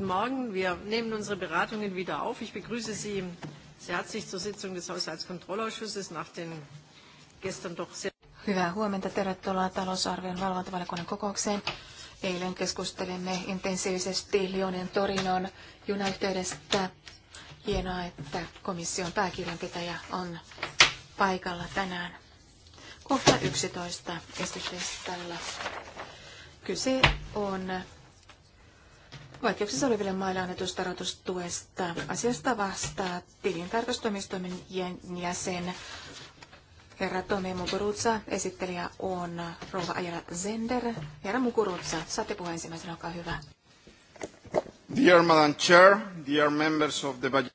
Guten Morgen. Wir nehmen unsere Beratungen wieder auf. Ich begrüße Sie sehr herzlich zur Sitzung des Haushaltskontrollausschusses nach den gestern doch sehr... Hyvää huomenta. Tervetuloa talousarvion valvontavaliokunnan kokoukseen. Eilen keskustelimme intensiivisesti Lyonin Torinon junayhteydestä. Hienoa, että komission pääkirjanpitäjä on paikalla tänään. Kohta 11 esityslistalla. Kyse on Vaikeuksissa oleville maille annetusta rahoitustuesta asiasta vastaa tilintarkastustoimistoimen jäsen Herra Tomi Mukurutsa, esittelijä on rouva Ajala Zender. Herra Mukurutsa, saatte puheen ensimmäisenä, olkaa hyvä. Dear Madam Chair, dear members of the budget.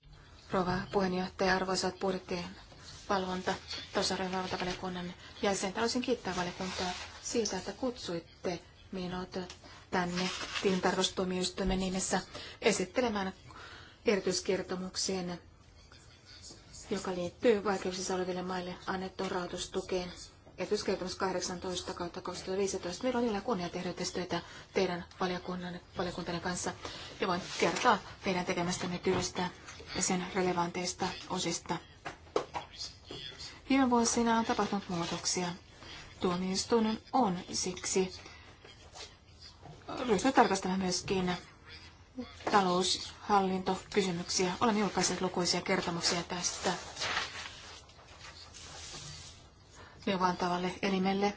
Rouva puheenjohtaja, arvoisat budjettien valvonta, talousarvion valvontavaliokunnan jäsen. Haluaisin kiittää valiokuntaa siitä, että kutsuitte minut tänne tilintarkastustuomioistuimen nimessä esittelemään erityiskertomuksen, joka liittyy vaikeuksissa oleville maille annettuun rahoitustukeen. Erityiskertomus 18 kautta 2015. Meillä on vielä kunnia tehdä yhteistyötä teidän valiokunnan, valiokuntanne kanssa ja voin kertoa teidän tekemästämme työstä ja sen relevanteista osista. Viime vuosina on tapahtunut muutoksia. Tuomioistuin on siksi ryhtyä tarkastamaan myöskin taloushallintokysymyksiä. Olemme julkaisseet lukuisia kertomuksia tästä neuvontavalle elimelle.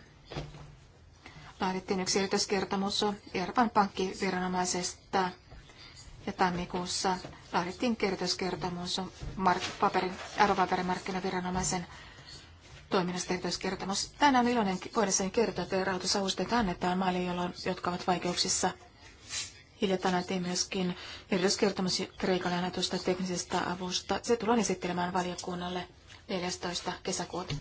Laadittiin yksi erityiskertomus Euroopan pankkiviranomaisesta ja tammikuussa laadittiin kertomuskertomus paperin, arvopaperimarkkinaviranomaisen toiminnasta erityiskertomus. Tänään on iloinen voidessani kertoa, että rahoitusavusteet annetaan maille, jotka ovat vaikeuksissa. Hiljattain nähtiin myöskin erityiskertomus Kreikalle annetusta teknisestä avusta. Se tullaan esittelemään valiokunnalle 14. kesäkuuta.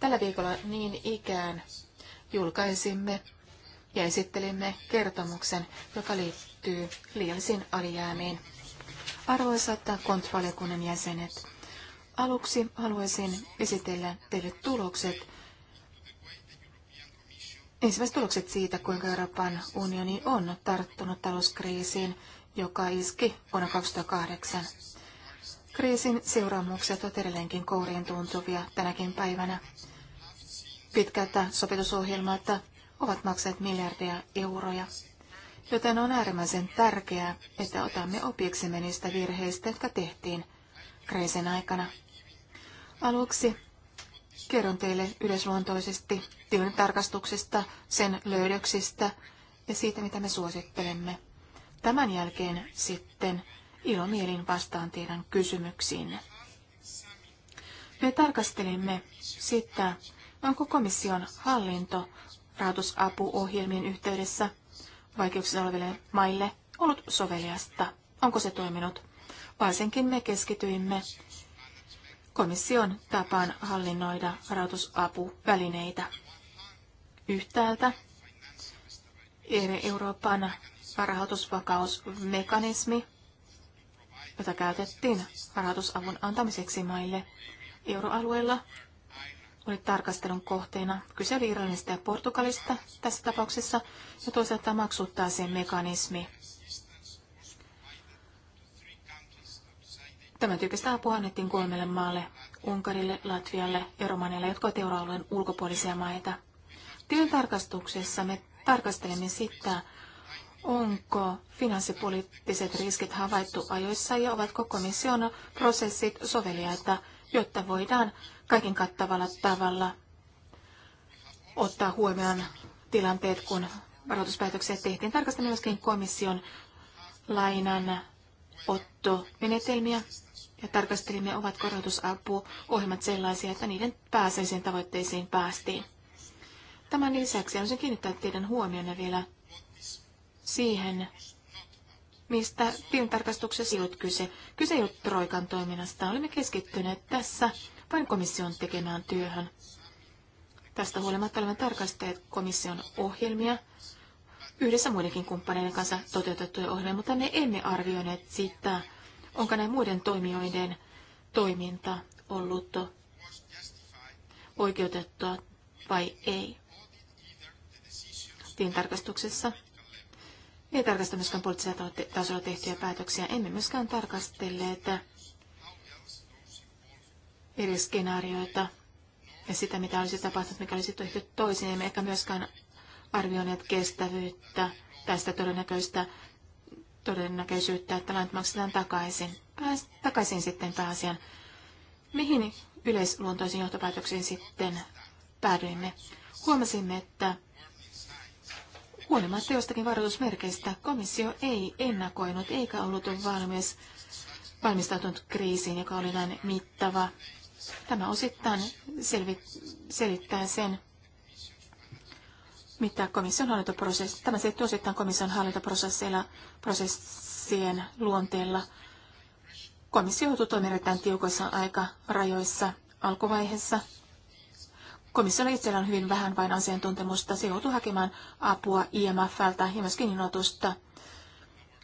Tällä viikolla niin ikään julkaisimme ja esittelimme kertomuksen, joka liittyy liiallisiin alijäämiin. Arvoisat kontrollikunnan jäsenet, Aluksi haluaisin esitellä teille tulokset. Ensimmäiset tulokset siitä, kuinka Euroopan unioni on tarttunut talouskriisiin, joka iski vuonna 2008. Kriisin seuraamukset ovat edelleenkin kouriin tuntuvia tänäkin päivänä. Pitkältä sopetusohjelmat ovat maksaneet miljardeja euroja, joten on äärimmäisen tärkeää, että otamme opiksi niistä virheistä, jotka tehtiin kriisin aikana. Aluksi kerron teille yleisluontoisesti tarkastuksesta, sen löydöksistä ja siitä, mitä me suosittelemme. Tämän jälkeen sitten ilomielin vastaan teidän kysymyksiin. Me tarkastelimme sitä, onko komission hallinto rahoitusapuohjelmien yhteydessä vaikeuksissa oleville maille ollut soveliasta. Onko se toiminut? Varsinkin me keskityimme komission tapaan hallinnoida rahoitusapuvälineitä. Yhtäältä Euroopan rahoitusvakausmekanismi, jota käytettiin rahoitusavun antamiseksi maille euroalueella, oli tarkastelun kohteena. Kyse oli Irlannista ja Portugalista tässä tapauksessa ja toisaalta maksuttaa sen mekanismi Tämän tyyppistä apua annettiin kolmelle maalle, Unkarille, Latvialle ja Romanialle, jotka ovat euroalueen ulkopuolisia maita. Työn tarkastuksessa me tarkastelemme sitä, onko finanssipoliittiset riskit havaittu ajoissa ja ovatko komission prosessit soveliaita, jotta voidaan kaiken kattavalla tavalla ottaa huomioon tilanteet, kun varoituspäätöksiä tehtiin. Tarkastamme myöskin komission lainan ottomenetelmiä ja tarkastelimme, ovatko rahoitusapuohjelmat sellaisia, että niiden pääseisiin tavoitteisiin päästiin. Tämän lisäksi haluaisin kiinnittää teidän huomionne vielä siihen, mistä tilintarkastuksessa ei ollut kyse. Kyse ei ollut Troikan toiminnasta. Olimme keskittyneet tässä vain komission tekemään työhön. Tästä huolimatta olemme tarkastaneet komission ohjelmia, yhdessä muidenkin kumppaneiden kanssa toteutettuja ohjelmia, mutta me emme arvioineet sitä, Onko näin muiden toimijoiden toiminta ollut oikeutettua vai ei? Tilintarkastuksessa ei tarkasta myöskään poliittisella tasolla tehtyjä päätöksiä. Emme myöskään tarkastelleet eri skenaarioita ja sitä, mitä olisi tapahtunut, mikä olisi tehty toisin. Emme ehkä myöskään arvioineet kestävyyttä tästä todennäköistä todennäköisyyttä, että lait maksetaan takaisin. Pääs, takaisin sitten pääasian. Mihin yleisluontoisiin johtopäätöksiin sitten päädyimme? Huomasimme, että huolimatta jostakin varoitusmerkeistä komissio ei ennakoinut eikä ollut valmis valmistautunut kriisiin, joka oli näin mittava. Tämä osittain selvit- selittää sen, mitä komission hallintoprosessi, tämä se osittain komission hallintoprosesseilla, prosessien luonteella. Komissio joutuu toimimaan erittäin tiukoissa aikarajoissa alkuvaiheessa. Komissiolla itsellä on hyvin vähän vain asiantuntemusta. Se joutuu hakemaan apua IMFltä ja myöskin innoitusta. Niin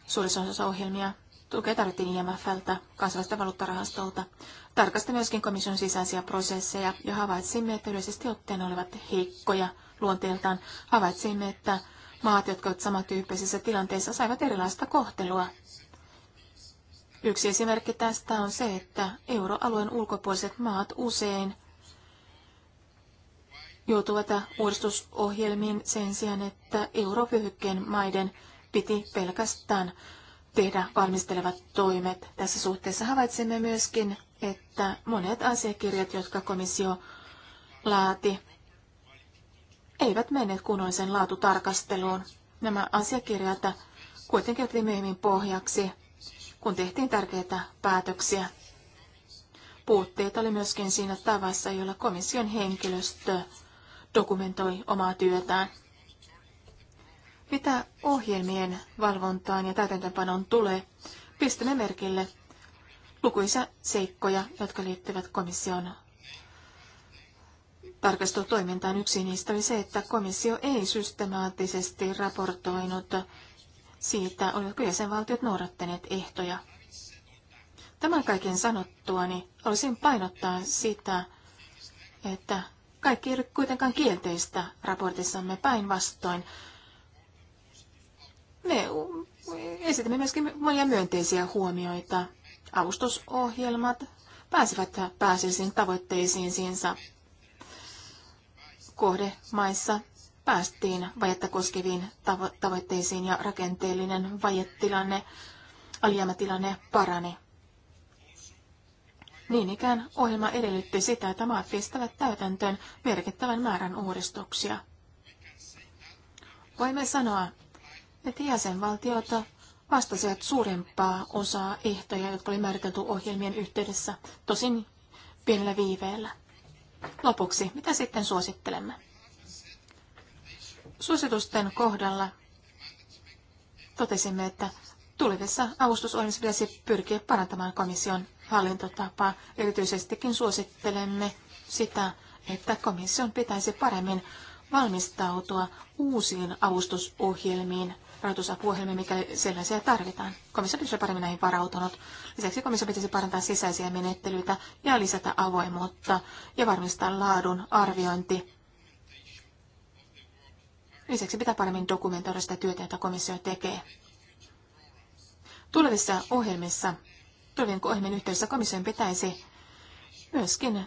Suurissa osassa ohjelmia tukea tarvittiin IMFltä, kansallista valuuttarahastolta. Tarkasti myöskin komission sisäisiä prosesseja ja havaitsimme, että yleisesti otteen olivat heikkoja luonteeltaan, havaitsimme, että maat, jotka ovat samantyyppisissä tilanteissa, saivat erilaista kohtelua. Yksi esimerkki tästä on se, että euroalueen ulkopuoliset maat usein joutuvat uudistusohjelmiin sen sijaan, että eurovyöhykkeen maiden piti pelkästään tehdä valmistelevat toimet. Tässä suhteessa havaitsemme myöskin, että monet asiakirjat, jotka komissio laati eivät menneet kunnoisen laatutarkasteluun. Nämä asiakirjat kuitenkin otettiin myöhemmin pohjaksi, kun tehtiin tärkeitä päätöksiä. Puutteita oli myöskin siinä tavassa, jolla komission henkilöstö dokumentoi omaa työtään. Mitä ohjelmien valvontaan ja täytäntöönpanoon tulee, pistämme merkille lukuisia seikkoja, jotka liittyvät komission tarkastustoimintaan. Yksi niistä oli se, että komissio ei systemaattisesti raportoinut siitä, olivatko jäsenvaltiot noudattaneet ehtoja. Tämän kaiken sanottuani niin haluaisin painottaa sitä, että kaikki ei ole kuitenkaan kielteistä raportissamme päinvastoin. Me esitämme myöskin monia myönteisiä huomioita. Avustusohjelmat pääsevät pääsisiin tavoitteisiinsa kohdemaissa päästiin vajetta koskeviin tavo- tavoitteisiin ja rakenteellinen vajetilanne, alijäämätilanne parani. Niin ikään ohjelma edellytti sitä, että maat pistävät täytäntöön merkittävän määrän uudistuksia. Voimme sanoa, että jäsenvaltiot vastasivat suurempaa osaa ehtoja, jotka oli määritelty ohjelmien yhteydessä, tosin pienellä viiveellä. Lopuksi, mitä sitten suosittelemme? Suositusten kohdalla totesimme, että tulevissa avustusohjelmissa pitäisi pyrkiä parantamaan komission hallintotapaa. Erityisestikin suosittelemme sitä, että komission pitäisi paremmin valmistautua uusiin avustusohjelmiin rahoitusapuohjelmia, mikäli sellaisia tarvitaan. Komissio pitäisi paremmin näihin varautunut. Lisäksi komissio pitäisi parantaa sisäisiä menettelyitä ja lisätä avoimuutta ja varmistaa laadun arviointi. Lisäksi pitää paremmin dokumentoida sitä työtä, jota komissio tekee. Tulevissa ohjelmissa, tulevien ohjelmien yhteydessä komission pitäisi myöskin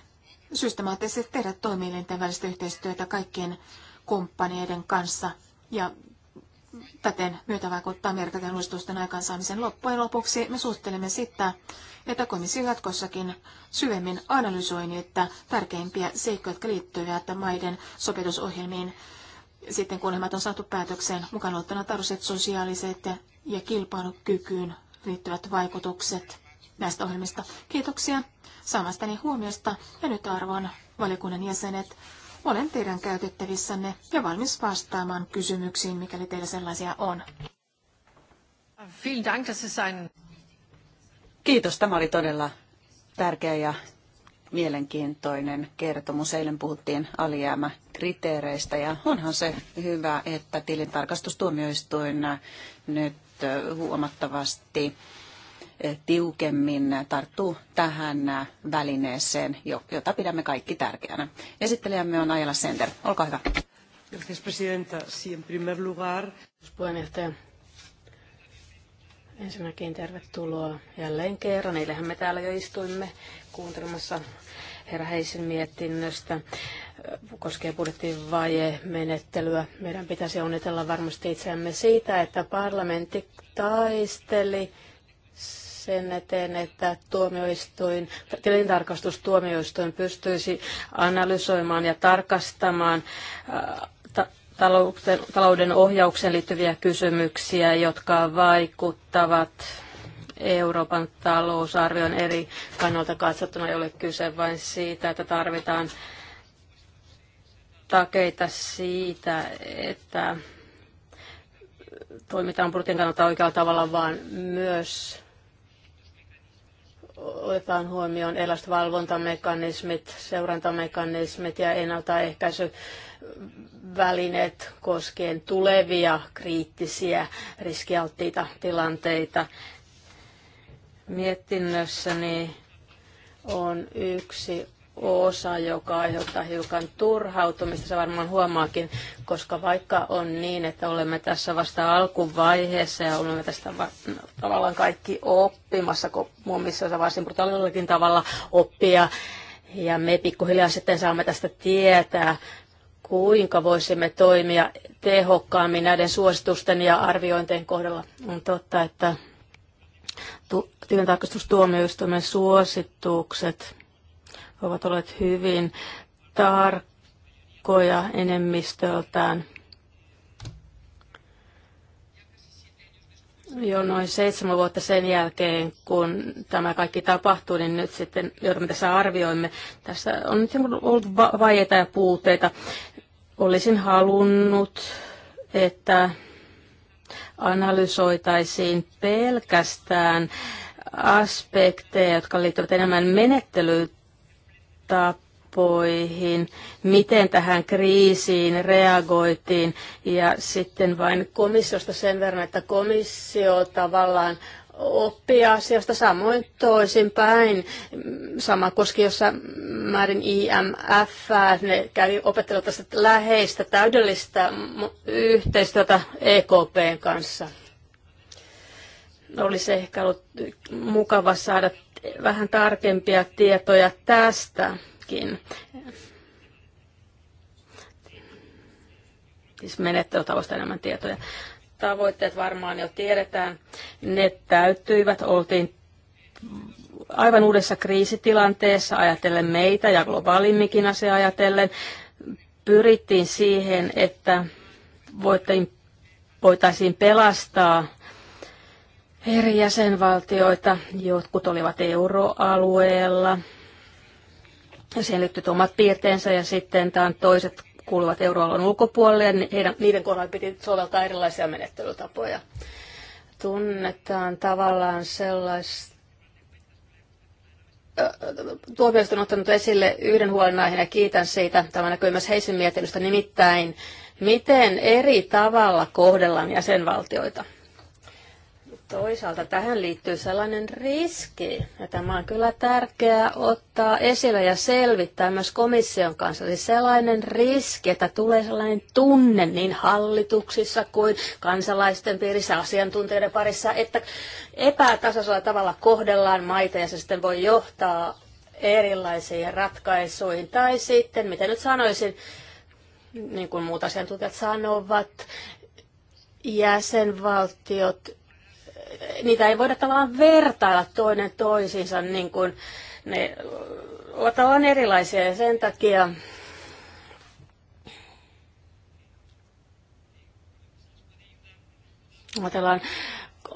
systemaattisesti tehdä toimielinten välistä yhteistyötä kaikkien kumppaneiden kanssa ja täten myötä vaikuttaa merkiten uudistusten aikaansaamisen loppujen lopuksi. Me suosittelemme sitä, että komissio jatkossakin syvemmin analysoi niitä tärkeimpiä seikkoja, jotka liittyvät maiden sopetusohjelmiin. Sitten kun ohjelmat on saatu päätökseen, mukaan ottana tarvitset sosiaaliset ja kilpailukykyyn liittyvät vaikutukset näistä ohjelmista. Kiitoksia saamastani huomiosta ja nyt arvon valiokunnan jäsenet olen teidän käytettävissänne ja valmis vastaamaan kysymyksiin, mikäli teillä sellaisia on. Kiitos, tämä oli todella tärkeä ja mielenkiintoinen kertomus. Eilen puhuttiin alijäämäkriteereistä ja onhan se hyvä, että tilintarkastustuomioistuin nyt huomattavasti tiukemmin tarttuu tähän välineeseen, jota pidämme kaikki tärkeänä. Esittelijämme on Ajala Center. Olkaa hyvä. Gracias, presidenta. Si en primer lugar... Puheenjohtaja, ensinnäkin tervetuloa jälleen kerran. Eilähän me täällä jo istuimme kuuntelemassa herra Heisin mietinnöstä koskee budjettivaje-menettelyä. Meidän pitäisi onnitella varmasti itseämme siitä, että parlamentti taisteli sen eteen, että tuomioistuin, tilintarkastustuomioistuin pystyisi analysoimaan ja tarkastamaan äh, talouden, talouden ohjaukseen liittyviä kysymyksiä, jotka vaikuttavat Euroopan talousarvion eri kannalta katsottuna ei ole kyse vain siitä, että tarvitaan takeita siitä, että toimitaan budjetin kannalta oikealla tavalla, vaan myös otetaan huomioon erilaiset valvontamekanismit, seurantamekanismit ja ennaltaehkäisyvälineet koskien tulevia kriittisiä riskialttiita tilanteita. Mietinnössäni on yksi osa, joka aiheuttaa hiukan turhautumista, se varmaan huomaakin, koska vaikka on niin, että olemme tässä vasta alkuvaiheessa ja olemme tästä va- tavallaan kaikki oppimassa, kun muun missä varsin brutaalillakin tavalla oppia, ja me pikkuhiljaa sitten saamme tästä tietää, kuinka voisimme toimia tehokkaammin näiden suositusten ja arviointien kohdalla. On totta, että tilintarkastustuomioistuimen suositukset ovat olleet hyvin tarkkoja enemmistöltään. jo noin seitsemän vuotta sen jälkeen, kun tämä kaikki tapahtui, niin nyt sitten, joudumme tässä arvioimme, tässä on nyt ollut vaieta ja puutteita. Olisin halunnut, että analysoitaisiin pelkästään aspekteja, jotka liittyvät enemmän menettelyyn tappoihin, miten tähän kriisiin reagoitiin ja sitten vain komissiosta sen verran, että komissio tavallaan oppia asiasta samoin toisinpäin. Sama koski jossa määrin IMF, ne kävi opettelemaan tästä läheistä, täydellistä yhteistyötä EKPn kanssa. Olisi ehkä ollut mukava saada vähän tarkempia tietoja tästäkin. Siis menettelytavoista enemmän tietoja. Tavoitteet varmaan jo tiedetään. Ne täyttyivät. Oltiin aivan uudessa kriisitilanteessa ajatellen meitä ja globaalimminkin asia ajatellen. Pyrittiin siihen, että voitaisiin pelastaa eri jäsenvaltioita. Jotkut olivat euroalueella. Ja siihen liittyy omat piirteensä ja sitten tämän toiset kuuluvat euroalueen ulkopuolelle. Ja heidän, niiden kohdalla piti soveltaa erilaisia menettelytapoja. Tunnetaan tavallaan sellaista tuomioistuin on ottanut esille yhden huolenaiheen ja kiitän siitä. Tämä näkyy myös Heisin mietinnöstä nimittäin, miten eri tavalla kohdellaan jäsenvaltioita. Toisaalta tähän liittyy sellainen riski, ja tämä on kyllä tärkeää ottaa esille ja selvittää myös komission kanssa, siis sellainen riski, että tulee sellainen tunne niin hallituksissa kuin kansalaisten piirissä, asiantuntijoiden parissa, että epätasaisella tavalla kohdellaan maita ja se sitten voi johtaa erilaisiin ratkaisuihin. Tai sitten, mitä nyt sanoisin, niin kuin muut asiantuntijat sanovat, jäsenvaltiot niitä ei voida tavallaan vertailla toinen toisiinsa, niin kuin ne ovat tavallaan erilaisia ja sen takia ajatellaan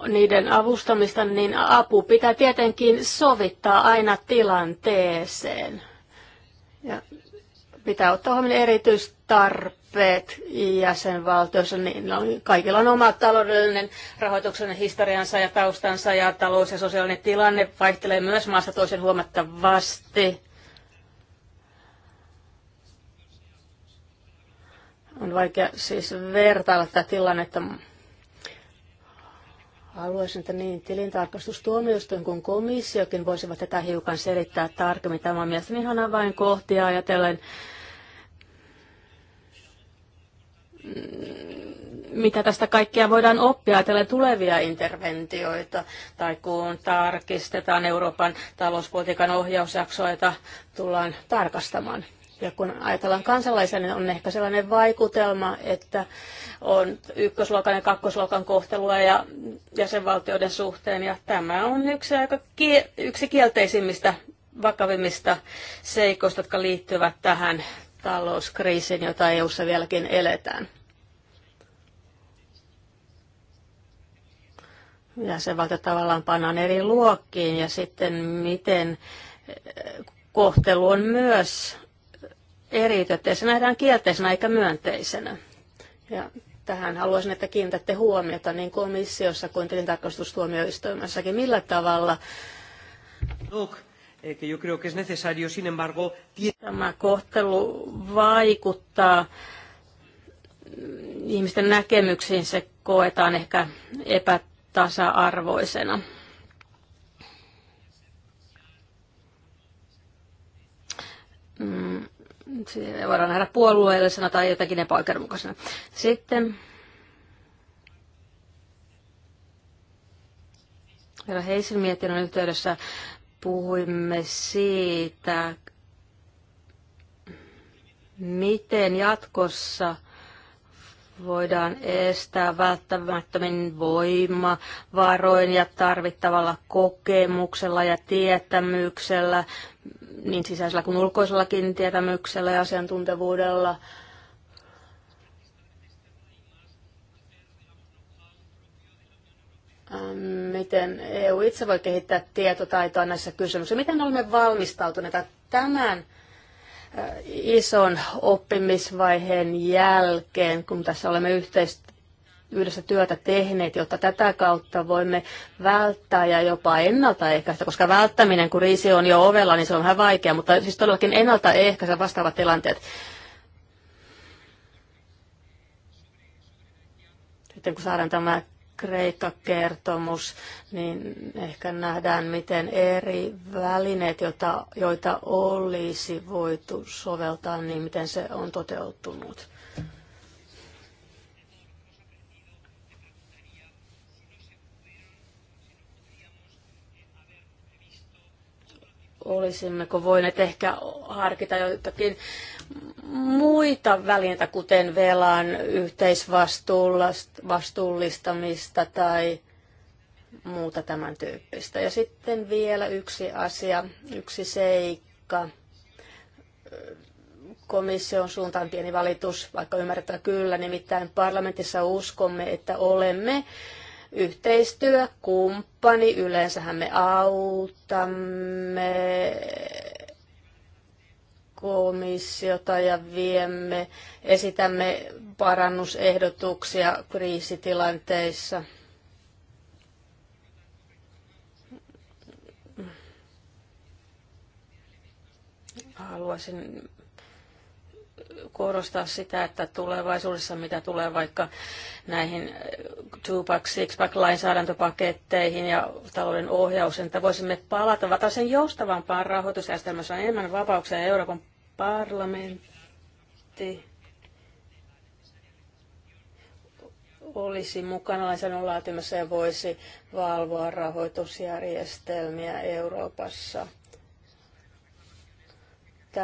niiden avustamista, niin apu pitää tietenkin sovittaa aina tilanteeseen. Ja pitää ottaa huomioon erityistarpeet opet jäsenvaltioissa, niin on, kaikilla on oma taloudellinen rahoituksen historiansa ja taustansa ja talous- ja sosiaalinen tilanne vaihtelee myös maasta toisen huomattavasti. On vaikea siis vertailla tätä tilannetta. Haluaisin, että niin tilintarkastustuomioistuin kuin komissiokin voisivat tätä hiukan selittää tarkemmin. Tämä on mielestäni ihan avainkohtia ajatellen mitä tästä kaikkea voidaan oppia ajatella tulevia interventioita, tai kun tarkistetaan Euroopan talouspolitiikan ohjausjaksoita, tullaan tarkastamaan. Ja kun ajatellaan kansalaisia, niin on ehkä sellainen vaikutelma, että on ykkösluokan ja kakkosluokan kohtelua ja jäsenvaltioiden suhteen. Ja tämä on yksi aika kie- yksi kielteisimmistä, vakavimmista seikoista, jotka liittyvät tähän talouskriisiin, jota EU-ssa vieläkin eletään. jäsenvaltiot tavallaan pannaan eri luokkiin ja sitten miten eh, kohtelu on myös eriytetty. Se nähdään kielteisenä eikä myönteisenä. Ja tähän haluaisin, että kiinnitätte huomiota niin komissiossa kuin tilintarkastustuomioistuimessakin. Millä tavalla Look, eh, que yo creo que es necesario, sin embargo, tämä kohtelu vaikuttaa ihmisten näkemyksiin, se koetaan ehkä epä tasa-arvoisena. Mm, voidaan nähdä puolueellisena tai jotenkin epäoikeudenmukaisena. Sitten Herra Heisin mietinnön yhteydessä puhuimme siitä, miten jatkossa – voidaan estää välttämättömin voima, varoin ja tarvittavalla kokemuksella ja tietämyksellä, niin sisäisellä kuin ulkoisellakin tietämyksellä ja asiantuntevuudella. Ähm, miten EU itse voi kehittää tietotaitoa näissä kysymyksissä? Miten olemme valmistautuneita tämän ison oppimisvaiheen jälkeen, kun tässä olemme yhteistä yhdessä työtä tehneet, jotta tätä kautta voimme välttää ja jopa ennaltaehkäistä, koska välttäminen, kun riisi on jo ovella, niin se on vähän vaikea, mutta siis todellakin ennaltaehkäistä vastaavat tilanteet. Sitten kun saadaan tämä Kreikka-kertomus, niin ehkä nähdään, miten eri välineet, joita, joita olisi voitu soveltaa, niin miten se on toteutunut. olisimmeko voineet ehkä harkita joitakin muita välineitä, kuten velan yhteisvastuullistamista tai muuta tämän tyyppistä. Ja sitten vielä yksi asia, yksi seikka. Komission suuntaan pieni valitus, vaikka ymmärretään kyllä, nimittäin parlamentissa uskomme, että olemme yhteistyökumppani. Yleensähän me autamme komissiota ja viemme, esitämme parannusehdotuksia kriisitilanteissa. Haluaisin korostaa sitä, että tulevaisuudessa mitä tulee vaikka näihin eh, six-pack lainsäädäntöpaketteihin ja talouden ohjaus, että voisimme palata tällaisen joustavampaan rahoitusjärjestelmään, on enemmän vapauksia Euroopan parlamentti olisi mukana lainsäädännön laatimassa ja voisi valvoa rahoitusjärjestelmiä Euroopassa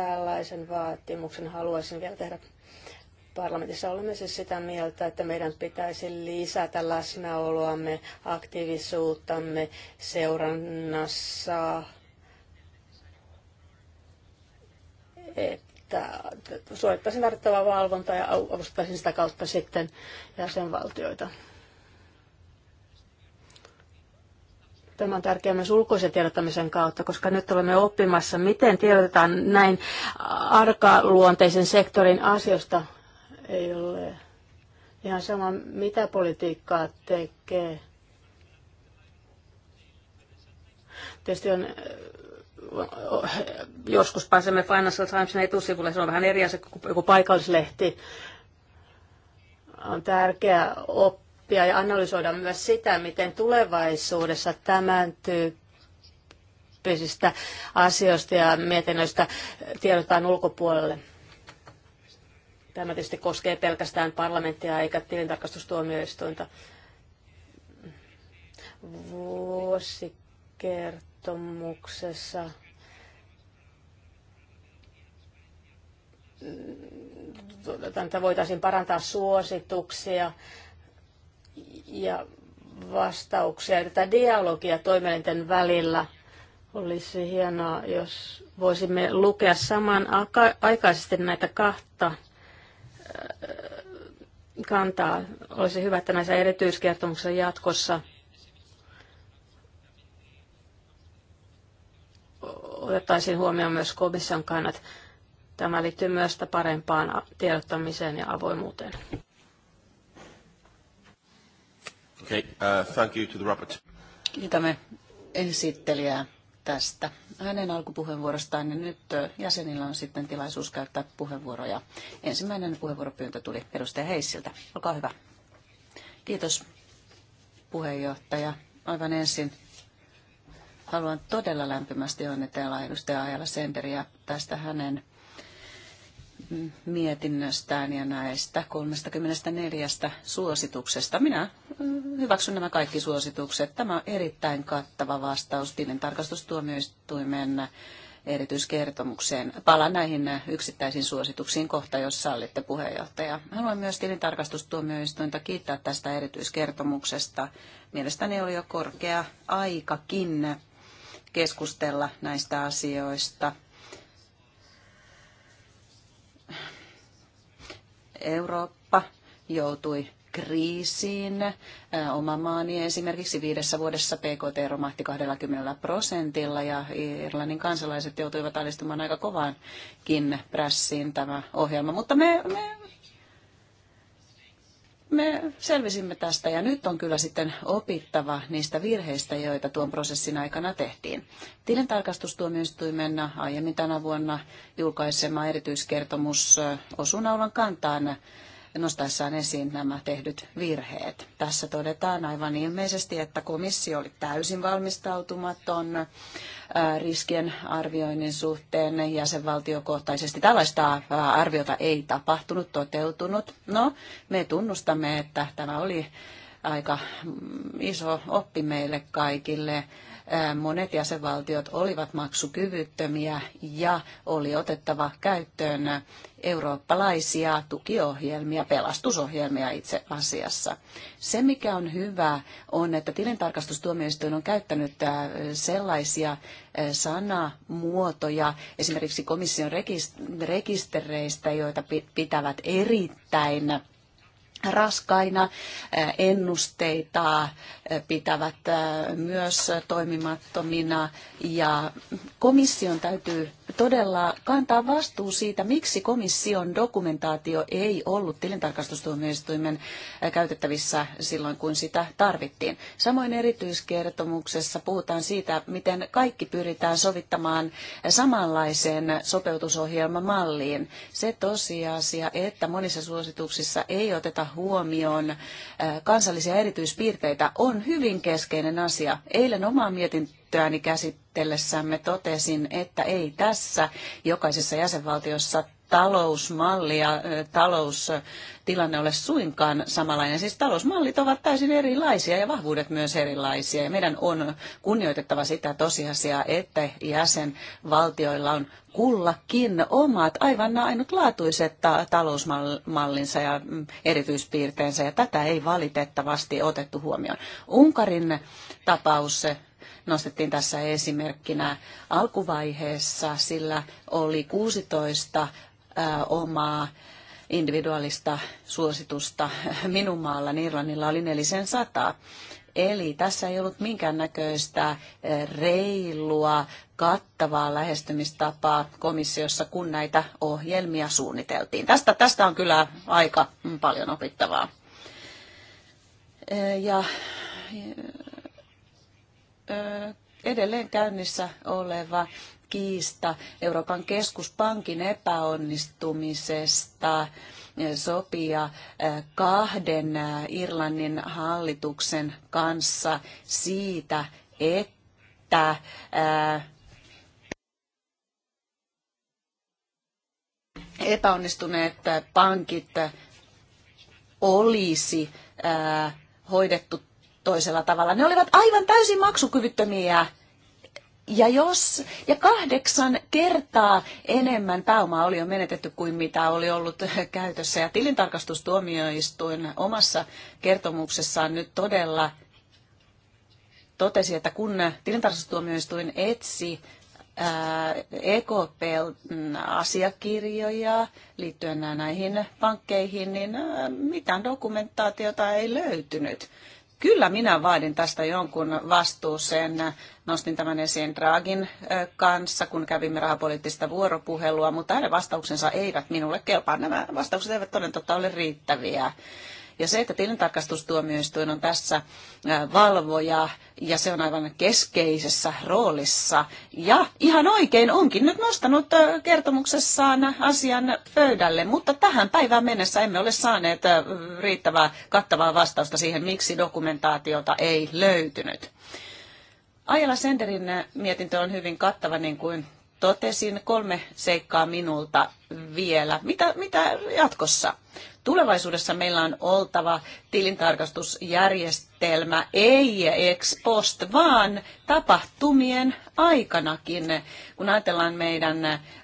tällaisen vaatimuksen haluaisin vielä tehdä parlamentissa olemme siis sitä mieltä, että meidän pitäisi lisätä läsnäoloamme, aktiivisuuttamme seurannassa, että suorittaisin tarvittavaa valvontaa ja avustaisin sitä kautta sitten jäsenvaltioita. Tämä on tärkeää myös ulkoisen tiedottamisen kautta, koska nyt olemme oppimassa, miten tiedotetaan näin arkaluonteisen sektorin asioista. Ei ole ihan sama, mitä politiikkaa tekee. Tietysti on joskus pääsemme Financial Timesin etusivulle, se on vähän eri asia kuin paikallislehti. On tärkeää oppia oppia ja analysoida myös sitä, miten tulevaisuudessa tämän tyyppisistä asioista ja mietinnöistä tiedotetaan ulkopuolelle. Tämä tietysti koskee pelkästään parlamenttia eikä tilintarkastustuomioistuinta. Vuosikertomuksessa tuota, että voitaisiin parantaa suosituksia ja vastauksia ja tätä dialogia toimielinten välillä. Olisi hienoa, jos voisimme lukea saman aikaisesti näitä kahta äh, kantaa. Olisi hyvä, että näissä erityiskertomuksissa jatkossa otettaisiin huomioon myös komission kannat. Tämä liittyy myös parempaan tiedottamiseen ja avoimuuteen. Okay, uh, thank you to the rapporteur. Kiitämme esittelijää tästä hänen alkupuheenvuorostaan ja nyt jäsenillä on sitten tilaisuus käyttää puheenvuoroja. Ensimmäinen puheenvuoropyyntö tuli edustaja Heissiltä. Olkaa hyvä. Kiitos puheenjohtaja. Aivan ensin haluan todella lämpimästi onnitella edustaja Ajala Senderiä tästä hänen mietinnöstään ja näistä 34 suosituksesta. Minä äh, hyväksyn nämä kaikki suositukset. Tämä on erittäin kattava vastaus tilin tarkastustuomioistuimen erityiskertomukseen. Palaan näihin yksittäisiin suosituksiin kohta, jos sallitte puheenjohtaja. Haluan myös tarkastustuomioistuinta kiittää tästä erityiskertomuksesta. Mielestäni oli jo korkea aikakin keskustella näistä asioista Eurooppa joutui kriisiin. Oma maani esimerkiksi viidessä vuodessa PKT romahti 20 prosentilla ja Irlannin kansalaiset joutuivat alistumaan aika kovaankin prässiin tämä ohjelma. Mutta me, me me selvisimme tästä ja nyt on kyllä sitten opittava niistä virheistä, joita tuon prosessin aikana tehtiin. Tilintarkastustuomioistuimen aiemmin tänä vuonna julkaisema erityiskertomus osunaulan kantaan nostaessaan esiin nämä tehdyt virheet. Tässä todetaan aivan ilmeisesti, että komissio oli täysin valmistautumaton riskien arvioinnin suhteen jäsenvaltiokohtaisesti. Tällaista arviota ei tapahtunut, toteutunut. No, me tunnustamme, että tämä oli aika mm, iso oppi meille kaikille monet jäsenvaltiot olivat maksukyvyttömiä ja oli otettava käyttöön eurooppalaisia tukiohjelmia, pelastusohjelmia itse asiassa. Se, mikä on hyvä, on, että tilintarkastustuomioistuin on käyttänyt sellaisia sanamuotoja esimerkiksi komission rekistereistä, joita pitävät erittäin raskaina eh, ennusteita eh, pitävät eh, myös toimimattomina ja komission täytyy todella kantaa vastuu siitä, miksi komission dokumentaatio ei ollut tilintarkastustuomioistuimen käytettävissä silloin, kun sitä tarvittiin. Samoin erityiskertomuksessa puhutaan siitä, miten kaikki pyritään sovittamaan samanlaiseen sopeutusohjelmamalliin. Se tosiasia, että monissa suosituksissa ei oteta huomioon kansallisia erityispiirteitä, on hyvin keskeinen asia. Eilen omaa mietintöä mietintöäni käsitellessämme totesin, että ei tässä jokaisessa jäsenvaltiossa talousmalli ja taloustilanne ole suinkaan samanlainen. Siis talousmallit ovat täysin erilaisia ja vahvuudet myös erilaisia. Ja meidän on kunnioitettava sitä tosiasiaa, että jäsenvaltioilla on kullakin omat aivan ainutlaatuiset talousmallinsa ja mm, erityispiirteensä, ja tätä ei valitettavasti otettu huomioon. Unkarin tapaus nostettiin tässä esimerkkinä alkuvaiheessa, sillä oli 16 omaa individuaalista suositusta minun maalla niin Irlannilla oli 400. Eli tässä ei ollut minkäännäköistä reilua, kattavaa lähestymistapaa komissiossa, kun näitä ohjelmia suunniteltiin. Tästä, tästä on kyllä aika paljon opittavaa. Ja edelleen käynnissä oleva kiista Euroopan keskuspankin epäonnistumisesta sopia kahden Irlannin hallituksen kanssa siitä, että epäonnistuneet pankit olisi hoidettu toisella tavalla. Ne olivat aivan täysin maksukyvyttömiä. Ja, jos, ja kahdeksan kertaa enemmän pääomaa oli jo menetetty kuin mitä oli ollut käytössä. Ja tilintarkastustuomioistuin omassa kertomuksessaan nyt todella totesi, että kun tilintarkastustuomioistuin etsi EKP-asiakirjoja liittyen näihin pankkeihin, niin mitään dokumentaatiota ei löytynyt. Kyllä minä vaadin tästä jonkun vastuuseen. Nostin tämän esiin Draagin kanssa, kun kävimme rahapoliittista vuoropuhelua, mutta hänen vastauksensa eivät minulle kelpaa. Nämä vastaukset eivät toden totta ole riittäviä. Ja se, että tilintarkastustuomioistuin on tässä valvoja ja se on aivan keskeisessä roolissa ja ihan oikein onkin nyt nostanut kertomuksessaan asian pöydälle, mutta tähän päivään mennessä emme ole saaneet riittävää kattavaa vastausta siihen, miksi dokumentaatiota ei löytynyt. Ajala Senderin mietintö on hyvin kattava, niin kuin totesin kolme seikkaa minulta vielä. Mitä, mitä jatkossa? Tulevaisuudessa meillä on oltava tilintarkastusjärjestelmä ei ex post, vaan tapahtumien aikanakin. Kun ajatellaan meidän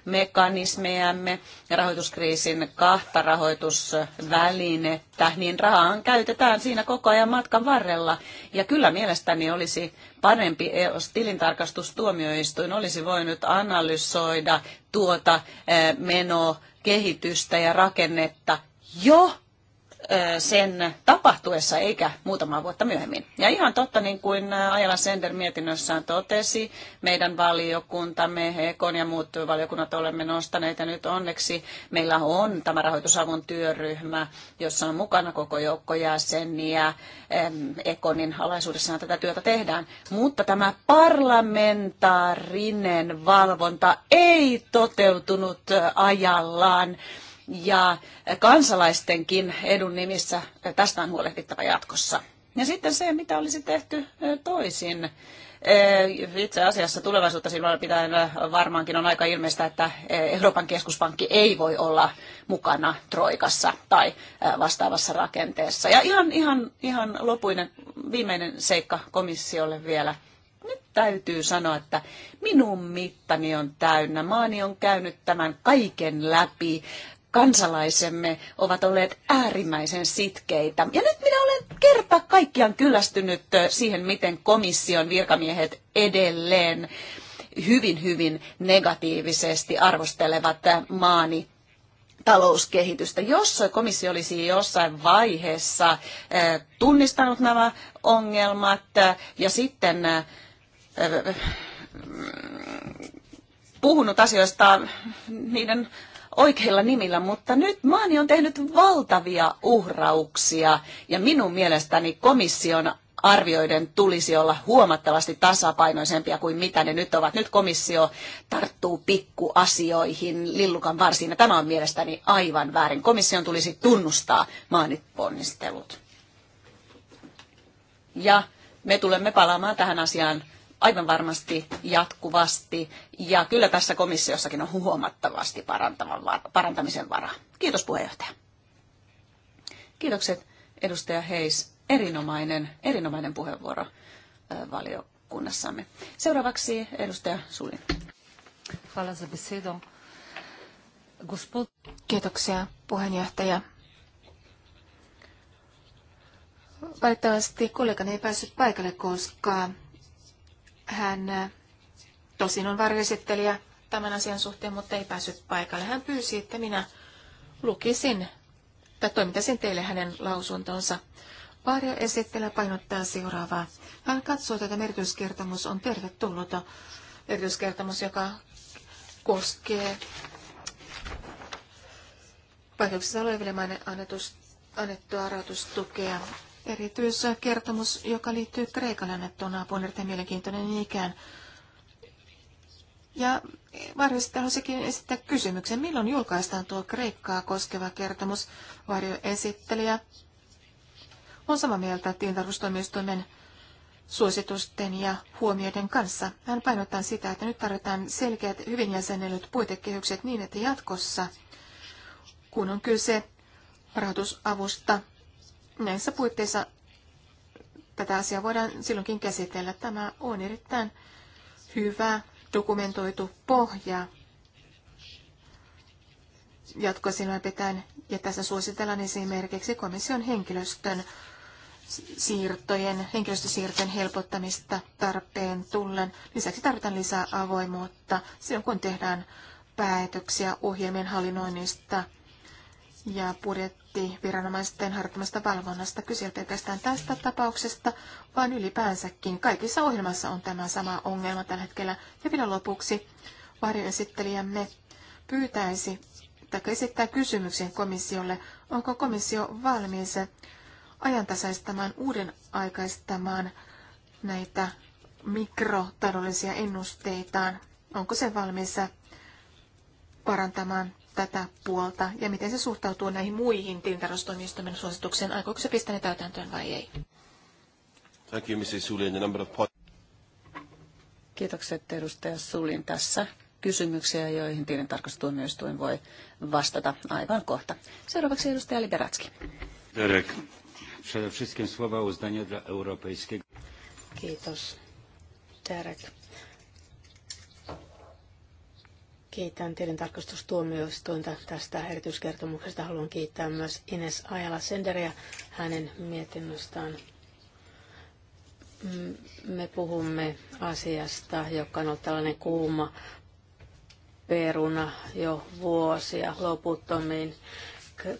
mekanismejamme ja rahoituskriisin kahta rahoitusvälinettä, niin rahaa käytetään siinä koko ajan matkan varrella. Ja kyllä mielestäni olisi parempi tilintarkastustuomioistuin olisi voinut analysoida tuota eh, menokehitystä ja rakennetta jo sen tapahtuessa eikä muutamaa vuotta myöhemmin. Ja ihan totta, niin kuin Ajala Sender mietinnössään totesi, meidän valiokuntamme, Ekon ja muut valiokunnat olemme nostaneet ja nyt onneksi meillä on tämä rahoitusavun työryhmä, jossa on mukana koko joukko jäseniä. Ekonin alaisuudessaan tätä työtä tehdään. Mutta tämä parlamentaarinen valvonta ei toteutunut ajallaan ja kansalaistenkin edun nimissä tästä on huolehdittava jatkossa. Ja sitten se, mitä olisi tehty toisin. Itse asiassa tulevaisuutta silloin pitäen varmaankin on aika ilmeistä, että Euroopan keskuspankki ei voi olla mukana Troikassa tai vastaavassa rakenteessa. Ja ihan, ihan, ihan lopuinen, viimeinen seikka komissiolle vielä. Nyt täytyy sanoa, että minun mittani on täynnä. Maani on käynyt tämän kaiken läpi kansalaisemme ovat olleet äärimmäisen sitkeitä. Ja nyt minä olen kerta kaikkiaan kyllästynyt siihen, miten komission virkamiehet edelleen hyvin, hyvin negatiivisesti arvostelevat maani talouskehitystä. Jos komissio olisi jossain vaiheessa tunnistanut nämä ongelmat ja sitten puhunut asioista niiden oikeilla nimillä, mutta nyt maani on tehnyt valtavia uhrauksia ja minun mielestäni komission arvioiden tulisi olla huomattavasti tasapainoisempia kuin mitä ne nyt ovat. Nyt komissio tarttuu pikkuasioihin lillukan varsiin ja tämä on mielestäni aivan väärin. Komission tulisi tunnustaa maanit ponnistelut. Ja me tulemme palaamaan tähän asiaan aivan varmasti jatkuvasti. Ja kyllä tässä komissiossakin on huomattavasti parantamisen varaa. Kiitos puheenjohtaja. Kiitokset edustaja Heis. Erinomainen, erinomainen puheenvuoro valiokunnassamme. Seuraavaksi edustaja Sulin. Kiitoksia puheenjohtaja. Valitettavasti kollegani ei päässyt paikalle, koska hän äh, tosin on varjoesittelijä tämän asian suhteen, mutta ei päässyt paikalle. Hän pyysi, että minä lukisin tai toimittaisin teille hänen lausuntonsa. Vaario esittelijä painottaa seuraavaa. Hän katsoo, että merkityskertomus on tervetullut. Merkityskertomus, joka koskee vaikeuksissa oleville annettua rahoitustukea erityiskertomus, joka liittyy Kreikalle annettuun apuun, erittäin mielenkiintoinen niin ikään. Ja varjoesittäjä haluaisikin esittää kysymyksen, milloin julkaistaan tuo Kreikkaa koskeva kertomus. Varjoesittelijä on samaa mieltä tilintarkastustoimistoimen suositusten ja huomioiden kanssa. Hän painottaa sitä, että nyt tarvitaan selkeät, hyvin jäsennellyt puitekehykset niin, että jatkossa, kun on kyse rahoitusavusta Näissä puitteissa tätä asiaa voidaan silloinkin käsitellä. Tämä on erittäin hyvä dokumentoitu pohja jatkosilmällä pitäen, ja tässä suositellaan esimerkiksi komission henkilöstön siirtojen, henkilöstösiirtojen helpottamista tarpeen tullen. Lisäksi tarvitaan lisää avoimuutta silloin, kun tehdään päätöksiä ohjelmien hallinnoinnista – ja viranomaisten harjoittamasta valvonnasta. Kyse ei pelkästään tästä tapauksesta, vaan ylipäänsäkin. Kaikissa ohjelmassa on tämä sama ongelma tällä hetkellä. Ja vielä lopuksi varjoesittelijämme pyytäisi tai esittää kysymyksen komissiolle, onko komissio valmis ajantasaistamaan, uuden aikaistamaan näitä mikrotaloudellisia ennusteitaan. Onko se valmis parantamaan tätä puolta ja miten se suhtautuu näihin muihin tilintarkastustoimistojen suosituksiin? Aikooko se pistää ne täytäntöön vai ei? Thank you, Mrs. Sulin. The number of Kiitokset edustaja Sulin tässä kysymyksiä, joihin tilintarkastustuomioistuin voi vastata aivan kohta. Seuraavaksi edustaja Liberatski. Derek, przede wszystkim słowa uznania dla europejskiego. Kiitos. Derek. Kiitän teidän tarkastustuomioistuinta tästä erityiskertomuksesta. Haluan kiittää myös Ines Ajala Senderiä hänen mietinnöstään. Me puhumme asiasta, joka on ollut tällainen kuuma peruna jo vuosia loputtomiin.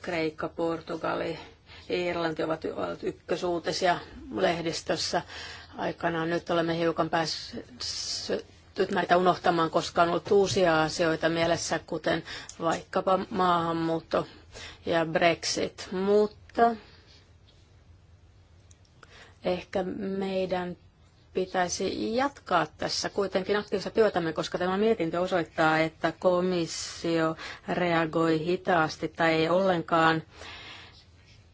Kreikka, Portugali, Irlanti ovat ykkösuutisia lehdistössä aikanaan. Nyt olemme hiukan päässeet nyt näitä unohtamaan, koska on ollut uusia asioita mielessä, kuten vaikkapa maahanmuutto ja Brexit. Mutta ehkä meidän pitäisi jatkaa tässä kuitenkin aktiivista työtämme, koska tämä mietintö osoittaa, että komissio reagoi hitaasti tai ei ollenkaan,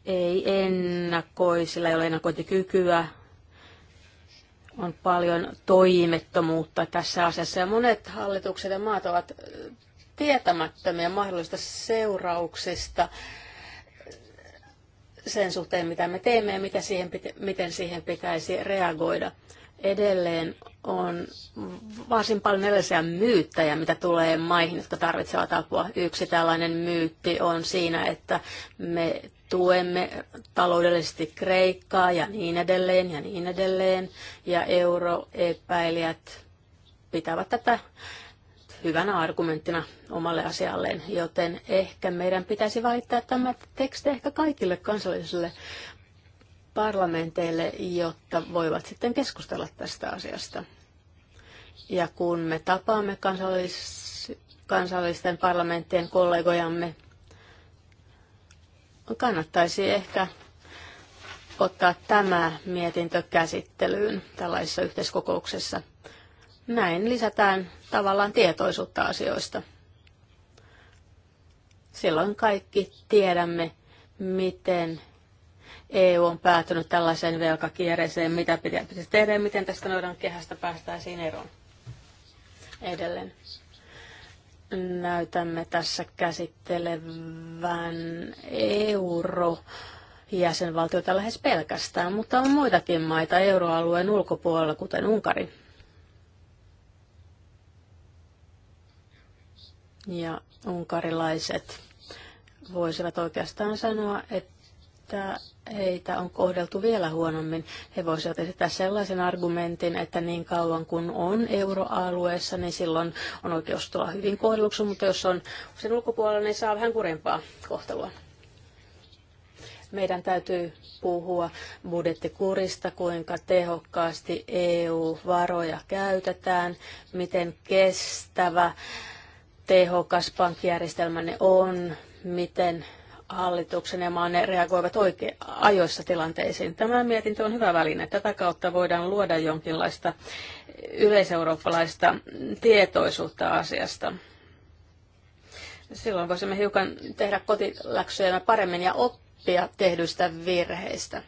ei ennakoi, sillä ei ole ennakointikykyä on paljon toimettomuutta tässä asiassa ja monet hallitukset ja maat ovat tietämättömiä mahdollisista seurauksista sen suhteen, mitä me teemme ja mitä siihen, miten siihen pitäisi reagoida. Edelleen on varsin paljon erilaisia myyttäjä, mitä tulee maihin, jotka tarvitsevat apua. Yksi tällainen myytti on siinä, että me tuemme taloudellisesti Kreikkaa ja niin edelleen ja niin edelleen. Ja euroepäilijät pitävät tätä hyvänä argumenttina omalle asialleen, joten ehkä meidän pitäisi valittaa tämä teksti ehkä kaikille kansallisille parlamenteille, jotta voivat sitten keskustella tästä asiasta. Ja kun me tapaamme kansallis- kansallisten parlamenttien kollegojamme, kannattaisi ehkä ottaa tämä mietintö käsittelyyn tällaisessa yhteiskokouksessa. Näin lisätään tavallaan tietoisuutta asioista. Silloin kaikki tiedämme, miten EU on päätynyt tällaiseen velkakierreeseen, mitä pitäisi tehdä ja miten tästä noidan kehästä päästäisiin eroon edelleen näytämme tässä käsittelevän euro jäsenvaltiota lähes pelkästään, mutta on muitakin maita euroalueen ulkopuolella, kuten Unkari. Ja unkarilaiset voisivat oikeastaan sanoa, että että heitä on kohdeltu vielä huonommin. He voisivat esittää sellaisen argumentin, että niin kauan kun on euroalueessa, niin silloin on oikeus tulla hyvin kohdelluksi, mutta jos on sen ulkopuolella, niin saa vähän kurempaa kohtelua. Meidän täytyy puhua budjettikurista, kuinka tehokkaasti EU-varoja käytetään, miten kestävä tehokas pankkijärjestelmänne on, miten hallituksen ja maan reagoivat oikein ajoissa tilanteisiin. Tämä mietintö on hyvä väline. Tätä kautta voidaan luoda jonkinlaista yleiseurooppalaista tietoisuutta asiasta. Silloin voisimme hiukan tehdä kotiläksyjämme paremmin ja oppia tehdyistä virheistä.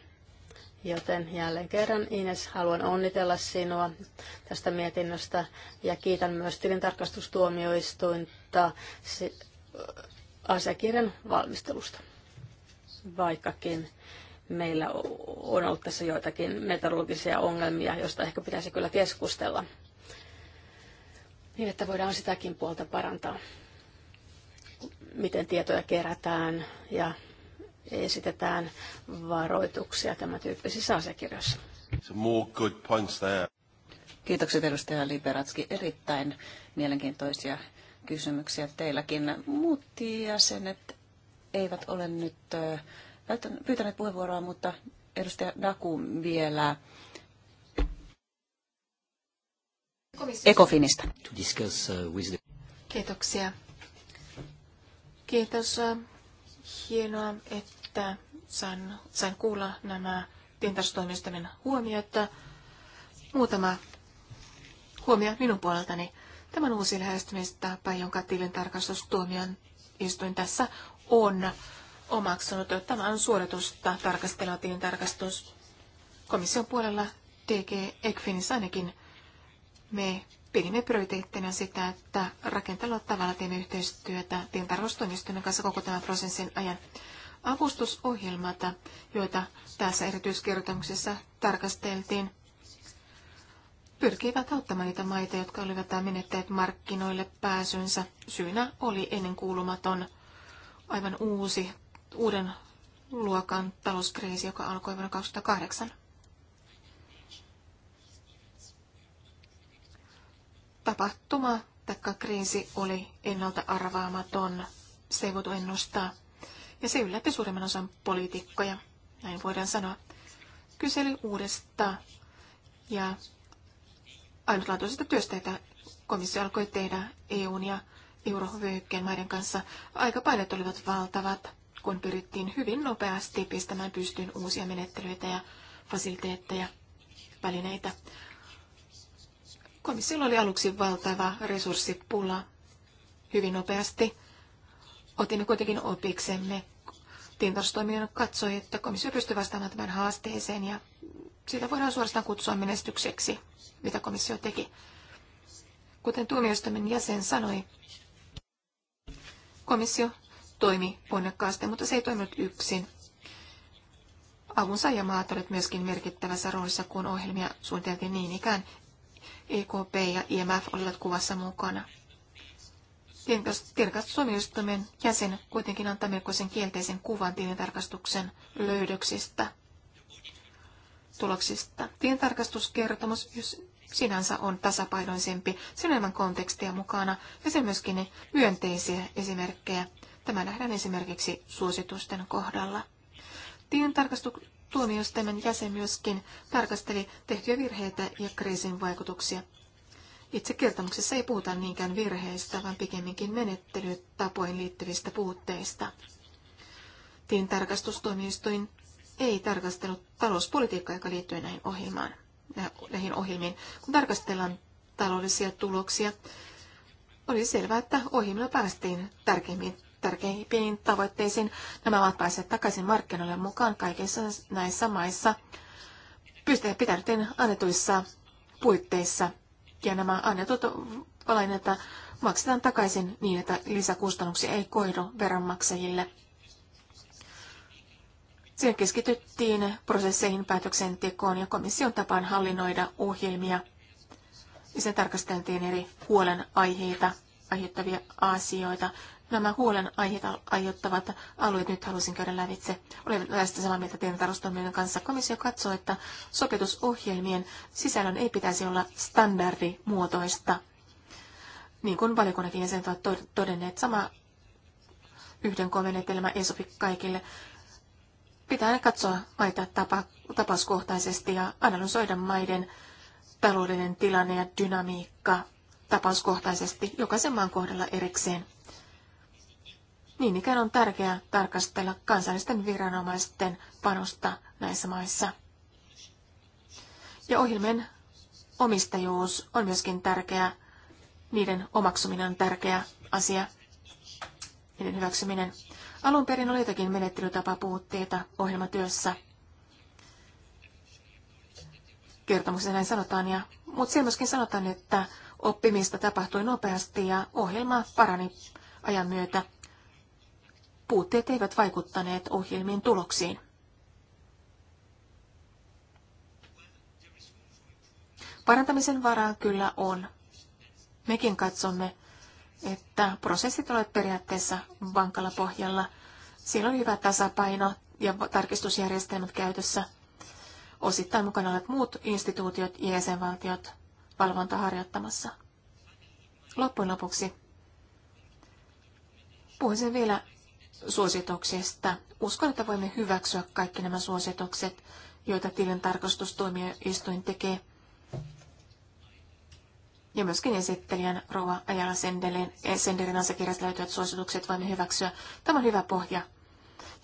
Joten jälleen kerran Ines, haluan onnitella sinua tästä mietinnöstä ja kiitän myös tilintarkastustuomioistuinta asiakirjan valmistelusta. Vaikkakin meillä on ollut tässä joitakin meteorologisia ongelmia, joista ehkä pitäisi kyllä keskustella, niin että voidaan sitäkin puolta parantaa, miten tietoja kerätään ja esitetään varoituksia tämän tyyppisissä asiakirjoissa. More good points there. Kiitokset edustaja Liberatski. Erittäin mielenkiintoisia kysymyksiä teilläkin. Muut jäsenet eivät ole nyt pyytäneet puheenvuoroa, mutta edustaja Daku vielä Ekofinista. Uh, Kiitoksia. Kiitos. Äh, hienoa, että sain, sain kuulla nämä tintastoimistojen huomiot. Muutama huomio minun puoleltani. Tämä on uusi lähestymistapa, jonka tarkastustuomion istuin tässä on omaksunut. Tämä on suoritusta tarkastelua tarkastus Komission puolella DG Ekfinis ainakin me pidimme prioriteettina sitä, että rakenteella tavalla teemme yhteistyötä tilintarkastustoimistojen kanssa koko tämän prosessin ajan. avustusohjelmata, joita tässä erityiskertomuksessa tarkasteltiin, pyrkivät auttamaan niitä maita, jotka olivat menettäneet markkinoille pääsynsä. Syynä oli ennen kuulumaton aivan uusi, uuden luokan talouskriisi, joka alkoi vuonna 2008. Tapahtuma tai kriisi oli ennalta arvaamaton. Se ei voitu ennustaa. Ja se yllätti suurimman osan poliitikkoja, näin voidaan sanoa. Kyseli uudesta ja ainutlaatuisesta työstä, jota komissio alkoi tehdä EUn ja eurovyöhykkeen maiden kanssa. Aikapaineet olivat valtavat, kun pyrittiin hyvin nopeasti pistämään pystyyn uusia menettelyitä ja fasiliteetteja, välineitä. Komissiolla oli aluksi valtava resurssipula. Hyvin nopeasti otimme kuitenkin opiksemme tilintarkastustoiminen katsoi, että komissio pystyy vastaamaan tämän haasteeseen ja sitä voidaan suorastaan kutsua menestykseksi, mitä komissio teki. Kuten tuomioistuimen jäsen sanoi, komissio toimi ponnekkaasti, mutta se ei toiminut yksin. Avunsaajamaat olivat myöskin merkittävässä roolissa, kun ohjelmia suunniteltiin niin ikään. EKP ja IMF olivat kuvassa mukana. Tilintarkastustuomioistuimen jäsen kuitenkin antaa melkoisen kielteisen kuvan tilintarkastuksen löydöksistä, tuloksista. Tilintarkastuskertomus sinänsä on tasapainoisempi, sen enemmän kontekstia mukana ja sen myöskin myönteisiä esimerkkejä. Tämä nähdään esimerkiksi suositusten kohdalla. Tilintarkastustuomioistuimen jäsen myöskin tarkasteli tehtyjä virheitä ja kriisin vaikutuksia itse kertomuksessa ei puhuta niinkään virheistä, vaan pikemminkin menettelytapoihin liittyvistä puutteista. Tilintarkastustuomioistuin ei tarkastellut talouspolitiikkaa, joka liittyy näihin, ohjelmaan, äh, näihin ohjelmiin. Kun tarkastellaan taloudellisia tuloksia, oli selvää, että ohjelmilla päästiin tärkeimpiin, tärkeimpiin tavoitteisiin. Nämä ovat päässeet takaisin markkinoille mukaan kaikissa näissä maissa. Pitäytyen annetuissa puitteissa ja nämä annetut lainata maksetaan takaisin niin, että lisäkustannuksia ei koidu veronmaksajille. Siinä keskityttiin prosesseihin, päätöksentekoon ja komission tapaan hallinnoida ohjelmia. Ja sen tarkasteltiin eri aiheita aiheuttavia asioita nämä huolen aiheuttavat alueet nyt halusin käydä lävitse. Olen tästä samaa mieltä teidän kanssa. Komissio katsoo, että sopetusohjelmien sisällön ei pitäisi olla standardimuotoista. Niin kuin valiokunnankin jäsenet ovat todenneet, sama yhden menetelmä ei sopi kaikille. Pitää katsoa maita tapa, tapauskohtaisesti ja analysoida maiden taloudellinen tilanne ja dynamiikka tapauskohtaisesti jokaisen maan kohdalla erikseen. Niin ikään on tärkeää tarkastella kansallisten viranomaisten panosta näissä maissa. Ja ohjelmien omistajuus on myöskin tärkeää. Niiden omaksuminen on tärkeä asia. Niiden hyväksyminen. Alun perin oli jotakin menettelytapapuutteita ohjelmatyössä. Kertomuksessa näin sanotaan, ja, mutta siellä myöskin sanotaan, että oppimista tapahtui nopeasti ja ohjelma parani ajan myötä puutteet eivät vaikuttaneet ohjelmien tuloksiin. Parantamisen varaa kyllä on. Mekin katsomme, että prosessit ovat periaatteessa vankalla pohjalla. Siellä oli hyvä tasapaino ja tarkistusjärjestelmät käytössä. Osittain mukana olivat muut instituutiot ja jäsenvaltiot valvonta harjoittamassa. Loppujen lopuksi puhuisin vielä suosituksesta. Uskon, että voimme hyväksyä kaikki nämä suositukset, joita tilintarkastustuomioistuin tekee. Ja myöskin esittelijän Rova Ajala Senderin, eh, Senderin asiakirjasta löytyvät suositukset voimme hyväksyä. Tämä on hyvä pohja.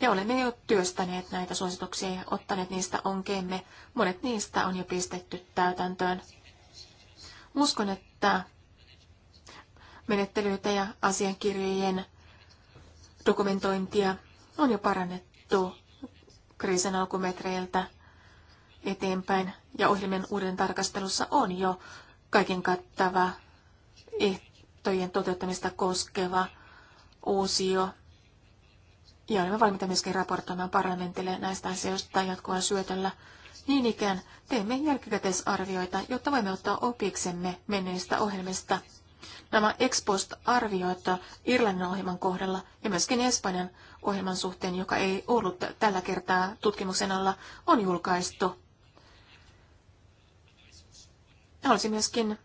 Ja olemme jo työstäneet näitä suosituksia ja ottaneet niistä onkeemme. Monet niistä on jo pistetty täytäntöön. Uskon, että menettelyitä ja asiankirjojen dokumentointia on jo parannettu kriisin alkumetreiltä eteenpäin, ja ohjelmien uuden tarkastelussa on jo kaiken kattava ehtojen toteuttamista koskeva uusio. Ja olemme valmiita myöskin raportoimaan parlamentille näistä asioista jatkuvan syötöllä. Niin ikään teemme jälkikäteisarvioita, jotta voimme ottaa opiksemme menneistä ohjelmista Nämä ex post arvioit Irlannin ohjelman kohdalla ja myöskin Espanjan ohjelman suhteen, joka ei ollut tällä kertaa tutkimuksen alla, on julkaistu. Haluaisin myöskin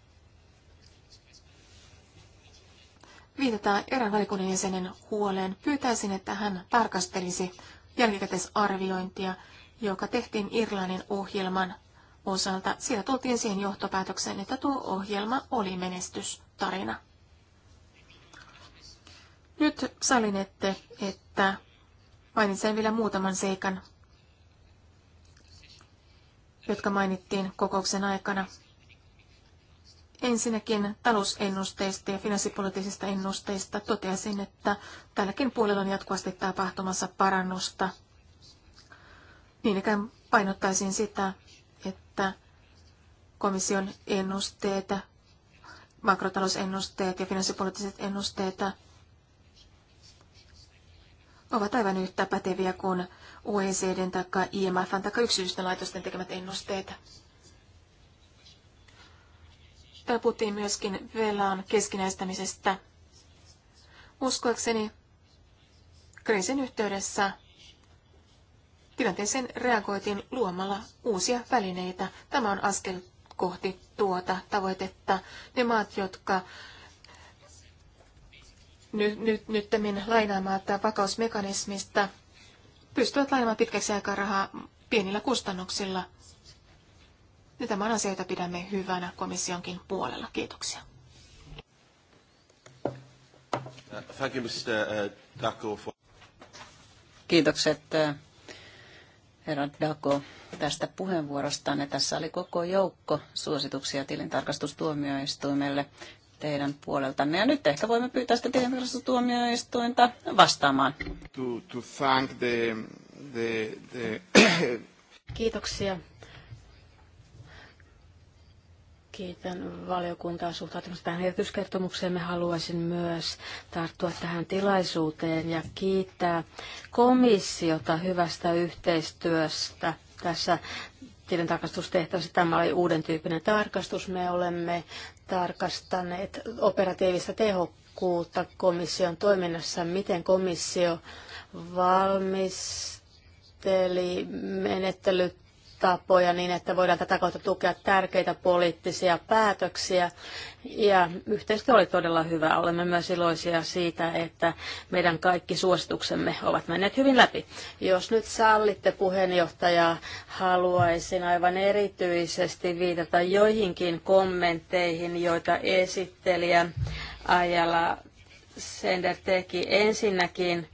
viitata erään valikunnan jäsenen huoleen. Pyytäisin, että hän tarkastelisi jälkikäteisarviointia, joka tehtiin Irlannin ohjelman osalta. Siellä tultiin siihen johtopäätökseen, että tuo ohjelma oli menestys tarina. Nyt salinette, että mainitsen vielä muutaman seikan, jotka mainittiin kokouksen aikana. Ensinnäkin talousennusteista ja finanssipoliittisista ennusteista toteaisin, että tälläkin puolella on jatkuvasti tapahtumassa parannusta. Niin ikään painottaisin sitä, että komission ennusteet makrotalousennusteet ja finanssipoliittiset ennusteet ovat aivan yhtä päteviä kuin OECDn tai IMFn tai yksityisten laitosten tekemät ennusteet. Täällä puhuttiin myöskin velan keskinäistämisestä. Uskoakseni kriisin yhteydessä tilanteeseen reagoitiin luomalla uusia välineitä. Tämä on askel kohti tuota tavoitetta. Ne maat, jotka nyt, nyt, tämän lainaamaan vakausmekanismista, pystyvät lainaamaan pitkäksi aikaa rahaa pienillä kustannuksilla. Ja tämä on asia, jota pidämme hyvänä komissionkin puolella. Kiitoksia. Uh, uh, Kiitokset, uh, herra Dako, tästä puheenvuorostanne. Tässä oli koko joukko suosituksia tilintarkastustuomioistuimelle teidän puoleltanne. Ja nyt ehkä voimme pyytää sitä tilintarkastustuomioistuinta vastaamaan. To, to thank the, the, the... Kiitoksia. Kiitän valiokuntaa suhtautumista tähän erityiskertomukseen. Me haluaisin myös tarttua tähän tilaisuuteen ja kiittää komissiota hyvästä yhteistyöstä tässä tilintarkastustehtävässä. Tämä oli uuden tyyppinen tarkastus. Me olemme tarkastaneet operatiivista tehokkuutta komission toiminnassa, miten komissio valmisteli menettelyt tapoja niin, että voidaan tätä kautta tukea tärkeitä poliittisia päätöksiä. Ja yhteistyö oli todella hyvä. Olemme myös iloisia siitä, että meidän kaikki suosituksemme ovat menneet hyvin läpi. Jos nyt sallitte puheenjohtaja, haluaisin aivan erityisesti viitata joihinkin kommentteihin, joita esittelijä Ajala Sender teki. Ensinnäkin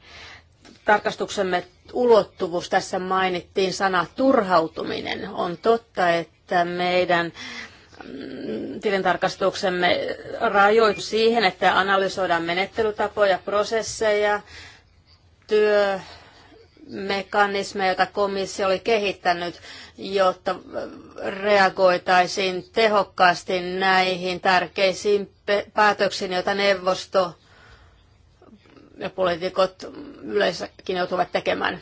tarkastuksemme ulottuvuus. Tässä mainittiin sana turhautuminen. On totta, että meidän mm, tilintarkastuksemme rajoitu siihen, että analysoidaan menettelytapoja, prosesseja, työ, mekanismeja, joita komissio oli kehittänyt, jotta reagoitaisiin tehokkaasti näihin tärkeisiin päätöksiin, joita neuvosto ja poliitikot yleensäkin joutuvat tekemään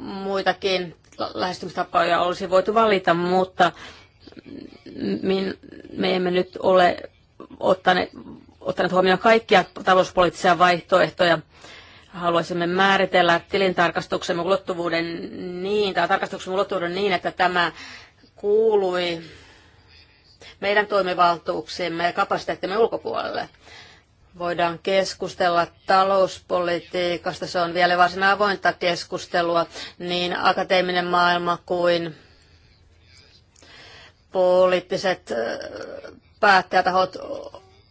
muitakin lähestymistapoja olisi voitu valita, mutta me emme nyt ole ottaneet, ottaneet huomioon kaikkia talouspoliittisia vaihtoehtoja. Haluaisimme määritellä tilintarkastuksen ulottuvuuden niin, tai tarkastuksen ulottuvuuden niin, että tämä kuului meidän toimivaltuuksiimme ja kapasiteettimme ulkopuolelle voidaan keskustella talouspolitiikasta. Se on vielä varsin avointa keskustelua, niin akateeminen maailma kuin poliittiset päättäjätahot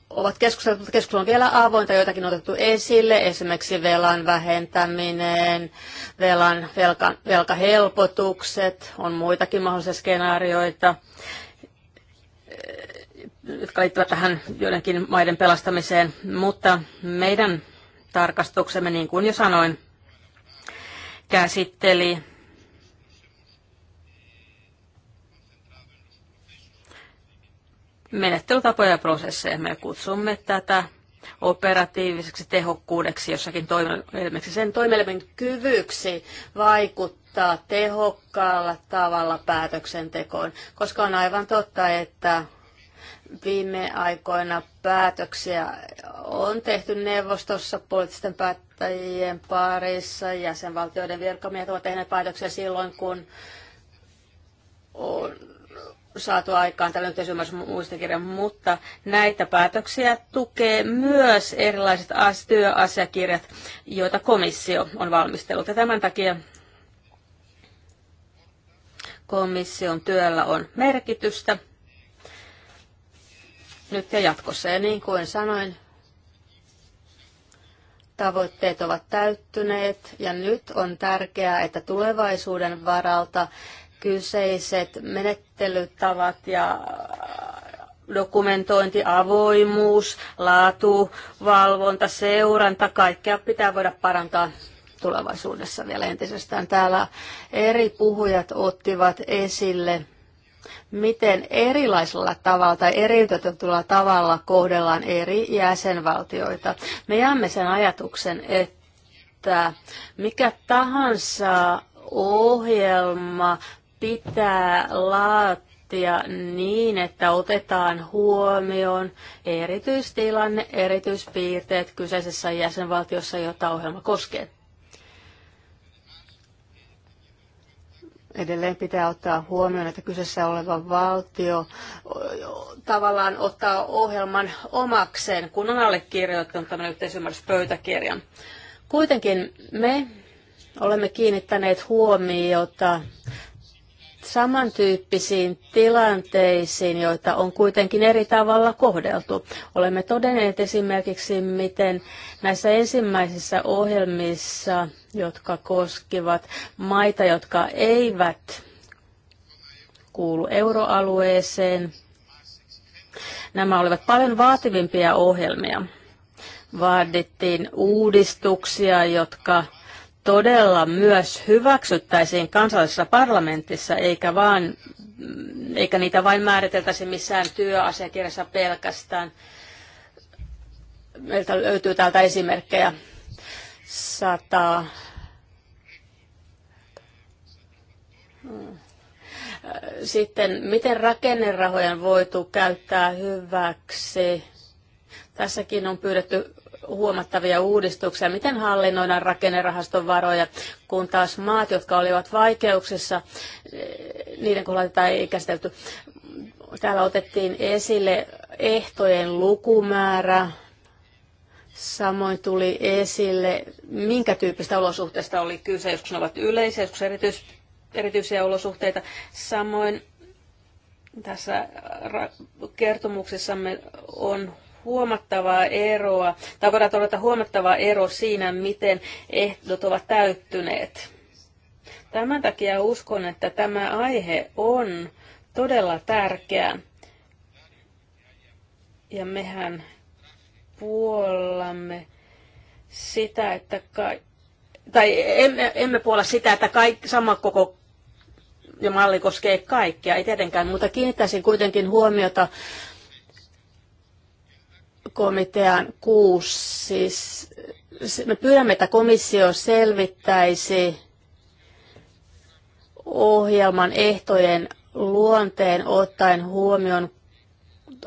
ovat keskustelut, mutta keskustelu on vielä avointa, joitakin on otettu esille, esimerkiksi velan vähentäminen, velan, velka, velkahelpotukset, on muitakin mahdollisia skenaarioita jotka liittyvät tähän joidenkin maiden pelastamiseen, mutta meidän tarkastuksemme, niin kuin jo sanoin, käsitteli menettelytapoja ja prosesseja. Me kutsumme tätä operatiiviseksi tehokkuudeksi jossakin toimielimeksi, sen toimielimen kyvyksi vaikuttaa tehokkaalla tavalla päätöksentekoon, koska on aivan totta, että Viime aikoina päätöksiä on tehty neuvostossa poliittisten päättäjien parissa. Jäsenvaltioiden virkamiehet ovat tehneet päätöksiä silloin, kun on saatu aikaan tällainen yhteisymmärrys muistikirjan, mutta näitä päätöksiä tukee myös erilaiset työasiakirjat, joita komissio on valmistellut. Ja tämän takia komission työllä on merkitystä nyt ja jatkossa. Ja niin kuin sanoin, tavoitteet ovat täyttyneet ja nyt on tärkeää, että tulevaisuuden varalta kyseiset menettelytavat ja dokumentointi, avoimuus, laatu, valvonta, seuranta, kaikkea pitää voida parantaa tulevaisuudessa vielä entisestään. Täällä eri puhujat ottivat esille miten erilaisella tavalla tai eriytetyllä tavalla kohdellaan eri jäsenvaltioita. Me jäämme sen ajatuksen, että mikä tahansa ohjelma pitää laatia niin, että otetaan huomioon erityistilanne, erityispiirteet kyseisessä jäsenvaltiossa, jota ohjelma koskee. Edelleen pitää ottaa huomioon, että kyseessä oleva valtio tavallaan ottaa ohjelman omakseen, kun on allekirjoittanut tämän yhteisymmärryspöytäkirjan. Kuitenkin me olemme kiinnittäneet huomiota samantyyppisiin tilanteisiin, joita on kuitenkin eri tavalla kohdeltu. Olemme todenneet esimerkiksi, miten näissä ensimmäisissä ohjelmissa – jotka koskivat maita, jotka eivät kuulu euroalueeseen. Nämä olivat paljon vaativimpia ohjelmia. Vaadittiin uudistuksia, jotka todella myös hyväksyttäisiin kansallisessa parlamentissa, eikä, vaan, eikä niitä vain määriteltäisi missään työasiakirjassa pelkästään. Meiltä löytyy täältä esimerkkejä Sata sitten, miten rakennerahojen voitu käyttää hyväksi? Tässäkin on pyydetty huomattavia uudistuksia. Miten hallinnoidaan rakennerahaston varoja, kun taas maat, jotka olivat vaikeuksissa, niiden kohdalla tätä ei käsitelty. Täällä otettiin esille ehtojen lukumäärä, Samoin tuli esille, minkä tyyppistä olosuhteista oli kyse, joskus ne ovat yleisiä, joskus erityis, erityisiä olosuhteita. Samoin tässä kertomuksessamme on huomattavaa eroa, tai voidaan todeta huomattavaa ero siinä, miten ehdot ovat täyttyneet. Tämän takia uskon, että tämä aihe on todella tärkeä. Ja mehän puollamme sitä, että ka- tai emme, emme puolla sitä, että kaikki, sama koko ja malli koskee kaikkia, ei tietenkään, mutta kiinnittäisin kuitenkin huomiota komitean kuusi. Siis me pyydämme, että komissio selvittäisi ohjelman ehtojen luonteen ottaen huomioon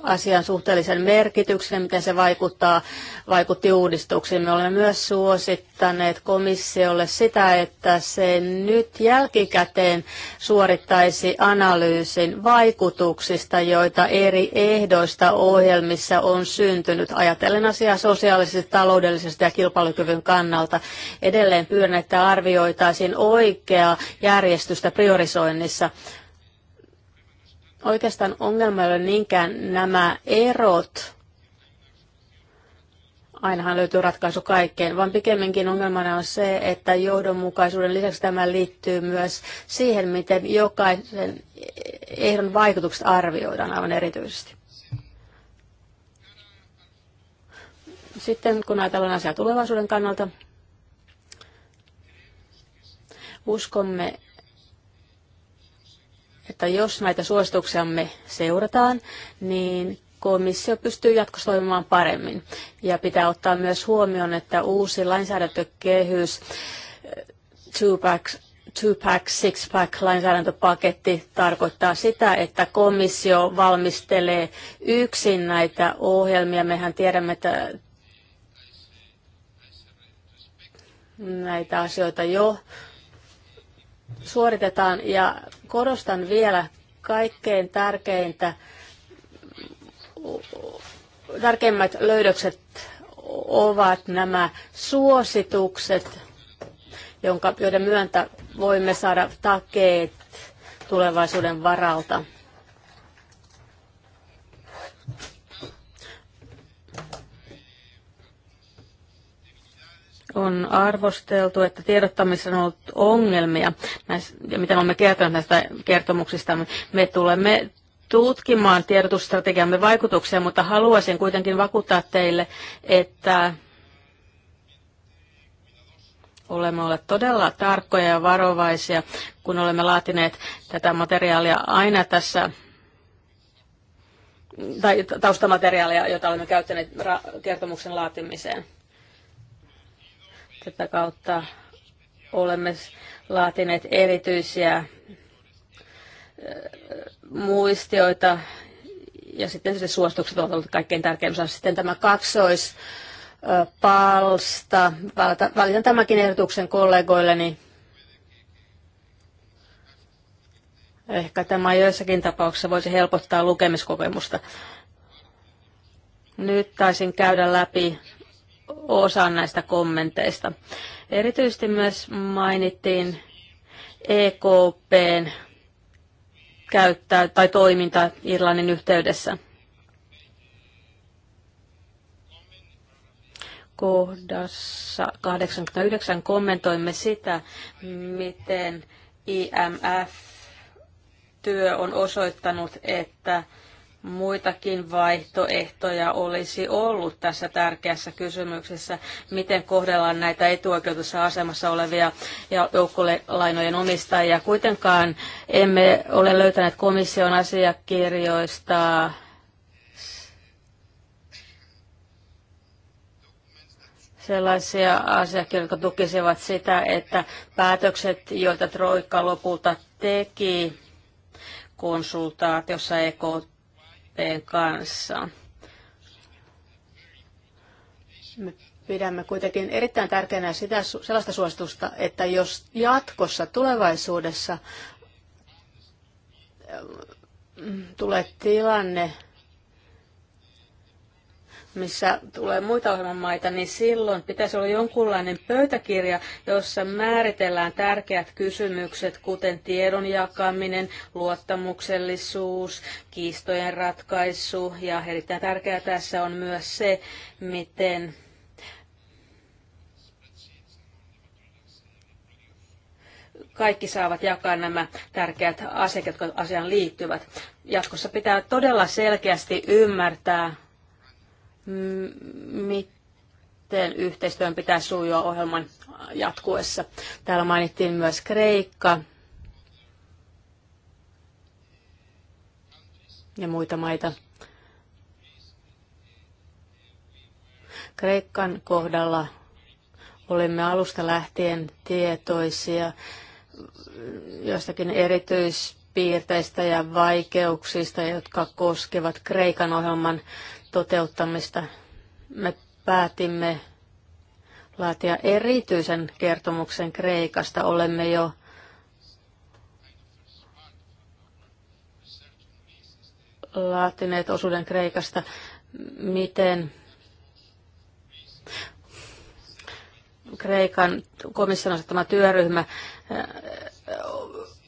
asian suhteellisen merkityksen, miten se vaikuttaa, vaikutti uudistuksiin. Me olemme myös suosittaneet komissiolle sitä, että se nyt jälkikäteen suorittaisi analyysin vaikutuksista, joita eri ehdoista ohjelmissa on syntynyt. Ajatellen asiaa sosiaalisesti, taloudellisesti ja kilpailukyvyn kannalta. Edelleen pyydän, että arvioitaisiin oikeaa järjestystä priorisoinnissa Oikeastaan ongelma ei ole niinkään nämä erot, ainahan löytyy ratkaisu kaikkeen, vaan pikemminkin ongelmana on se, että johdonmukaisuuden lisäksi tämä liittyy myös siihen, miten jokaisen ehdon vaikutukset arvioidaan aivan erityisesti. Sitten kun ajatellaan asiaa tulevaisuuden kannalta, uskomme, että jos näitä suosituksiamme seurataan, niin komissio pystyy jatkossa toimimaan paremmin. Ja pitää ottaa myös huomioon, että uusi lainsäädäntökehys, eh, two-pack, two-pack six-pack lainsäädäntöpaketti tarkoittaa sitä, että komissio valmistelee yksin näitä ohjelmia. Mehän tiedämme, että näitä asioita jo suoritetaan ja korostan vielä kaikkein tärkeintä, tärkeimmät löydökset ovat nämä suositukset, jonka, joiden myöntä voimme saada takeet tulevaisuuden varalta. On arvosteltu, että tiedottamisessa on ollut ongelmia, näissä, ja mitä olemme kertoneet näistä kertomuksista. Me tulemme tutkimaan tiedotusstrategiamme vaikutuksia, mutta haluaisin kuitenkin vakuuttaa teille, että olemme olleet todella tarkkoja ja varovaisia, kun olemme laatineet tätä materiaalia aina tässä tai taustamateriaalia, jota olemme käyttäneet kertomuksen laatimiseen. Tätä kautta olemme laatineet erityisiä muistioita ja sitten se suositukset ovat olleet kaikkein tärkein osa. Sitten tämä kaksoispalsta. Valitan tämänkin ehdotuksen kollegoilleni. Ehkä tämä joissakin tapauksissa voisi helpottaa lukemiskokemusta. Nyt taisin käydä läpi Osa näistä kommenteista. Erityisesti myös mainittiin EKPn käyttää tai toiminta Irlannin yhteydessä. Kohdassa 89 kommentoimme sitä, miten IMF-työ on osoittanut, että muitakin vaihtoehtoja olisi ollut tässä tärkeässä kysymyksessä, miten kohdellaan näitä etuoikeutussa asemassa olevia ja joukkolainojen omistajia. Kuitenkaan emme ole löytäneet komission asiakirjoista sellaisia asiakirjoja, jotka tukisivat sitä, että päätökset, joita Troikka lopulta teki konsultaatiossa EKT, EPn kanssa. Me pidämme kuitenkin erittäin tärkeänä sitä, sellaista suositusta, että jos jatkossa tulevaisuudessa mm, tulee tilanne, missä tulee muita ohjelmamaita, niin silloin pitäisi olla jonkunlainen pöytäkirja, jossa määritellään tärkeät kysymykset, kuten tiedon jakaminen, luottamuksellisuus, kiistojen ratkaisu ja erittäin tärkeää tässä on myös se, miten kaikki saavat jakaa nämä tärkeät asiat, jotka asiaan liittyvät. Jatkossa pitää todella selkeästi ymmärtää, miten yhteistyön pitää sujua ohjelman jatkuessa. Täällä mainittiin myös Kreikka ja muita maita. Kreikan kohdalla olimme alusta lähtien tietoisia jostakin erityispiirteistä ja vaikeuksista, jotka koskevat Kreikan ohjelman toteuttamista. Me päätimme laatia erityisen kertomuksen Kreikasta. Olemme jo laatineet osuuden Kreikasta, miten Kreikan komission asettama työryhmä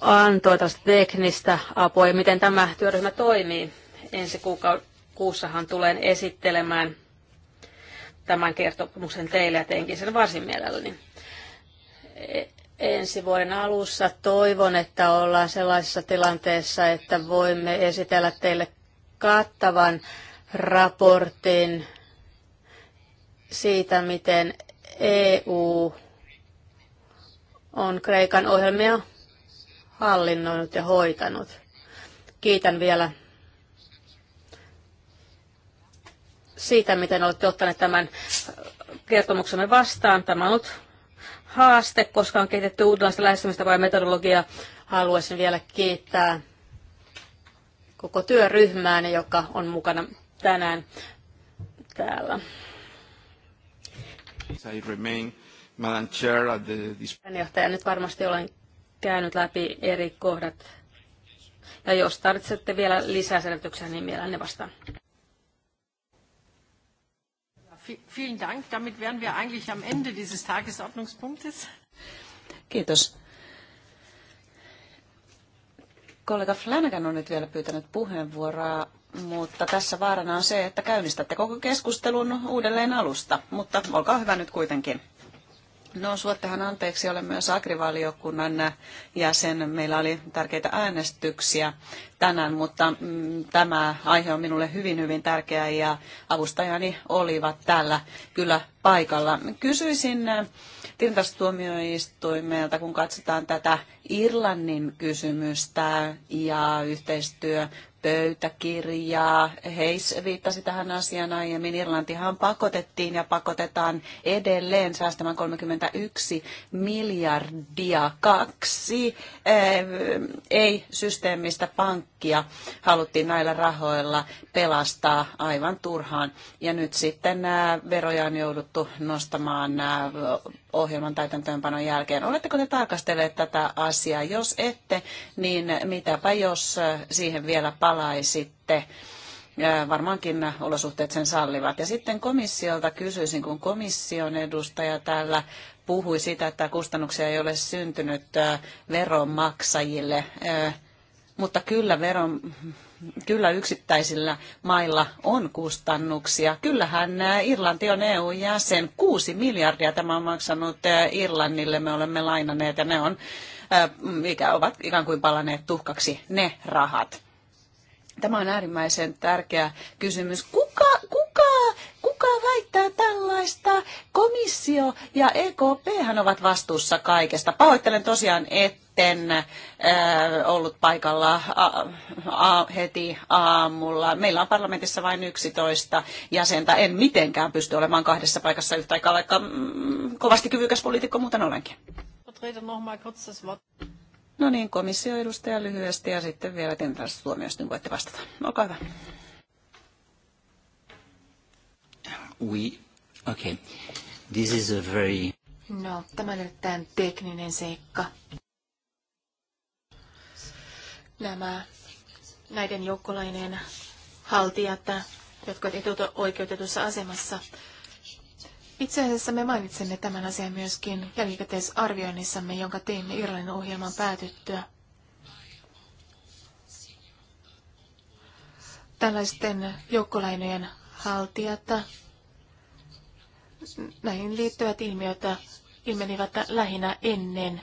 antoi tällaista teknistä apua ja miten tämä työryhmä toimii ensi kuukauden kuussahan tulen esittelemään tämän kertomuksen teille ja teinkin sen varsin mielelläni. E, ensi vuoden alussa toivon, että ollaan sellaisessa tilanteessa, että voimme esitellä teille kattavan raportin siitä, miten EU on Kreikan ohjelmia hallinnoinut ja hoitanut. Kiitän vielä siitä, miten olette ottaneet tämän kertomuksemme vastaan. Tämä on ollut haaste, koska on kehitetty uudenlaista lähestymistä vai metodologiaa. Haluaisin vielä kiittää koko työryhmään, joka on mukana tänään täällä. I remain Madam Chair at the... nyt varmasti olen käynyt läpi eri kohdat. Ja jos tarvitsette vielä lisää selvityksiä, niin mielelläni vastaan. Vielen Dank. Damit wären wir eigentlich am Ende dieses Tagesordnungspunktes. Kiitos. Kollega Flanagan on nyt vielä pyytänyt puheenvuoroa, mutta tässä vaarana on se, että käynnistätte koko keskustelun uudelleen alusta. Mutta olkaa hyvä nyt kuitenkin. No suottehan anteeksi, olen myös agrivaliokunnan jäsen. Meillä oli tärkeitä äänestyksiä tänään, mutta mm, tämä aihe on minulle hyvin, hyvin tärkeä ja avustajani olivat täällä kyllä paikalla. Kysyisin äh, tilintastuomioistuimelta, kun katsotaan tätä Irlannin kysymystä ja yhteistyö pöytäkirjaa. Heis viittasi tähän asiaan aiemmin. Irlantihan pakotettiin ja pakotetaan edelleen säästämään 31 miljardia kaksi eh, ei-systeemistä pankkia pankkia haluttiin näillä rahoilla pelastaa aivan turhaan. Ja nyt sitten nämä äh, veroja on jouduttu nostamaan nämä äh, ohjelman täytäntöönpanon jälkeen. Oletteko te tarkastelleet tätä asiaa? Jos ette, niin mitäpä jos äh, siihen vielä palaisitte? varmaankin olosuhteet sen sallivat. Ja sitten komissiolta kysyisin, kun komission edustaja täällä puhui sitä, että kustannuksia ei ole syntynyt veronmaksajille mutta kyllä, veron, kyllä yksittäisillä mailla on kustannuksia. Kyllähän äh, Irlanti on EU-jäsen. Kuusi miljardia tämä on maksanut äh, Irlannille. Me olemme lainaneet ja ne on, äh, mikä mm, ovat ikään kuin palaneet tuhkaksi ne rahat. Tämä on äärimmäisen tärkeä kysymys. Kuka, kuka kuka väittää tällaista? Komissio ja EKP ovat vastuussa kaikesta. Pahoittelen tosiaan, etten äh, ollut paikalla a, a, heti aamulla. Meillä on parlamentissa vain 11 jäsentä. En mitenkään pysty olemaan kahdessa paikassa yhtä aikaa, vaikka mm, kovasti kyvykäs poliitikko muuten olenkin. No niin, komissioedustaja lyhyesti ja sitten vielä tentas tuomioistuin voitte vastata. Olkaa hyvä. we... Okay. This is a very... No, tämä on erittäin tekninen seikka. Nämä näiden joukkolainen haltijat, jotka ovat oikeutetussa asemassa. Itse asiassa me mainitsemme tämän asian myöskin jälkikäteisarvioinnissamme, jonka teimme Irlannin ohjelman päätyttyä. Tällaisten joukkolainojen haltijat näihin liittyvät ilmiöt ilmenivät lähinnä ennen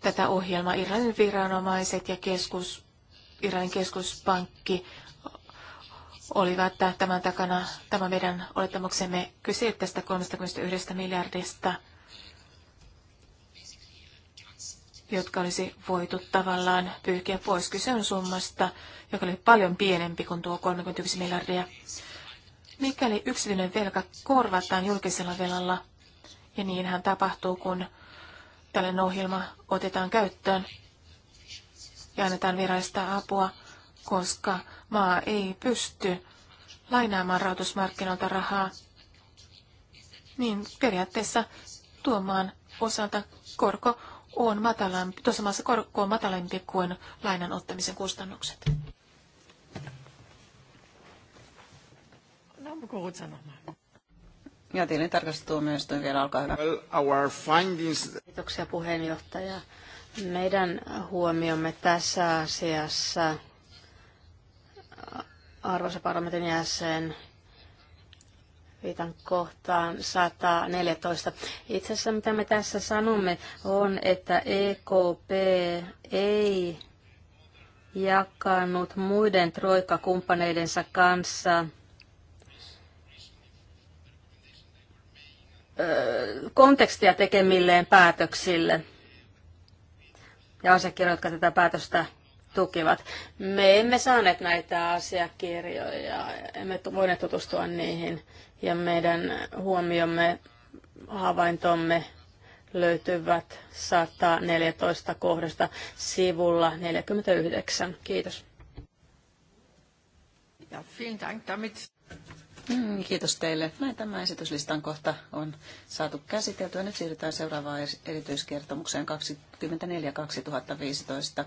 tätä ohjelmaa. Iranin viranomaiset ja keskus, Iranin keskuspankki olivat tämän takana, tämä meidän olettamuksemme kyse tästä 31 miljardista, jotka olisi voitu tavallaan pyyhkiä pois. kyseen summasta, joka oli paljon pienempi kuin tuo 31 miljardia. Mikäli yksityinen velka korvataan julkisella velalla, ja niinhän tapahtuu, kun tällainen ohjelma otetaan käyttöön ja annetaan virallista apua, koska maa ei pysty lainaamaan rahoitusmarkkinoilta rahaa, niin periaatteessa tuomaan osalta korko on matalampi, tuossa maassa korko on matalampi kuin lainan ottamisen kustannukset. Kukurutsa nochmal. Ja tilintarkastustuomioistuin vielä, olkaa hyvä. Well, our findings... Kiitoksia puheenjohtaja. Meidän huomiomme tässä asiassa, arvoisa parlamentin jäsen, viitan kohtaan 114. Itse asiassa mitä me tässä sanomme on, että EKP ei jakanut muiden troikakumppaneidensa kanssa – kontekstia tekemilleen päätöksille ja asiakirjoja, jotka tätä päätöstä tukivat. Me emme saaneet näitä asiakirjoja, emme voineet tutustua niihin ja meidän huomiomme, havaintomme löytyvät 114 kohdasta sivulla 49. Kiitos. Ja, vielen Dank. Damit Mm, kiitos teille. Näin tämä esityslistan kohta on saatu käsiteltyä. Nyt siirrytään seuraavaan erityiskertomukseen 24-2015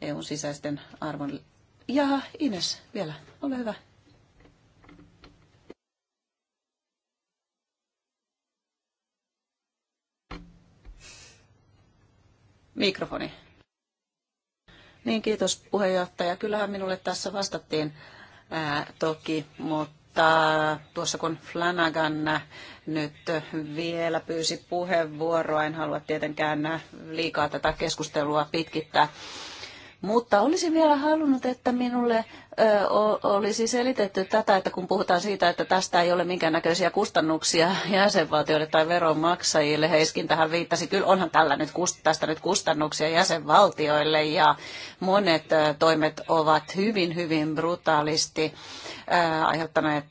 EUn sisäisten arvon... Ja Ines, vielä, ole hyvä. Mikrofoni. Niin, kiitos puheenjohtaja. Kyllähän minulle tässä vastattiin ää, toki, mutta mutta tuossa kun Flanagan nyt vielä pyysi puheenvuoroa, en halua tietenkään liikaa tätä keskustelua pitkittää, mutta olisin vielä halunnut, että minulle ö, olisi selitetty tätä, että kun puhutaan siitä, että tästä ei ole minkäännäköisiä kustannuksia jäsenvaltioille tai veronmaksajille, Heiskin tähän viittasi, kyllä onhan tällä nyt, tästä nyt kustannuksia jäsenvaltioille ja monet toimet ovat hyvin, hyvin brutaalisti aiheuttaneet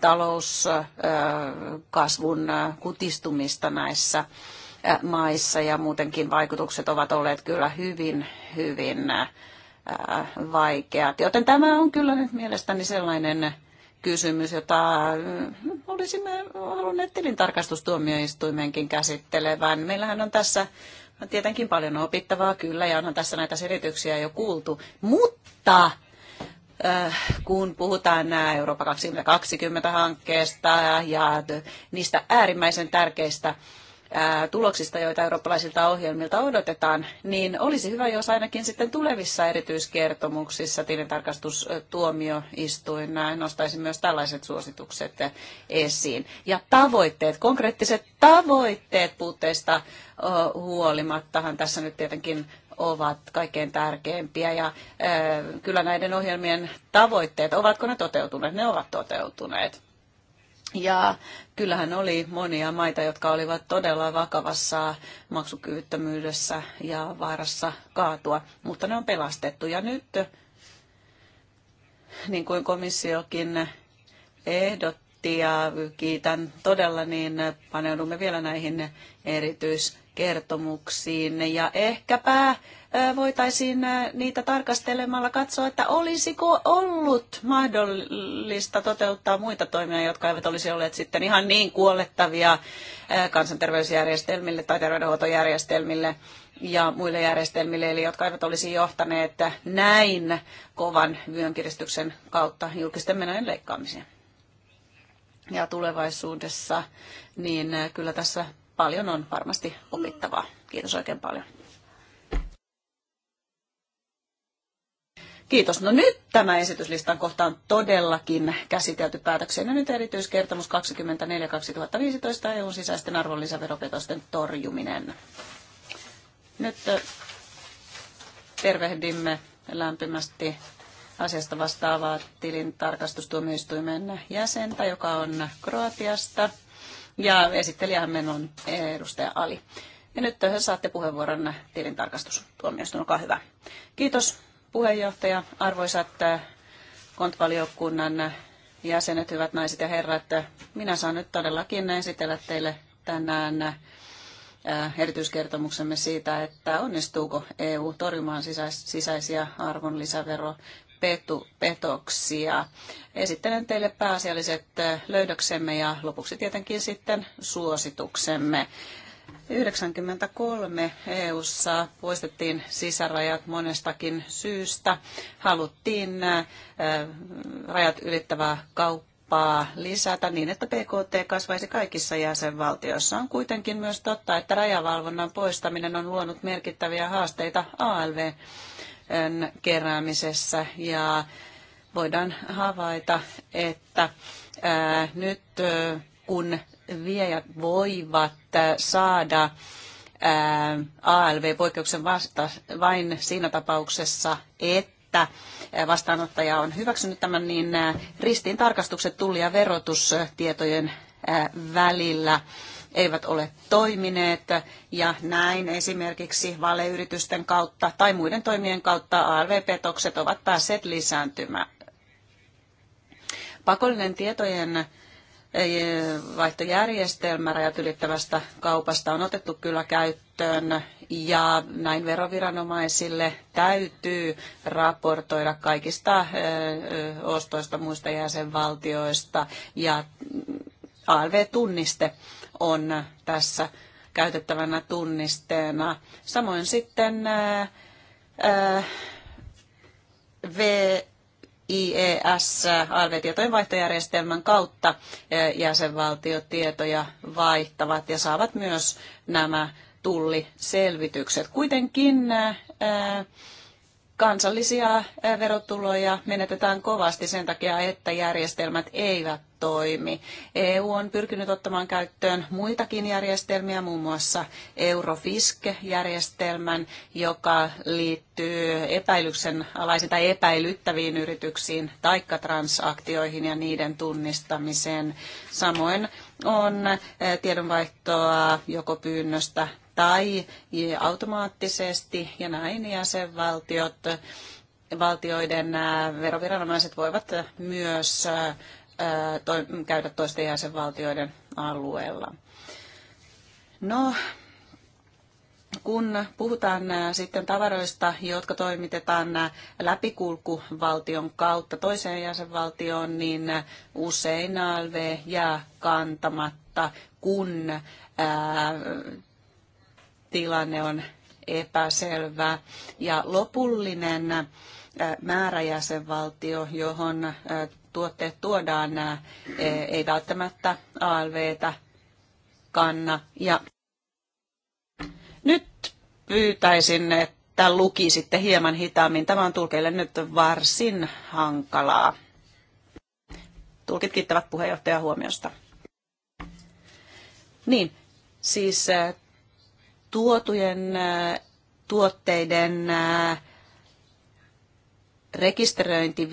talouskasvun kutistumista näissä maissa ja muutenkin vaikutukset ovat olleet kyllä hyvin, hyvin vaikeat. Joten tämä on kyllä nyt mielestäni sellainen kysymys, jota olisimme halunneet tilintarkastustuomioistuimenkin käsittelevän. Meillähän on tässä tietenkin paljon opittavaa, kyllä, ja onhan tässä näitä selityksiä jo kuultu, mutta kun puhutaan nämä Eurooppa 2020-hankkeesta ja niistä äärimmäisen tärkeistä tuloksista, joita eurooppalaisilta ohjelmilta odotetaan, niin olisi hyvä, jos ainakin sitten tulevissa erityiskertomuksissa tilintarkastustuomioistuin nostaisi myös tällaiset suositukset esiin. Ja tavoitteet, konkreettiset tavoitteet puutteista huolimattahan tässä nyt tietenkin ovat kaikkein tärkeimpiä ja kyllä näiden ohjelmien tavoitteet, ovatko ne toteutuneet? Ne ovat toteutuneet. Ja kyllähän oli monia maita, jotka olivat todella vakavassa maksukyvyttömyydessä ja vaarassa kaatua, mutta ne on pelastettu. Ja nyt, niin kuin komissiokin ehdotti, kommentti ja kiitän todella, niin paneudumme vielä näihin erityiskertomuksiin ja ehkäpä voitaisiin niitä tarkastelemalla katsoa, että olisiko ollut mahdollista toteuttaa muita toimia, jotka eivät olisi olleet sitten ihan niin kuolettavia kansanterveysjärjestelmille tai terveydenhuoltojärjestelmille ja muille järjestelmille, eli jotka eivät olisi johtaneet näin kovan vyönkiristyksen kautta julkisten menojen leikkaamiseen ja tulevaisuudessa, niin äh, kyllä tässä paljon on varmasti opittavaa. Kiitos oikein paljon. Kiitos. No nyt tämä esityslistan kohta on todellakin käsitelty päätökseen. Ja nyt erityiskertomus 24-2015 EUn sisäisten arvonlisäveropetosten torjuminen. Nyt äh, tervehdimme lämpimästi asiasta vastaavaa tilintarkastustuomioistuimen jäsentä, joka on Kroatiasta. Ja esittelijähän meillä on edustaja Ali. Ja nyt saatte puheenvuoron tilintarkastustuomioistuin, olkaa hyvä. Kiitos puheenjohtaja, arvoisat äh, kontvaliokunnan jäsenet, hyvät naiset ja herrat. Minä saan nyt todellakin esitellä teille tänään äh, erityiskertomuksemme siitä, että onnistuuko EU torjumaan sisäisiä arvonlisävero petu, petoksia. Esittelen teille pääasialliset löydöksemme ja lopuksi tietenkin sitten suosituksemme. 1993 EU:ssa poistettiin sisärajat monestakin syystä. Haluttiin rajat ylittävää kauppaa lisätä niin, että PKT kasvaisi kaikissa jäsenvaltioissa. On kuitenkin myös totta, että rajavalvonnan poistaminen on luonut merkittäviä haasteita ALV keräämisessä ja voidaan havaita, että nyt kun viejät voivat saada ALV-poikkeuksen vasta vain siinä tapauksessa, että vastaanottaja on hyväksynyt tämän, niin ristiin tarkastukset tuli ja verotustietojen välillä eivät ole toimineet ja näin esimerkiksi valeyritysten kautta tai muiden toimien kautta ALV-petokset ovat päässeet lisääntymään. Pakollinen tietojen eh, vaihtojärjestelmä rajat ylittävästä kaupasta on otettu kyllä käyttöön ja näin veroviranomaisille täytyy raportoida kaikista eh, eh, ostoista muista jäsenvaltioista ja ALV-tunniste on tässä käytettävänä tunnisteena. Samoin sitten äh, äh, VIES, arvetietojen vaihtojärjestelmän kautta äh, jäsenvaltiotietoja vaihtavat ja saavat myös nämä tulliselvitykset. Kuitenkin ää, kansallisia verotuloja menetetään kovasti sen takia, että järjestelmät eivät toimi. EU on pyrkinyt ottamaan käyttöön muitakin järjestelmiä, muun muassa Eurofisk-järjestelmän, joka liittyy epäilyksen alaisiin tai epäilyttäviin yrityksiin, transaktioihin ja niiden tunnistamiseen. Samoin on tiedonvaihtoa joko pyynnöstä tai automaattisesti ja näin jäsenvaltiot, valtioiden äh, veroviranomaiset voivat myös äh, käydä toisten jäsenvaltioiden alueella. No, kun puhutaan äh, sitten tavaroista, jotka toimitetaan läpikulkuvaltion kautta toiseen jäsenvaltioon, niin usein ALV jää kantamatta, kun tilanne on epäselvä ja lopullinen äh, määrä jäsenvaltio, johon äh, tuotteet tuodaan, äh, e- ei välttämättä ALVtä kanna. Ja nyt pyytäisin, että lukisitte hieman hitaammin. Tämä on tulkeille nyt varsin hankalaa. Tulkit kiittävät puheenjohtajan huomiosta. Niin, siis tuotujen äh, tuotteiden äh, rekisteröinti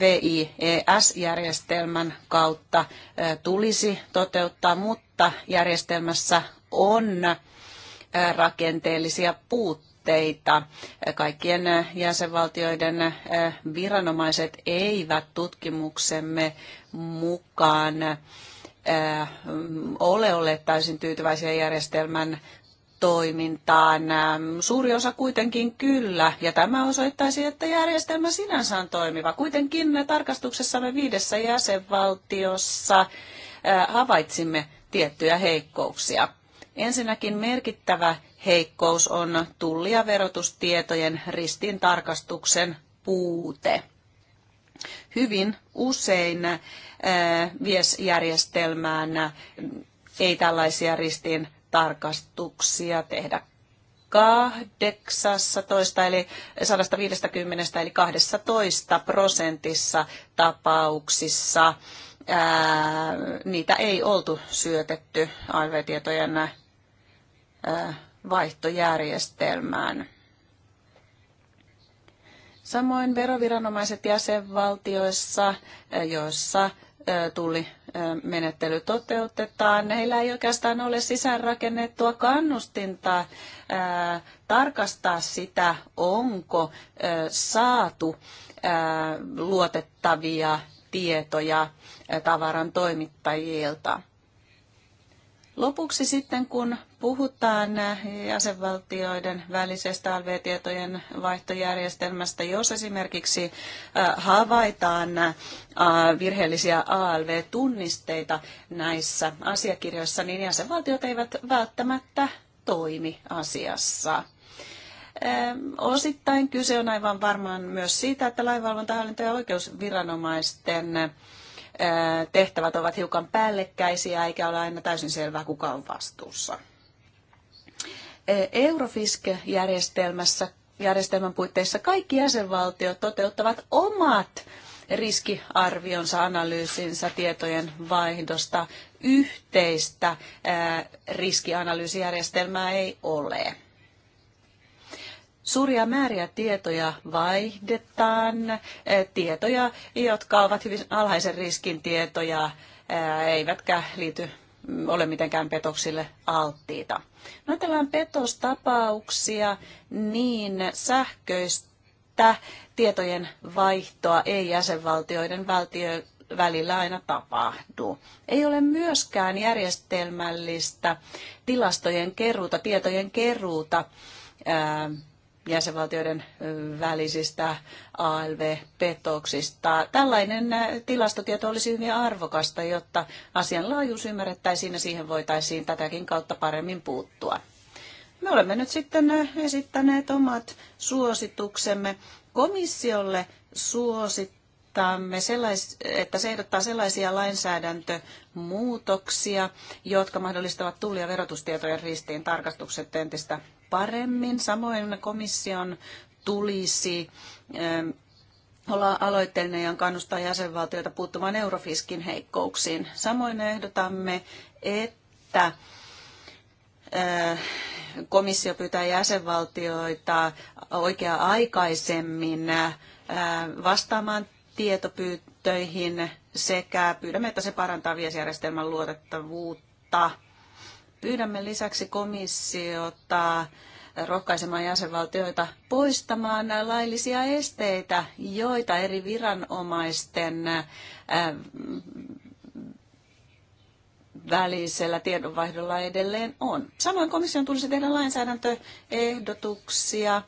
VIES-järjestelmän kautta äh, tulisi toteuttaa, mutta järjestelmässä on rakenteellisia puutteita. Kaikkien jäsenvaltioiden viranomaiset eivät tutkimuksemme mukaan ole olleet täysin tyytyväisiä järjestelmän toimintaan. Ähm, suuri osa kuitenkin kyllä, ja tämä osoittaisi, että järjestelmä sinänsä on toimiva. Kuitenkin tarkastuksessamme viidessä jäsenvaltiossa äh, havaitsimme tiettyjä heikkouksia. Ensinnäkin merkittävä heikkous on tulli- ja verotustietojen ristin tarkastuksen puute. Hyvin usein äh, viesjärjestelmään äh, ei tällaisia ristin tarkastuksia tehdä 18 eli 150 eli 12 prosentissa tapauksissa ää, niitä ei oltu syötetty aiv tietojen vaihtojärjestelmään. Samoin veroviranomaiset jäsenvaltioissa, joissa tuli menettely toteutetaan. Heillä ei oikeastaan ole sisäänrakennettua kannustinta tarkastaa sitä, onko saatu luotettavia tietoja tavaran toimittajilta. Lopuksi sitten, kun puhutaan eh, jäsenvaltioiden välisestä alv-tietojen vaihtojärjestelmästä, jos esimerkiksi eh, havaitaan eh, virheellisiä ALV-tunnisteita näissä asiakirjoissa, niin jäsenvaltiot eivät välttämättä toimi asiassa. Osittain kyse on aivan varmaan myös siitä, että lainvalvontahallinto- ja oikeusviranomaisten tehtävät ovat hiukan päällekkäisiä eikä ole aina täysin selvää, kuka on vastuussa. Eurofisk-järjestelmässä järjestelmän puitteissa kaikki jäsenvaltiot toteuttavat omat riskiarvionsa, analyysinsä, tietojen vaihdosta. Yhteistä riskianalyysijärjestelmää ei ole. Suuria määriä tietoja vaihdetaan, eh, tietoja, jotka ovat hyvin alhaisen riskin tietoja, eh, eivätkä liity mm, ole mitenkään petoksille alttiita. No ajatellaan petostapauksia, niin sähköistä tietojen vaihtoa ei jäsenvaltioiden valtio, välillä aina tapahtuu. Ei ole myöskään järjestelmällistä tilastojen keruuta, tietojen keruuta jäsenvaltioiden välisistä ALV-petoksista. Tällainen tilastotieto olisi hyvin arvokasta, jotta asian laajuus ymmärrettäisiin ja siihen voitaisiin tätäkin kautta paremmin puuttua. Me olemme nyt sitten esittäneet omat suosituksemme komissiolle suosittamme, sellais, että se ehdottaa sellaisia lainsäädäntömuutoksia, jotka mahdollistavat tulli- ja verotustietojen ristiin tarkastukset entistä paremmin. Samoin komission tulisi ähm, olla aloitteellinen ja kannustaa jäsenvaltioita puuttumaan eurofiskin heikkouksiin. Samoin ehdotamme, että äh, komissio pyytää jäsenvaltioita oikea-aikaisemmin äh, vastaamaan tietopyyntöihin sekä pyydämme, että se parantaa viesjärjestelmän luotettavuutta. Pyydämme lisäksi komissiota rohkaisemaan jäsenvaltioita poistamaan laillisia esteitä, joita eri viranomaisten äh, välisellä tiedonvaihdolla edelleen on. Samoin komission tulisi tehdä lainsäädäntöehdotuksia, äh,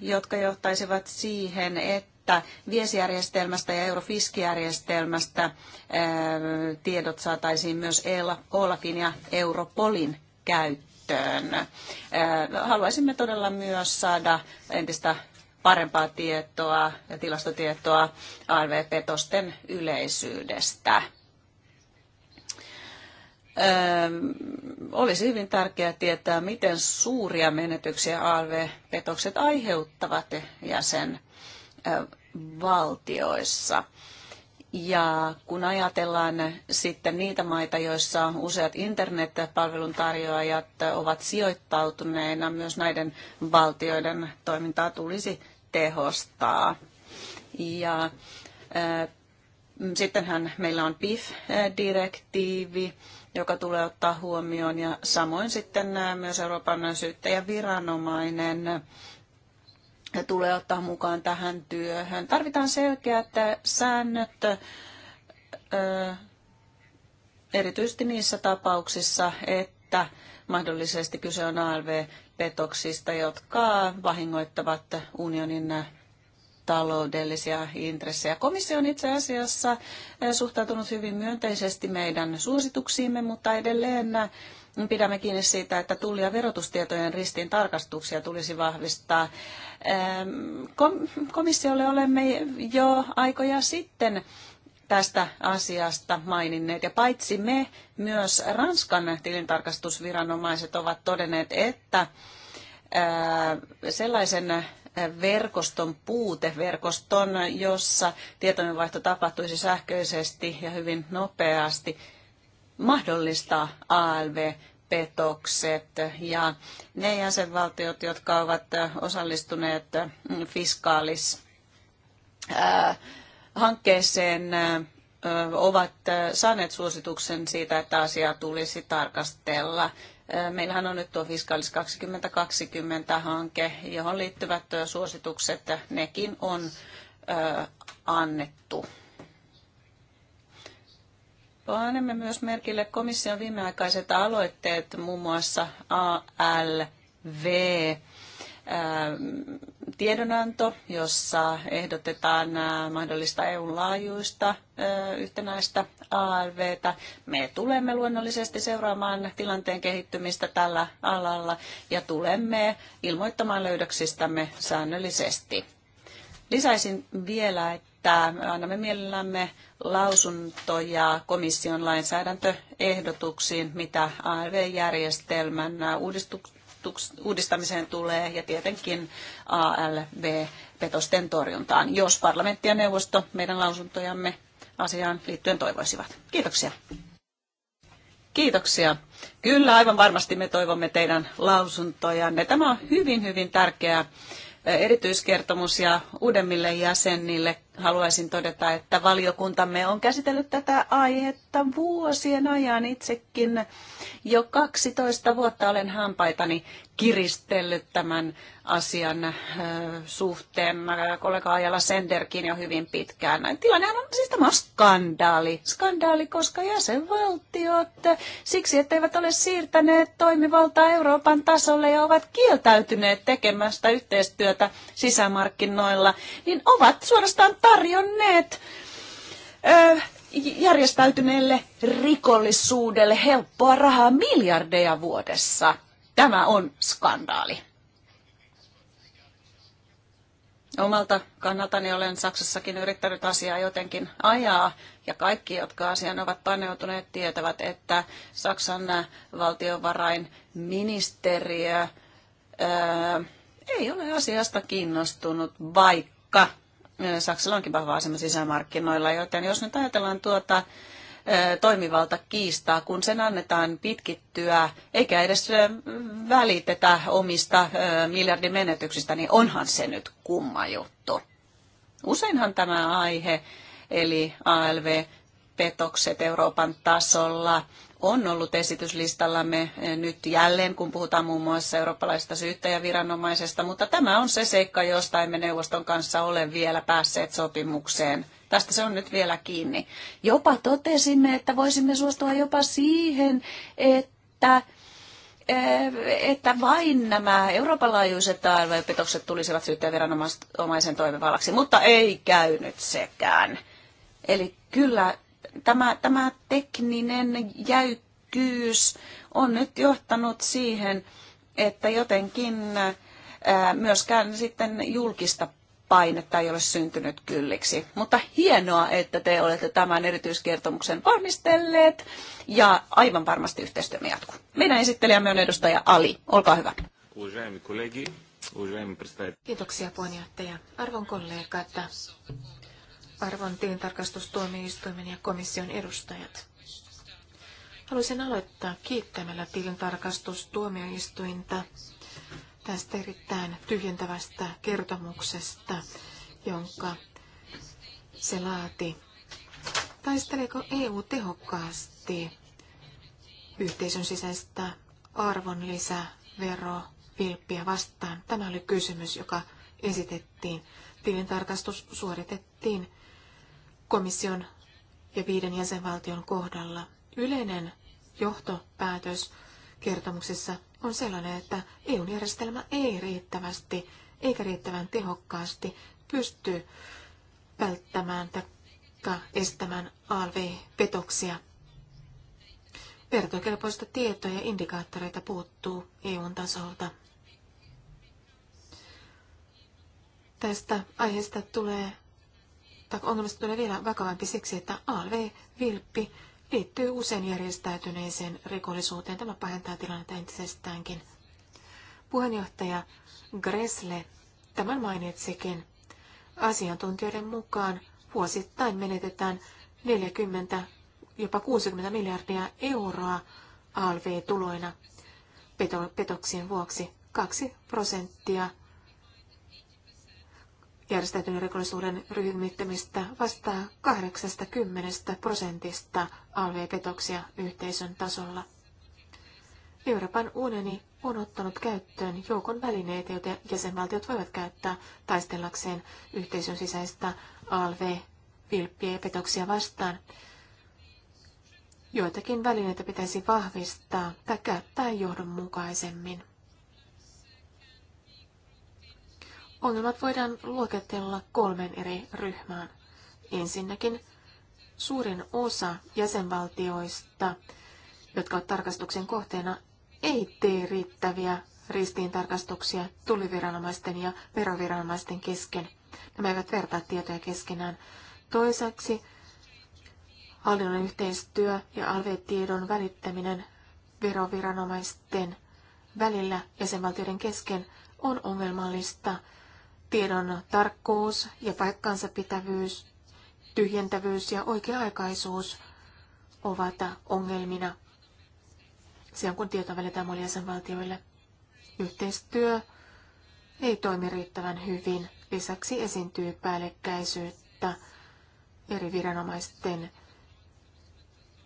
jotka johtaisivat siihen, että että viesjärjestelmästä ja Eurofisk-järjestelmästä äh, tiedot saataisiin myös e Olafin ja Europolin käyttöön. Äh, haluaisimme todella myös saada entistä parempaa tietoa ja tilastotietoa ALV-petosten yleisyydestä. Öö, olisi hyvin tärkeää tietää, miten suuria menetyksiä ALV-petokset aiheuttavat jäsen valtioissa. Ja kun ajatellaan sitten niitä maita, joissa useat internetpalvelun tarjoajat ovat sijoittautuneena, myös näiden valtioiden toimintaa tulisi tehostaa. Ja sittenhän meillä on PIF-direktiivi, joka tulee ottaa huomioon, ja samoin sitten myös Euroopan syyttäjäviranomainen viranomainen tulee ottaa mukaan tähän työhön. Tarvitaan selkeät säännöt erityisesti niissä tapauksissa, että mahdollisesti kyse on ALV-petoksista, jotka vahingoittavat unionin taloudellisia intressejä. Komissio on itse asiassa suhtautunut hyvin myönteisesti meidän suosituksiimme, mutta edelleen pidämme kiinni siitä, että tulli- ja verotustietojen ristiin tarkastuksia tulisi vahvistaa. Ehm, komissiolle olemme jo aikoja sitten tästä asiasta maininneet. Ja paitsi me, myös Ranskan tilintarkastusviranomaiset ovat todenneet, että ehm, sellaisen verkoston puute, verkoston, jossa tietojenvaihto tapahtuisi sähköisesti ja hyvin nopeasti, mahdollistaa ALV-petokset ja ne jäsenvaltiot, jotka ovat osallistuneet fiskaalis hankkeeseen ovat saaneet suosituksen siitä, että asiaa tulisi tarkastella. Meillähän on nyt tuo Fiskaalis 2020-hanke, johon liittyvät suositukset, nekin on annettu. Panemme myös merkille komission viimeaikaiset aloitteet, muun muassa ALV, ähm, tiedonanto, jossa ehdotetaan äh, mahdollista eu laajuista äh, yhtenäistä ALVtä. Me tulemme luonnollisesti seuraamaan tilanteen kehittymistä tällä alalla ja tulemme ilmoittamaan löydöksistämme säännöllisesti. Lisäisin vielä, että että annamme mielellämme lausuntoja komission lainsäädäntöehdotuksiin, mitä ALV-järjestelmän uudistamiseen tulee ja tietenkin ALV-petosten torjuntaan, jos parlamentti ja neuvosto meidän lausuntojamme asiaan liittyen toivoisivat. Kiitoksia. Kiitoksia. Kyllä, aivan varmasti me toivomme teidän lausuntojanne. Tämä on hyvin, hyvin tärkeä erityiskertomus ja uudemmille jäsenille haluaisin todeta, että valiokuntamme on käsitellyt tätä aihetta vuosien ajan itsekin. Jo 12 vuotta olen hampaitani kiristellyt tämän asian äh, suhteen. Kollega Ajala Senderkin jo hyvin pitkään. Tilanne on siis tämä skandaali. Skandaali, koska jäsenvaltiot äh, siksi, etteivät ole siirtäneet toimivaltaa Euroopan tasolle ja ovat kieltäytyneet tekemästä yhteistyötä sisämarkkinoilla, niin ovat suorastaan tarjonneet ö, järjestäytyneelle rikollisuudelle helppoa rahaa miljardeja vuodessa. Tämä on skandaali. Omalta kannaltani olen Saksassakin yrittänyt asiaa jotenkin ajaa, ja kaikki, jotka asian ovat paneutuneet, tietävät, että Saksan valtiovarainministeriö ää, ei ole asiasta kiinnostunut, vaikka Saksalla onkin vahva asema sisämarkkinoilla, joten jos nyt ajatellaan tuota toimivalta kiistaa, kun sen annetaan pitkittyä eikä edes välitetä omista miljardin menetyksistä, niin onhan se nyt kumma juttu. Useinhan tämä aihe, eli ALV-petokset Euroopan tasolla, on ollut esityslistallamme eh, nyt jälleen, kun puhutaan muun muassa eurooppalaisesta syyttäjäviranomaisesta, mutta tämä on se seikka, josta emme neuvoston kanssa ole vielä päässeet sopimukseen. Tästä se on nyt vielä kiinni. Jopa totesimme, että voisimme suostua jopa siihen, että eh, että vain nämä Euroopan laajuiset alv tulisivat syyttäjäviranomaisen toimivallaksi, mutta ei käynyt sekään. Eli kyllä tämä, tämä tekninen jäykkyys on nyt johtanut siihen, että jotenkin myöskään sitten julkista painetta ei ole syntynyt kylliksi. Mutta hienoa, että te olette tämän erityiskertomuksen valmistelleet ja aivan varmasti yhteistyömme jatkuu. Meidän esittelijämme on edustaja Ali. Olkaa hyvä. Kiitoksia puheenjohtaja. Arvon kollegat, arvon tilintarkastustuomioistuimen ja komission edustajat. Haluaisin aloittaa kiittämällä tilintarkastustuomioistuinta tästä erittäin tyhjentävästä kertomuksesta, jonka se laati. Taisteleeko EU tehokkaasti yhteisön sisäistä arvonlisävero vilppiä vastaan? Tämä oli kysymys, joka esitettiin. Tilintarkastus suoritettiin komission ja viiden jäsenvaltion kohdalla. Yleinen johtopäätös kertomuksessa on sellainen, että eu järjestelmä ei riittävästi eikä riittävän tehokkaasti pysty välttämään tai estämään ALV-petoksia. Vertokelpoista tietoa ja indikaattoreita puuttuu EUn tasolta. Tästä aiheesta tulee tai ongelmasta tulee vielä vakavampi siksi, että ALV-vilppi liittyy usein järjestäytyneeseen rikollisuuteen. Tämä pahentaa tilannetta entisestäänkin. Puheenjohtaja Gressle tämän mainitsikin. Asiantuntijoiden mukaan vuosittain menetetään 40, jopa 60 miljardia euroa ALV-tuloina petoksien vuoksi. 2 prosenttia järjestäytyneen rikollisuuden ryhmittämistä vastaa 80 prosentista alvepetoksia yhteisön tasolla. Euroopan unioni on ottanut käyttöön joukon välineitä, joita jäsenvaltiot voivat käyttää taistellakseen yhteisön sisäistä ALV-vilppiä ja petoksia vastaan. Joitakin välineitä pitäisi vahvistaa tai käyttää johdonmukaisemmin. Ongelmat voidaan luokitella kolmen eri ryhmään. Ensinnäkin suurin osa jäsenvaltioista, jotka ovat tarkastuksen kohteena, ei tee riittäviä ristiintarkastuksia tulliviranomaisten ja veroviranomaisten kesken. Nämä eivät vertaa tietoja keskenään. Toiseksi hallinnon yhteistyö ja alvetiedon välittäminen veroviranomaisten välillä jäsenvaltioiden kesken on ongelmallista Tiedon tarkkuus ja paikkansa pitävyys, tyhjentävyys ja oikea-aikaisuus ovat ongelmina. Se on kun tieto välitään muille jäsenvaltioille. Yhteistyö ei toimi riittävän hyvin. Lisäksi esiintyy päällekkäisyyttä eri viranomaisten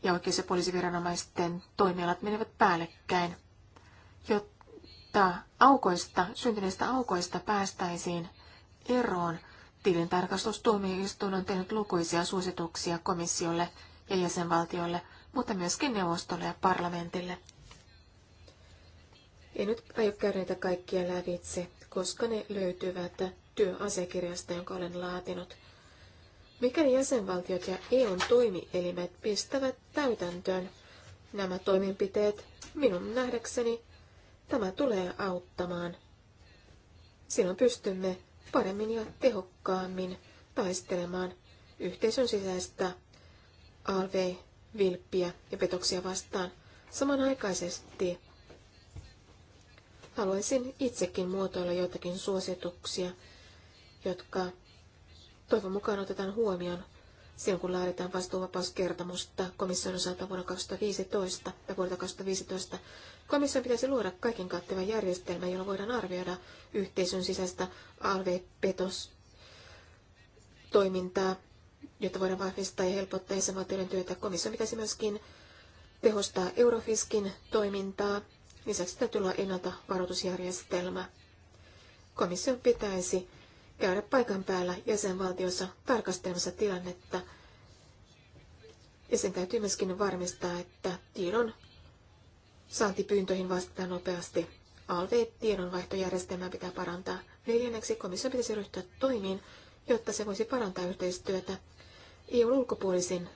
ja oikeus- ja poliisiviranomaisten toimialat menevät päällekkäin. Jotta aukoista, syntyneistä aukoista päästäisiin eroon. Tilintarkastustuomioistuin on tehnyt lukuisia suosituksia komissiolle ja jäsenvaltioille, mutta myöskin neuvostolle ja parlamentille. En nyt aio käydä niitä kaikkia lävitse, koska ne löytyvät työasiakirjasta, jonka olen laatinut. Mikäli jäsenvaltiot ja EUn toimielimet pistävät täytäntöön nämä toimenpiteet, minun nähdäkseni tämä tulee auttamaan. Silloin pystymme paremmin ja tehokkaammin taistelemaan yhteisön sisäistä alv-vilppiä ja petoksia vastaan. Samanaikaisesti haluaisin itsekin muotoilla joitakin suosituksia, jotka toivon mukaan otetaan huomioon silloin, kun laaditaan vastuuvapauskertomusta komission osalta vuonna 2015 ja vuodelta 2015 Komissio pitäisi luoda kaiken kattava järjestelmä, jolla voidaan arvioida yhteisön sisäistä alvepetostoimintaa, toimintaa jotta voidaan vahvistaa ja helpottaa jäsenvaltioiden työtä. Komissio pitäisi myöskin tehostaa Eurofiskin toimintaa. Lisäksi täytyy olla ennalta varoitusjärjestelmä. Komission pitäisi käydä paikan päällä jäsenvaltiossa tarkastelemassa tilannetta. Ja sen täytyy myöskin varmistaa, että tiedon Saantipyyntöihin vastataan nopeasti. ALV-tiedonvaihtojärjestelmää pitää parantaa. Neljänneksi komissio pitäisi ryhtyä toimiin, jotta se voisi parantaa yhteistyötä EUn, ulkopuolisin,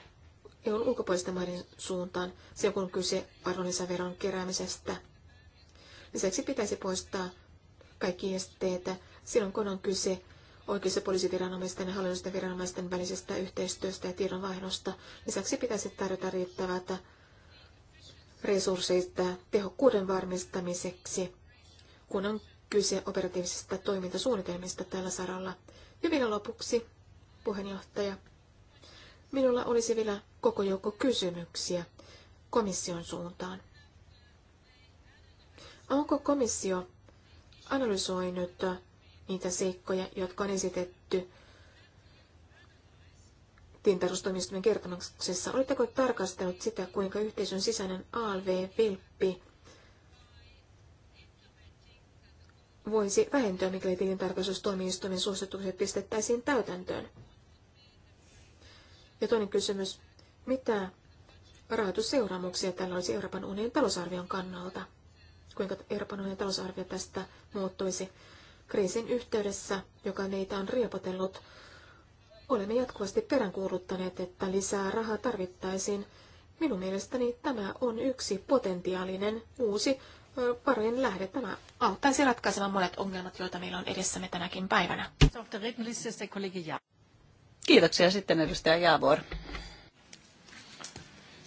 EUn ulkopuolisten maiden suuntaan, se kun on kyse arvonlisäveron keräämisestä. Lisäksi pitäisi poistaa kaikki esteitä silloin, kun on kyse oikeus- ja poliisiviranomaisten ja hallinnollisten viranomaisten välisestä yhteistyöstä ja tiedonvaihdosta. Lisäksi pitäisi tarjota riittävää resursseista tehokkuuden varmistamiseksi, kun on kyse operatiivisista toimintasuunnitelmista tällä saralla. Ja vielä lopuksi, puheenjohtaja, minulla olisi vielä koko joukko kysymyksiä komission suuntaan. Onko komissio analysoinut niitä seikkoja, jotka on esitetty tilintarkastustoimistojen kertomuksessa. Oletteko tarkastellut sitä, kuinka yhteisön sisäinen ALV-vilppi voisi vähentyä, mikäli tilintarkastustoimistojen suositukset pistettäisiin täytäntöön? Ja toinen kysymys, mitä rahoitusseuraamuksia tällä olisi Euroopan unionin talousarvion kannalta? Kuinka Euroopan unionin talousarvio tästä muuttuisi kriisin yhteydessä, joka niitä on riepotellut? Olemme jatkuvasti peräänkuuluttaneet, että lisää rahaa tarvittaisiin. Minun mielestäni tämä on yksi potentiaalinen uusi varojen lähde. Tämä auttaisi ratkaisemaan monet ongelmat, joita meillä on edessämme tänäkin päivänä. Kiitoksia sitten edustaja Jaavor.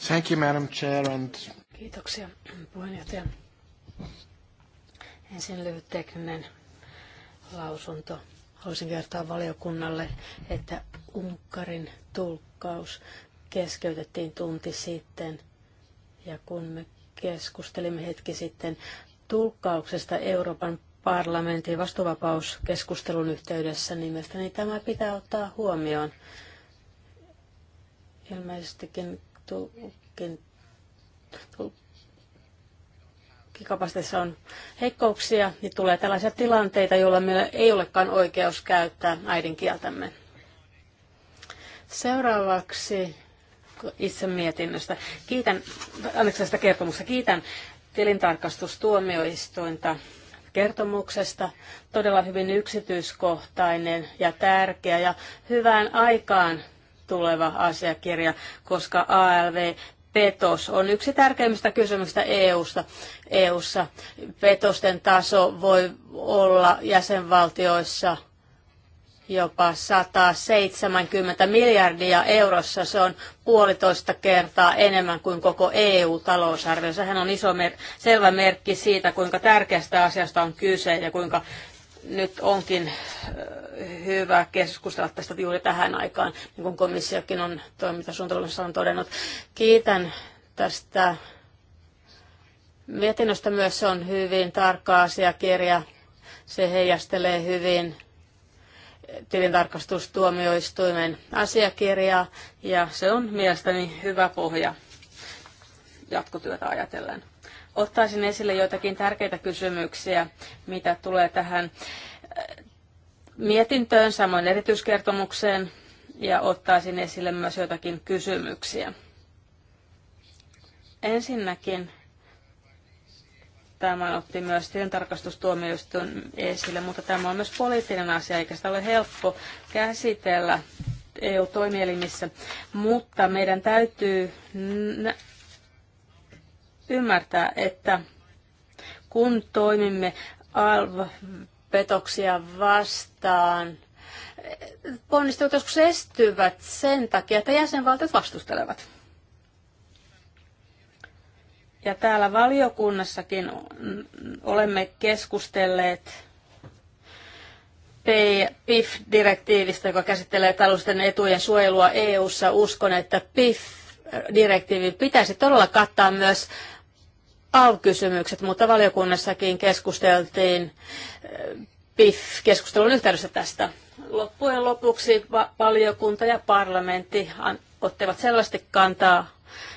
Thank you, Madam Chair. And... Kiitoksia puheenjohtaja. Ensin lyhyt tekninen lausunto Haluaisin kertoa valiokunnalle, että Unkarin tulkkaus keskeytettiin tunti sitten ja kun me keskustelimme hetki sitten tulkkauksesta Euroopan parlamentin vastuvapauskeskustelun yhteydessä, niin mielestäni tämä pitää ottaa huomioon. Ilmeisestikin tulkin, tulkin kapasiteetissa on heikkouksia, niin tulee tällaisia tilanteita, joilla meillä ei olekaan oikeus käyttää äidinkieltämme. Seuraavaksi itse mietinnöstä. Kiitän, anteeksi tästä kertomusta, kiitän tilintarkastustuomioistuinta kertomuksesta. Todella hyvin yksityiskohtainen ja tärkeä ja hyvään aikaan tuleva asiakirja, koska ALV petos on yksi tärkeimmistä kysymyksistä EUsta. EUssa petosten taso voi olla jäsenvaltioissa jopa 170 miljardia eurossa. Se on puolitoista kertaa enemmän kuin koko EU-talousarvio. Sehän on iso mer- selvä merkki siitä, kuinka tärkeästä asiasta on kyse ja kuinka nyt onkin äh, hyvä keskustella tästä juuri tähän aikaan, niin kuin komissiokin on toimintasuunnitelmassaan todennut. Kiitän tästä mietinnöstä myös. Se on hyvin tarkka asiakirja. Se heijastelee hyvin tilintarkastustuomioistuimen asiakirjaa ja se on mielestäni hyvä pohja jatkotyötä ajatellen. Ottaisin esille joitakin tärkeitä kysymyksiä, mitä tulee tähän äh, mietintöön, samoin erityiskertomukseen, ja ottaisin esille myös joitakin kysymyksiä. Ensinnäkin tämä otti myös tilintarkastustuomioistuin esille, mutta tämä on myös poliittinen asia, eikä sitä ole helppo käsitellä EU-toimielimissä, mutta meidän täytyy ymmärtää, että kun toimimme alv vastaan, ponnistelut joskus estyvät sen takia, että jäsenvaltiot vastustelevat. Ja täällä valiokunnassakin olemme keskustelleet PIF-direktiivistä, joka käsittelee talousten etujen suojelua EU-ssa. Uskon, että PIF-direktiivi pitäisi todella kattaa myös AV-kysymykset, mutta valiokunnassakin keskusteltiin eh, PIF-keskustelun yhteydessä tästä. Loppujen lopuksi valiokunta ja parlamentti ottivat selvästi kantaa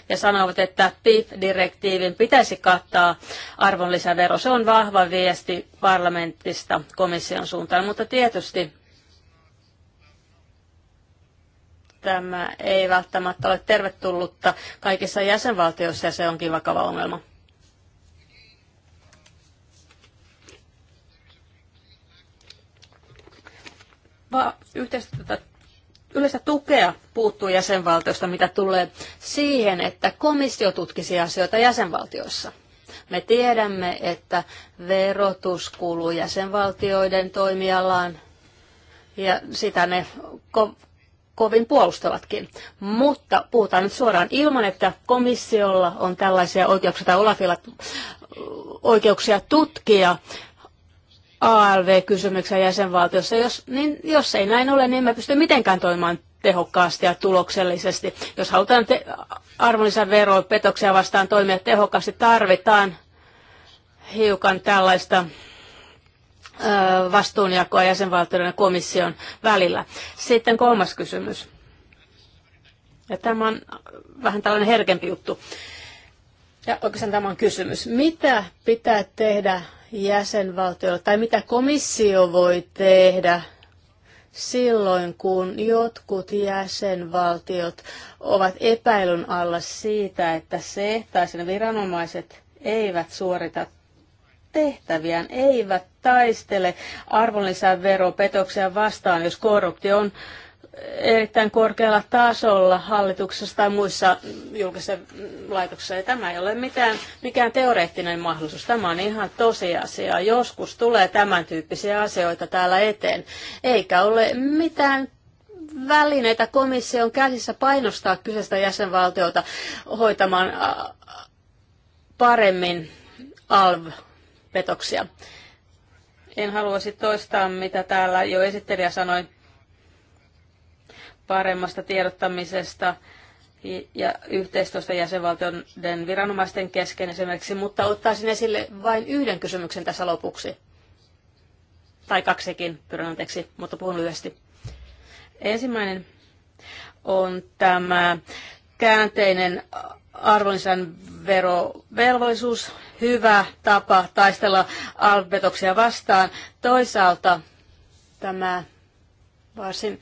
ja sanovat, että PIF-direktiivin pitäisi kattaa arvonlisävero. Se on vahva viesti parlamentista komission suuntaan, mutta tietysti tämä ei välttämättä ole tervetullutta kaikissa jäsenvaltioissa ja se onkin vakava ongelma. va- yhteistyötä yleistä tukea puuttuu jäsenvaltioista, mitä tulee siihen, että komissio tutkisi asioita jäsenvaltioissa. Me tiedämme, että verotus kuuluu jäsenvaltioiden toimialaan ja sitä ne ko- kovin puolustavatkin. Mutta puhutaan nyt suoraan ilman, että komissiolla on tällaisia oikeuksia tai Olafilla oikeuksia tutkia alv kysymyksen jäsenvaltiossa. Jos, niin jos ei näin ole, niin emme pysty mitenkään toimimaan tehokkaasti ja tuloksellisesti. Jos halutaan te- petoksia vastaan toimia tehokkaasti, tarvitaan hiukan tällaista ö, vastuunjakoa jäsenvaltioiden ja komission välillä. Sitten kolmas kysymys. Ja tämä on vähän tällainen herkempi juttu. Ja oikeastaan tämä on kysymys. Mitä pitää tehdä jäsenvaltioilla tai mitä komissio voi tehdä silloin, kun jotkut jäsenvaltiot ovat epäilyn alla siitä, että se tai sen viranomaiset eivät suorita tehtäviään, eivät taistele arvonlisäveropetoksia vastaan, jos korruptio on erittäin korkealla tasolla hallituksessa tai muissa julkisissa laitoksissa. Ja tämä ei ole mitään, mikään teoreettinen mahdollisuus. Tämä on ihan tosiasia. Joskus tulee tämän tyyppisiä asioita täällä eteen. Eikä ole mitään välineitä komission käsissä painostaa kyseistä jäsenvaltiota hoitamaan paremmin alv-petoksia. En haluaisi toistaa, mitä täällä jo esittelijä sanoi paremmasta tiedottamisesta ja yhteistyöstä jäsenvaltioiden viranomaisten kesken esimerkiksi, mutta ottaisin esille vain yhden kysymyksen tässä lopuksi. Tai kaksikin, pyydän anteeksi, mutta puhun lyhyesti. Ensimmäinen on tämä käänteinen arvonlisän verovelvollisuus, hyvä tapa taistella alvetoksia vastaan. Toisaalta tämä Varsin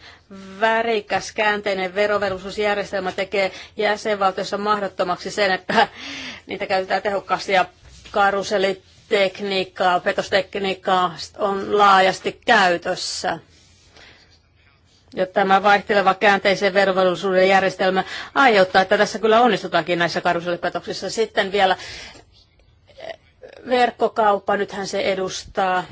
värikäs käänteinen verovelvollisuusjärjestelmä tekee jäsenvaltiossa mahdottomaksi sen, että niitä käytetään tehokkaasti ja karuselitekniikkaa, petostekniikkaa on laajasti käytössä. Ja tämä vaihteleva käänteisen verovelvollisuuden järjestelmä aiheuttaa, että tässä kyllä onnistutaankin näissä karuselipetoksissa. Sitten vielä verkkokauppa, nythän se edustaa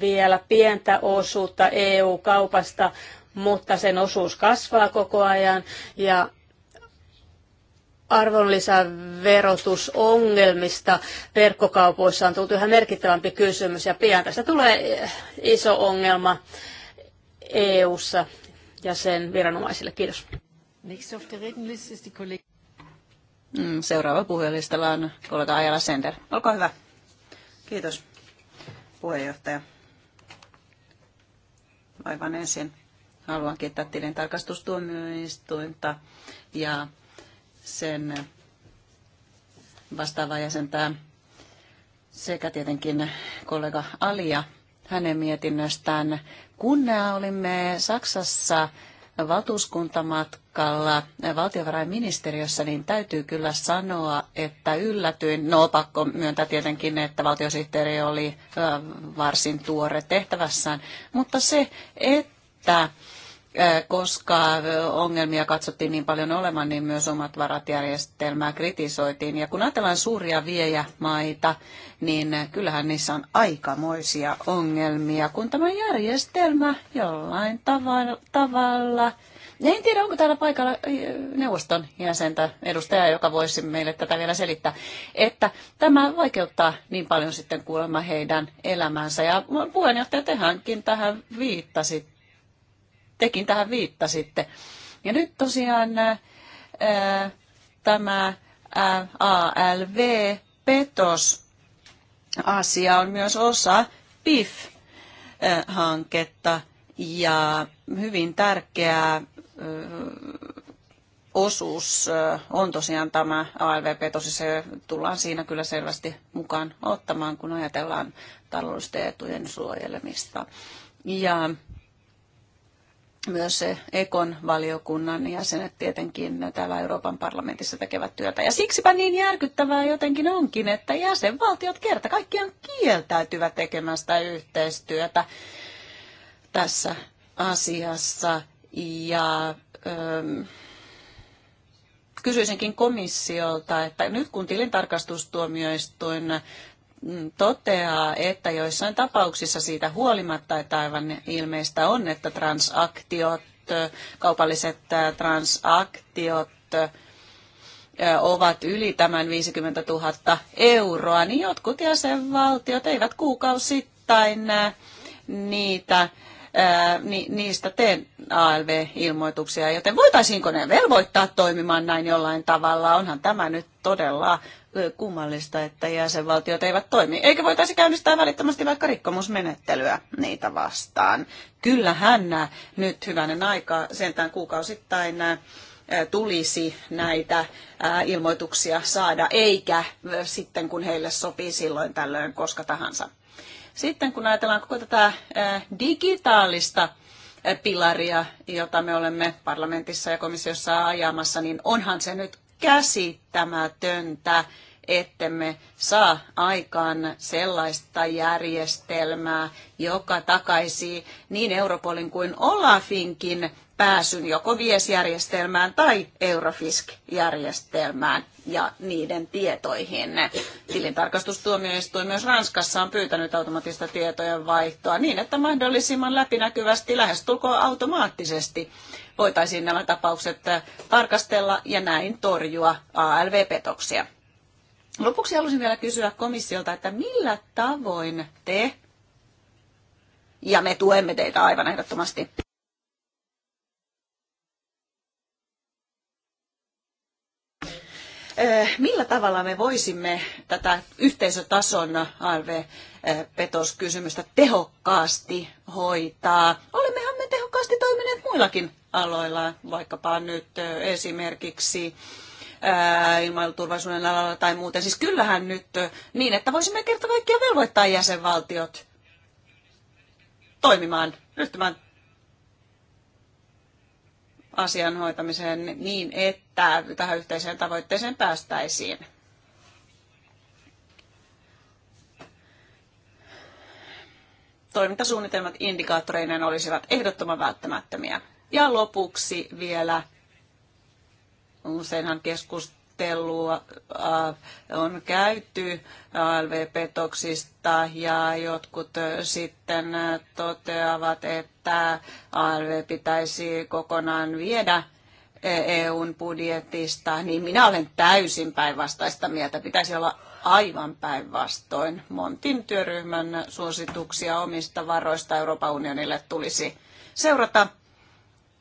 vielä pientä osuutta EU-kaupasta, mutta sen osuus kasvaa koko ajan ja arvonlisäverotusongelmista verkkokaupoissa on tullut yhä merkittävämpi kysymys ja pian tästä tulee iso ongelma EU:ssa ja sen viranomaisille. Kiitos. Mm, seuraava puhujalistalla on kollega Ajala Sender. Olkaa hyvä. Kiitos puheenjohtaja. Aivan ensin haluan kiittää tilintarkastustuomioistuinta ja sen vastaavaa jäsentää sekä tietenkin kollega Alia hänen mietinnöstään. Kun olimme Saksassa valtuuskuntamatkalla valtiovarainministeriössä, niin täytyy kyllä sanoa, että yllätyin. No, pakko myöntää tietenkin, että valtiosihteeri oli varsin tuore tehtävässään, mutta se, että Äh, koska äh, ongelmia katsottiin niin paljon olevan, niin myös omat varat järjestelmää kritisoitiin. Ja kun ajatellaan suuria viejämaita, niin äh, kyllähän niissä on aikamoisia ongelmia, kun tämä järjestelmä jollain tavalla, Ja en tiedä, onko täällä paikalla neuvoston jäsentä, edustaja, joka voisi meille tätä vielä selittää, että tämä vaikeuttaa niin paljon sitten kuulemma heidän elämänsä. Ja puheenjohtaja, tehänkin tähän viittasit tekin tähän viittasitte. Ja nyt tosiaan ää, äh, tämä äh, ALV-petos asia on myös osa PIF-hanketta äh, ja hyvin tärkeää osuus on tosiaan tämä ALV-petos, se tullaan siinä kyllä selvästi mukaan ottamaan, kun ajatellaan taloudellisten etujen suojelemista. Ja myös Ekon valiokunnan jäsenet tietenkin täällä Euroopan parlamentissa tekevät työtä. Ja siksipä niin järkyttävää jotenkin onkin, että jäsenvaltiot kerta kaikkiaan kieltäytyvät tekemästä yhteistyötä tässä asiassa. Ja öö, kysyisinkin komissiolta, että nyt kun tilintarkastustuomioistuin toteaa, että joissain tapauksissa siitä huolimatta, että aivan ilmeistä on, että transaktiot, kaupalliset transaktiot ovat yli tämän 50 000 euroa, niin jotkut jäsenvaltiot eivät kuukausittain niitä niistä teen ALV-ilmoituksia, joten voitaisiinko ne velvoittaa toimimaan näin jollain tavalla? Onhan tämä nyt todella kummallista, että jäsenvaltiot eivät toimi. Eikä voitaisi käynnistää välittömästi vaikka rikkomusmenettelyä niitä vastaan. Kyllähän äh, nyt hyvänen aika sentään kuukausittain äh, tulisi näitä äh, ilmoituksia saada, eikä sitten kun heille sopii silloin tällöin koska tahansa. Sitten kun ajatellaan koko tätä digitaalista pilaria, jota me olemme parlamentissa ja komissiossa ajamassa, niin onhan se nyt käsittämätöntä, ettemme saa aikaan sellaista järjestelmää, joka takaisi niin Europolin kuin Olafinkin pääsyn joko viesjärjestelmään tai Eurofisk-järjestelmään ja niiden tietoihin. Tilintarkastustuomioistuin myös Ranskassa on pyytänyt automaattista tietojen vaihtoa niin, että mahdollisimman läpinäkyvästi lähestulkoon automaattisesti voitaisiin nämä tapaukset äh, tarkastella ja näin torjua ALV-petoksia. Lopuksi haluaisin vielä kysyä komissiolta, että millä tavoin te, ja me tuemme teitä aivan ehdottomasti, äh, Millä tavalla me voisimme tätä yhteisötason ALV-petoskysymystä tehokkaasti hoitaa? Olemmehan me tehokkaasti toimineet muillakin aloilla, vaikkapa nyt esimerkiksi ilmailuturvallisuuden alalla tai muuten. Siis kyllähän nyt niin, että voisimme kerta kaikkiaan velvoittaa jäsenvaltiot toimimaan, ryhtymään asian hoitamiseen niin, että tähän yhteiseen tavoitteeseen päästäisiin. Toimintasuunnitelmat indikaattoreineen olisivat ehdottoman välttämättömiä. Ja lopuksi vielä, useinhan keskustelua äh, on käyty ALV-petoksista ja jotkut sitten toteavat, että ALV pitäisi kokonaan viedä EUn budjetista, niin minä olen täysin päinvastaista mieltä. Pitäisi olla aivan päinvastoin. Montin työryhmän suosituksia omista varoista Euroopan unionille tulisi seurata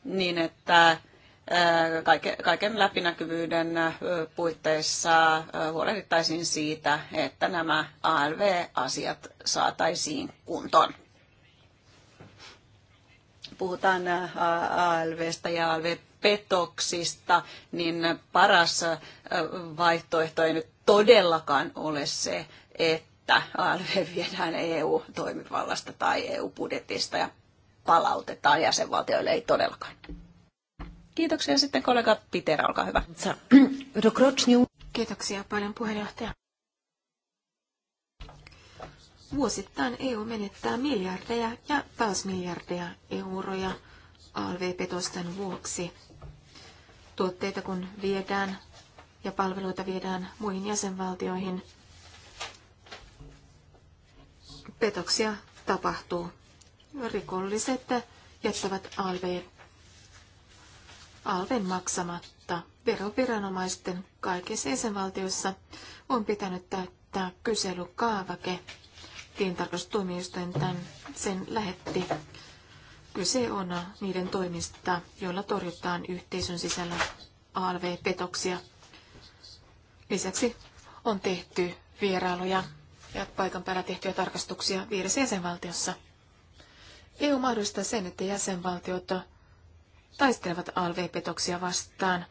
niin, että kaiken läpinäkyvyyden puitteissa huolehdittaisiin siitä, että nämä ALV-asiat saataisiin kuntoon. Puhutaan ALVstä ja ALV-petoksista, niin paras vaihtoehto ei nyt todellakaan ole se, että ALV viedään EU-toimivallasta tai EU-budjetista ja palautetaan jäsenvaltioille, ei todellakaan. Kiitoksia sitten kollega Peter, olkaa hyvä. Kiitoksia paljon puheenjohtaja. Vuosittain EU menettää miljardeja ja taas miljardeja euroja ALV-petosten vuoksi. Tuotteita kun viedään ja palveluita viedään muihin jäsenvaltioihin, petoksia tapahtuu rikolliset jättävät alveen, alven maksamatta. Veroviranomaisten kaikissa jäsenvaltioissa on pitänyt täyttää kyselykaavake. Tientarkastustuomioistuin tämän sen lähetti. Kyse on niiden toimista, joilla torjutaan yhteisön sisällä ALV-petoksia. Lisäksi on tehty vierailuja ja paikan päällä tehtyjä tarkastuksia viidessä jäsenvaltiossa. EU mahdollistaa sen, että jäsenvaltiot taistelevat alv-petoksia vastaan.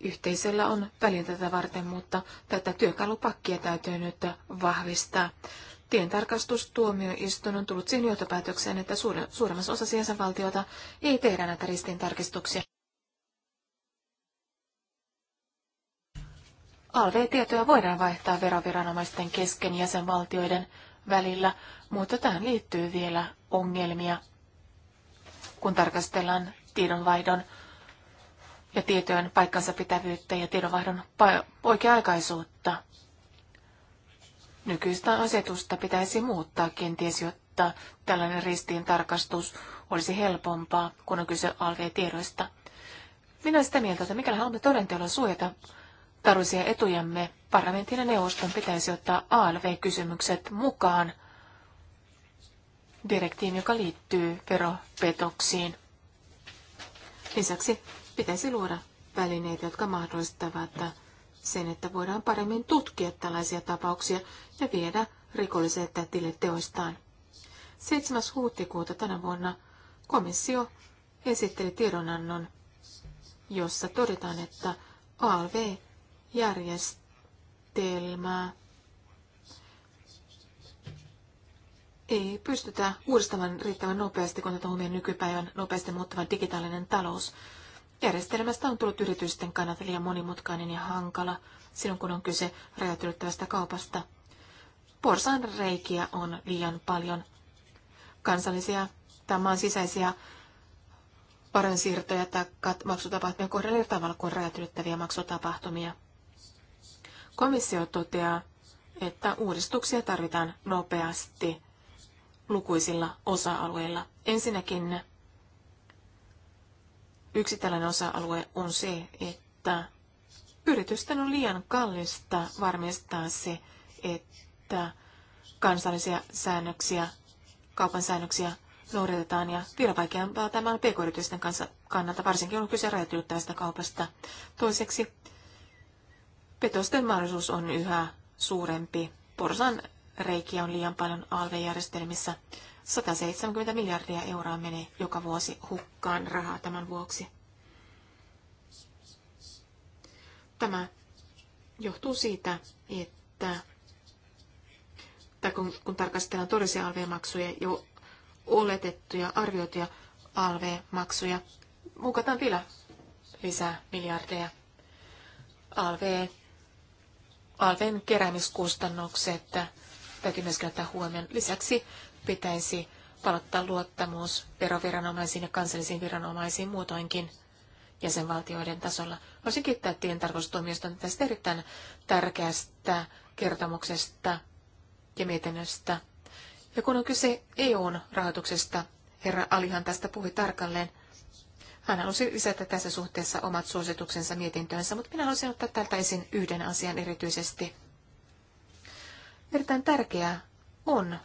Yhteisöllä on välin tätä varten, mutta tätä työkalupakkia täytyy nyt vahvistaa. Tientarkastustuomioistuin on tullut siihen johtopäätökseen, että suuremmassa osassa jäsenvaltiota ei tehdä näitä ristintarkistuksia. Alv-tietoja voidaan vaihtaa veroviranomaisten kesken jäsenvaltioiden välillä, mutta tähän liittyy vielä ongelmia, kun tarkastellaan tiedonvaihdon ja tietojen paikkansa pitävyyttä ja tiedonvaihdon oikea-aikaisuutta. Nykyistä asetusta pitäisi muuttaa kenties, jotta tällainen ristiin tarkastus olisi helpompaa, kun on kyse alv-tiedoista. Minä olen sitä mieltä, että mikäli haluamme todenteella suojata taloudellisia etujamme, parlamentin ja neuvoston pitäisi ottaa ALV-kysymykset mukaan direktiin, joka liittyy veropetoksiin. Lisäksi pitäisi luoda välineitä, jotka mahdollistavat sen, että voidaan paremmin tutkia tällaisia tapauksia ja viedä rikolliset tätille teoistaan. 7. huhtikuuta tänä vuonna komissio esitteli tiedonannon, jossa todetaan, että ALV järjestelmää ei pystytä uudistamaan riittävän nopeasti, kun tätä nykypäivän nopeasti muuttuvan digitaalinen talous. Järjestelmästä on tullut yritysten kannalta liian monimutkainen ja hankala silloin, kun on kyse rajat ylittävästä kaupasta. Porsan reikiä on liian paljon. Kansallisia tai maan sisäisiä paransiirtoja tai maksutapahtumia kohdellaan tavalla kuin rajat ylittäviä maksutapahtumia. Komissio toteaa, että uudistuksia tarvitaan nopeasti lukuisilla osa-alueilla. Ensinnäkin yksi tällainen osa-alue on se, että yritysten on liian kallista varmistaa se, että kansallisia säännöksiä, kaupan säännöksiä noudatetaan ja vielä vaikeampaa tämä on pk-yritysten kannalta, varsinkin on kyse rajatylyttävästä kaupasta. Toiseksi Petosten mahdollisuus on yhä suurempi. Porsan reikiä on liian paljon alvejärjestelmissä. 170 miljardia euroa menee joka vuosi hukkaan rahaa tämän vuoksi. Tämä johtuu siitä, että tai kun, kun tarkastellaan todellisia alv-maksuja jo oletettuja, arvioituja alv-maksuja, mukataan vielä lisää miljardeja. Alv alven keräämiskustannukset täytyy myöskin ottaa huomioon. Lisäksi pitäisi palauttaa luottamus veroviranomaisiin ja kansallisiin viranomaisiin muutoinkin jäsenvaltioiden tasolla. Voisin kiittää tilintarkastustuomioistuinta tästä erittäin tärkeästä kertomuksesta ja mietinnöstä. Ja kun on kyse EUn rahoituksesta, herra Alihan tästä puhui tarkalleen, hän halusi lisätä tässä suhteessa omat suosituksensa mietintöönsä, mutta minä haluaisin ottaa tältä esiin yhden asian erityisesti. Erittäin tärkeää on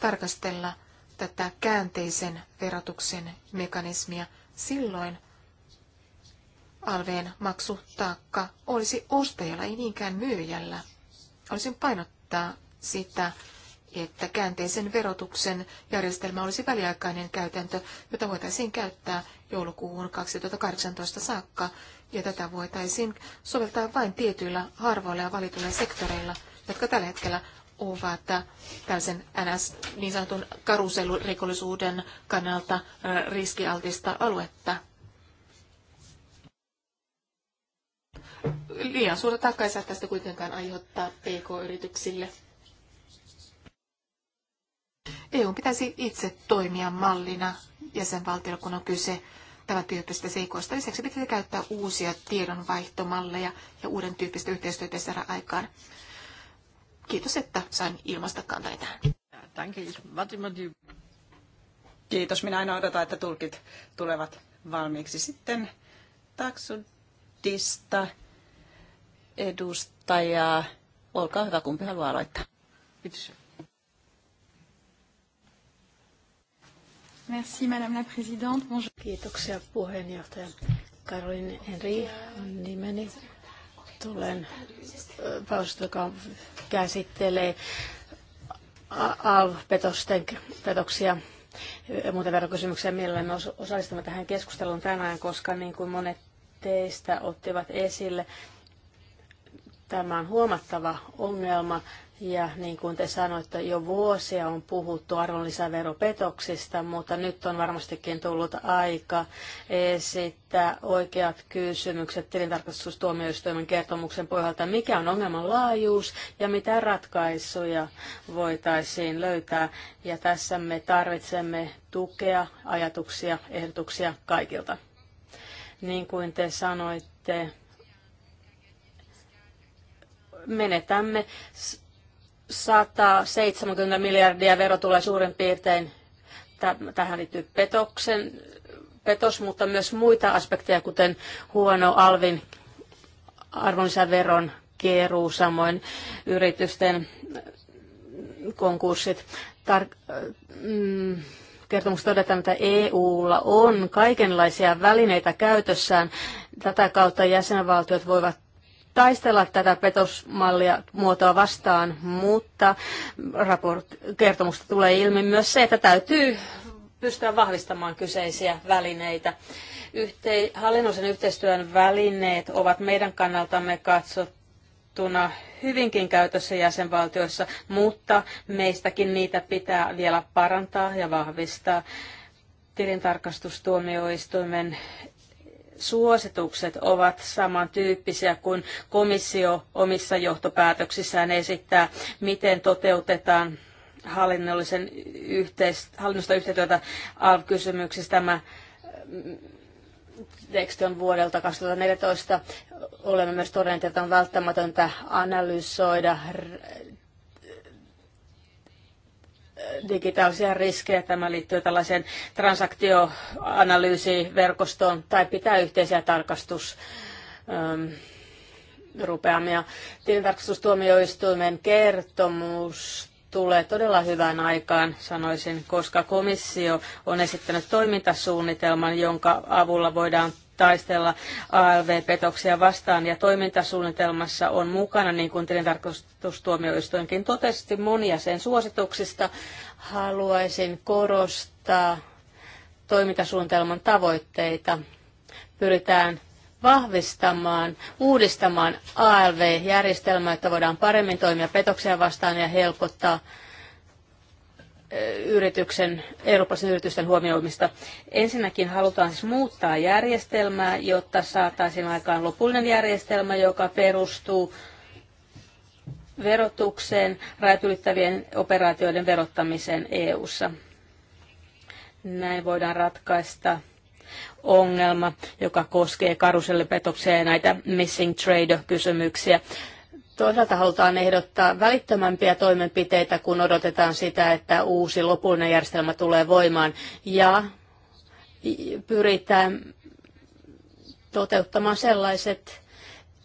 tarkastella tätä käänteisen verotuksen mekanismia silloin, alveen maksutaakka olisi ostajalla, ei niinkään myyjällä. Olisin painottaa sitä, että käänteisen verotuksen järjestelmä olisi väliaikainen käytäntö, jota voitaisiin käyttää joulukuuhun 2018 saakka, ja tätä voitaisiin soveltaa vain tietyillä harvoilla ja valituilla sektoreilla, jotka tällä hetkellä ovat tällaisen NS niin sanotun karuselurikollisuuden kannalta riskialtista aluetta. Liian suurta taakkaa ei saa tästä kuitenkaan aiheuttaa PK-yrityksille. EU pitäisi itse toimia mallina jäsenvaltiolla, kun on kyse tämän tyyppisistä seikoista. Lisäksi pitäisi käyttää uusia tiedonvaihtomalleja ja uuden tyyppistä yhteistyötä saada aikaan. Kiitos, että sain ilmaista kantani tähän. Kiitos. Minä aina odotan, että tulkit tulevat valmiiksi. Sitten taksudista edustajaa. Olkaa hyvä, kumpi haluaa aloittaa. Kiitos. Merci, Madame la Présidente. Bonjour. Kiitoksia puheenjohtaja. Karolin Henri on nimeni. Tulen palvelusta, joka käsittelee alpetosten petosten petoksia ja verran verokysymyksiä. Mielelläni osallistumme tähän keskusteluun tänään, koska niin kuin monet teistä ottivat esille, tämä on huomattava ongelma ja niin kuin te sanoitte, jo vuosia on puhuttu arvonlisäveropetoksista, mutta nyt on varmastikin tullut aika esittää oikeat kysymykset tilintarkastustuomioistuimen kertomuksen pohjalta, mikä on ongelman laajuus ja mitä ratkaisuja voitaisiin löytää. Ja tässä me tarvitsemme tukea, ajatuksia, ehdotuksia kaikilta. Niin kuin te sanoitte, menetämme 170 miljardia vero tulee suurin piirtein. Tähän liittyy petoksen, petos, mutta myös muita aspekteja, kuten huono alvin arvonlisäveron keruu, samoin yritysten konkurssit. Tar- mm, kertomuksessa todetaan, että EUlla on kaikenlaisia välineitä käytössään. Tätä kautta jäsenvaltiot voivat taistella tätä petosmallia muotoa vastaan, mutta raport, kertomusta tulee ilmi myös se, että täytyy pystyä vahvistamaan kyseisiä välineitä. Yhte, hallinnollisen yhteistyön välineet ovat meidän kannaltamme katsottuna hyvinkin käytössä jäsenvaltioissa, mutta meistäkin niitä pitää vielä parantaa ja vahvistaa. Tilintarkastustuomioistuimen suositukset ovat samantyyppisiä kuin komissio omissa johtopäätöksissään esittää, miten toteutetaan hallinnollisen yhteis- hallinnollista yhteistyötä ALV-kysymyksissä. Tämä mm, teksti on vuodelta 2014. Olemme myös todenneet, että on välttämätöntä analysoida digitaalisia riskejä. Tämä liittyy tällaiseen transaktioanalyysiverkostoon tai pitää yhteisiä tarkastus ähm, rupeamia. Tilintarkastustuomioistuimen kertomus tulee todella hyvään aikaan, sanoisin, koska komissio on esittänyt toimintasuunnitelman, jonka avulla voidaan taistella ALV-petoksia vastaan ja toimintasuunnitelmassa on mukana, niin kuin tilintarkastustuomioistuinkin totesi, monia sen suosituksista. Haluaisin korostaa toimintasuunnitelman tavoitteita. Pyritään vahvistamaan, uudistamaan ALV-järjestelmää, että voidaan paremmin toimia petoksia vastaan ja helpottaa yrityksen, eurooppalaisen yritysten huomioimista. Ensinnäkin halutaan siis muuttaa järjestelmää, jotta saataisiin aikaan lopullinen järjestelmä, joka perustuu verotukseen, rajat ylittävien operaatioiden verottamiseen EU-ssa. Näin voidaan ratkaista ongelma, joka koskee karusellipetoksia ja näitä missing trade kysymyksiä Toisaalta halutaan ehdottaa välittömämpiä toimenpiteitä, kun odotetaan sitä, että uusi lopullinen järjestelmä tulee voimaan. Ja pyritään toteuttamaan sellaiset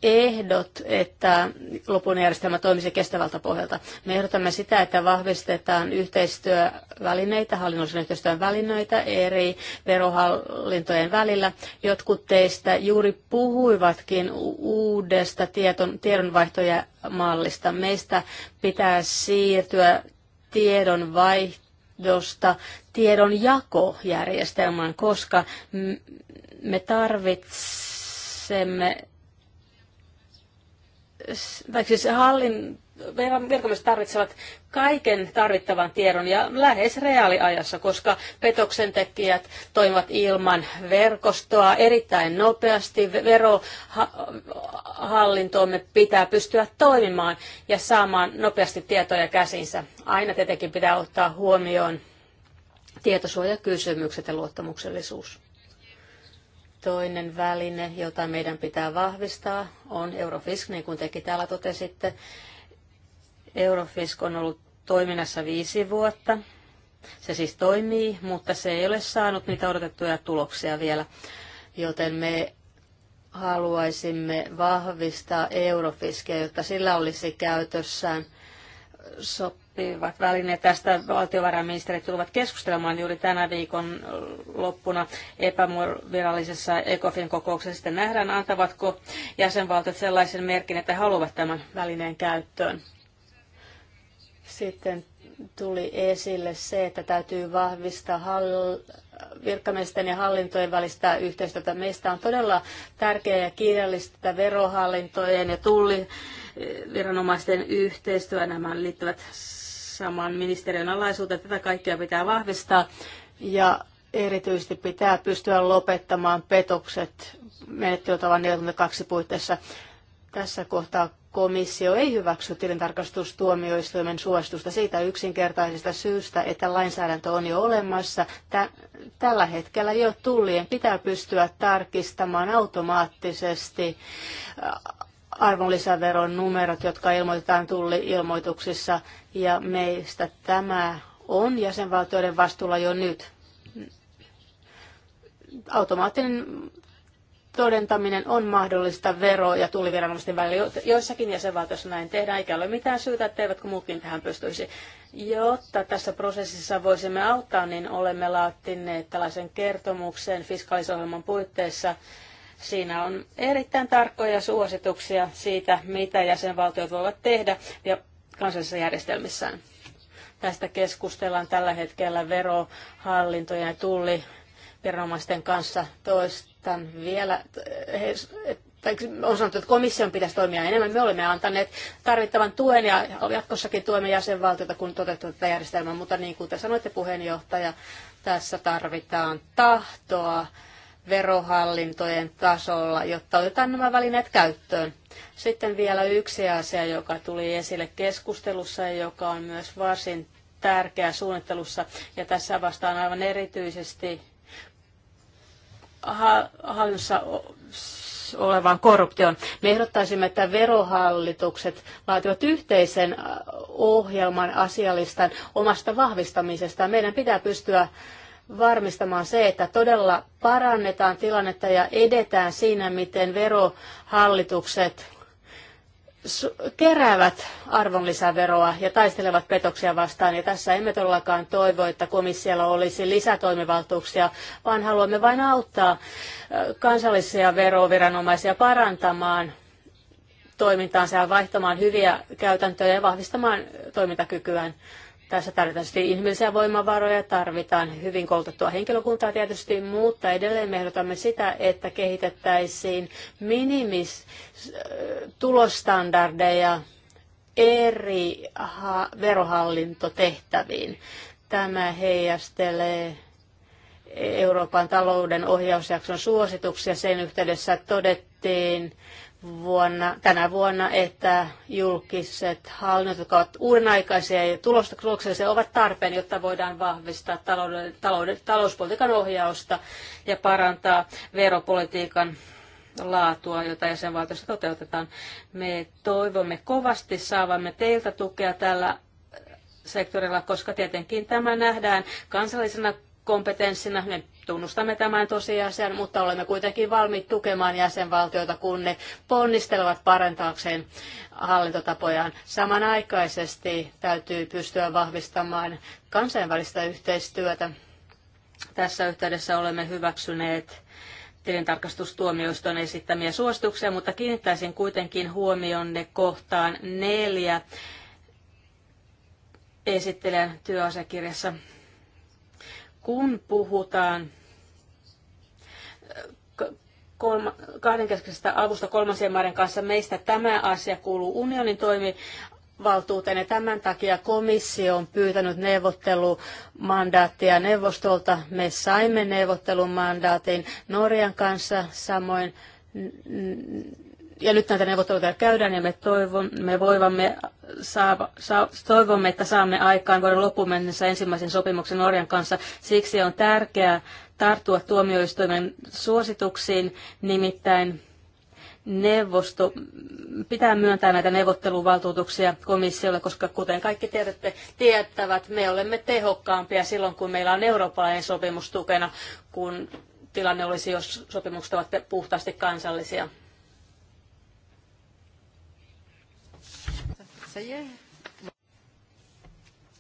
ehdot, että lopun järjestelmä toimisi kestävältä pohjalta. Me ehdotamme sitä, että vahvistetaan yhteistyövälineitä, hallinnollisen yhteistyön välineitä eri verohallintojen välillä. Jotkut teistä juuri puhuivatkin uudesta tieton, mallista Meistä pitää siirtyä tiedonvaihdosta tiedonjakojärjestelmään, koska me tarvitsemme tai siis hallin, virkamiehet tarvitsevat kaiken tarvittavan tiedon ja lähes reaaliajassa, koska petoksen tekijät toimivat ilman verkostoa erittäin nopeasti. Verohallintoomme pitää pystyä toimimaan ja saamaan nopeasti tietoja käsinsä. Aina tietenkin pitää ottaa huomioon tietosuojakysymykset ja luottamuksellisuus. Toinen väline, jota meidän pitää vahvistaa, on Eurofisk, niin kuin tekin täällä totesitte. Eurofisk on ollut toiminnassa viisi vuotta. Se siis toimii, mutta se ei ole saanut niitä odotettuja tuloksia vielä, joten me haluaisimme vahvistaa Eurofiskia, jotta sillä olisi käytössään sop- sopivat välineet. Tästä valtiovarainministerit tulevat keskustelemaan juuri tänä viikon loppuna epävirallisessa ECOFIN kokouksessa. Sitten nähdään, antavatko jäsenvaltiot sellaisen merkin, että haluavat tämän välineen käyttöön. Sitten tuli esille se, että täytyy vahvistaa hall- virkamiesten ja hallintojen välistä yhteistyötä. Meistä on todella tärkeää ja kiireellistä verohallintojen ja tulliviranomaisten yhteistyö. Nämä liittyvät saamaan ministeriön alaisuuteen. Tätä kaikkea pitää vahvistaa ja erityisesti pitää pystyä lopettamaan petokset menettelytavan 42 puitteissa. Tässä kohtaa komissio ei hyväksy tilintarkastustuomioistuimen suostusta siitä yksinkertaisesta syystä, että lainsäädäntö on jo olemassa. tällä hetkellä jo tullien pitää pystyä tarkistamaan automaattisesti arvonlisäveron numerot, jotka ilmoitetaan tulli-ilmoituksissa, ja meistä tämä on jäsenvaltioiden vastuulla jo nyt. Automaattinen todentaminen on mahdollista vero- ja tulliviranomaisten välillä. Joissakin jäsenvaltioissa näin tehdään, eikä ole mitään syytä, etteivätkö muutkin tähän pystyisi. Jotta tässä prosessissa voisimme auttaa, niin olemme laattineet tällaisen kertomuksen fiskaalisohjelman puitteissa, Siinä on erittäin tarkkoja suosituksia siitä, mitä jäsenvaltiot voivat tehdä ja kansallisissa järjestelmissään. Tästä keskustellaan tällä hetkellä verohallintojen ja tulliviranomaisten kanssa toistan vielä, tai on sanottu, että komission pitäisi toimia enemmän. Me olemme antaneet tarvittavan tuen ja jatkossakin tuemme jäsenvaltiota, kun toteutuu tätä järjestelmää. Mutta niin kuin te sanoitte puheenjohtaja, tässä tarvitaan tahtoa verohallintojen tasolla, jotta otetaan nämä välineet käyttöön. Sitten vielä yksi asia, joka tuli esille keskustelussa ja joka on myös varsin tärkeä suunnittelussa. Ja tässä vastaan aivan erityisesti hallinnossa olevaan korruptioon. Me ehdottaisimme, että verohallitukset laativat yhteisen ohjelman asialistan omasta vahvistamisesta. Meidän pitää pystyä varmistamaan se, että todella parannetaan tilannetta ja edetään siinä, miten verohallitukset keräävät arvonlisäveroa ja taistelevat petoksia vastaan. Ja tässä emme todellakaan toivo, että komissiolla olisi lisätoimivaltuuksia, vaan haluamme vain auttaa kansallisia veroviranomaisia parantamaan toimintaansa ja vaihtamaan hyviä käytäntöjä ja vahvistamaan toimintakykyään. Tässä tarvitaan ihmisiä siis voimavaroja, tarvitaan hyvin koulutettua henkilökuntaa tietysti, mutta edelleen me ehdotamme sitä, että kehitettäisiin minimistulostandardeja äh, eri verohallintotehtäviin. Tämä heijastelee Euroopan talouden ohjausjakson suosituksia. Sen yhteydessä todettiin vuonna, tänä vuonna, että julkiset hallinnot, jotka ovat uudenaikaisia ja tulosta tuloksellisia, ovat tarpeen, jotta voidaan vahvistaa talouden, talouden, talouspolitiikan ohjausta ja parantaa veropolitiikan laatua, jota jäsenvaltiossa toteutetaan. Me toivomme kovasti saavamme teiltä tukea tällä sektorilla, koska tietenkin tämä nähdään kansallisena kompetenssina. Me Tunnustamme tämän tosiasian, mutta olemme kuitenkin valmiit tukemaan jäsenvaltioita, kun ne ponnistelevat parantaakseen hallintotapojaan. Samanaikaisesti täytyy pystyä vahvistamaan kansainvälistä yhteistyötä. Tässä yhteydessä olemme hyväksyneet tilintarkastustuomioistuin esittämiä suosituksia, mutta kiinnittäisin kuitenkin huomionne kohtaan neljä esittelen työasiakirjassa. Kun puhutaan kolma, kahdenkeskisestä avusta kolmansien maiden kanssa. Meistä tämä asia kuuluu unionin toimivaltuuteen ja tämän takia komissio on pyytänyt neuvottelumandaattia neuvostolta. Me saimme neuvottelumandaatin Norjan kanssa samoin ja nyt näitä neuvotteluita käydään ja me toivomme, voivamme toivomme, että saamme aikaan vuoden loppuun mennessä ensimmäisen sopimuksen Norjan kanssa. Siksi on tärkeää tarttua tuomioistuimen suosituksiin, nimittäin neuvosto pitää myöntää näitä neuvotteluvaltuutuksia komissiolle, koska kuten kaikki tiedätte, tietävät, me olemme tehokkaampia silloin, kun meillä on eurooppalainen sopimus tukena, kun tilanne olisi, jos sopimukset ovat puhtaasti kansallisia.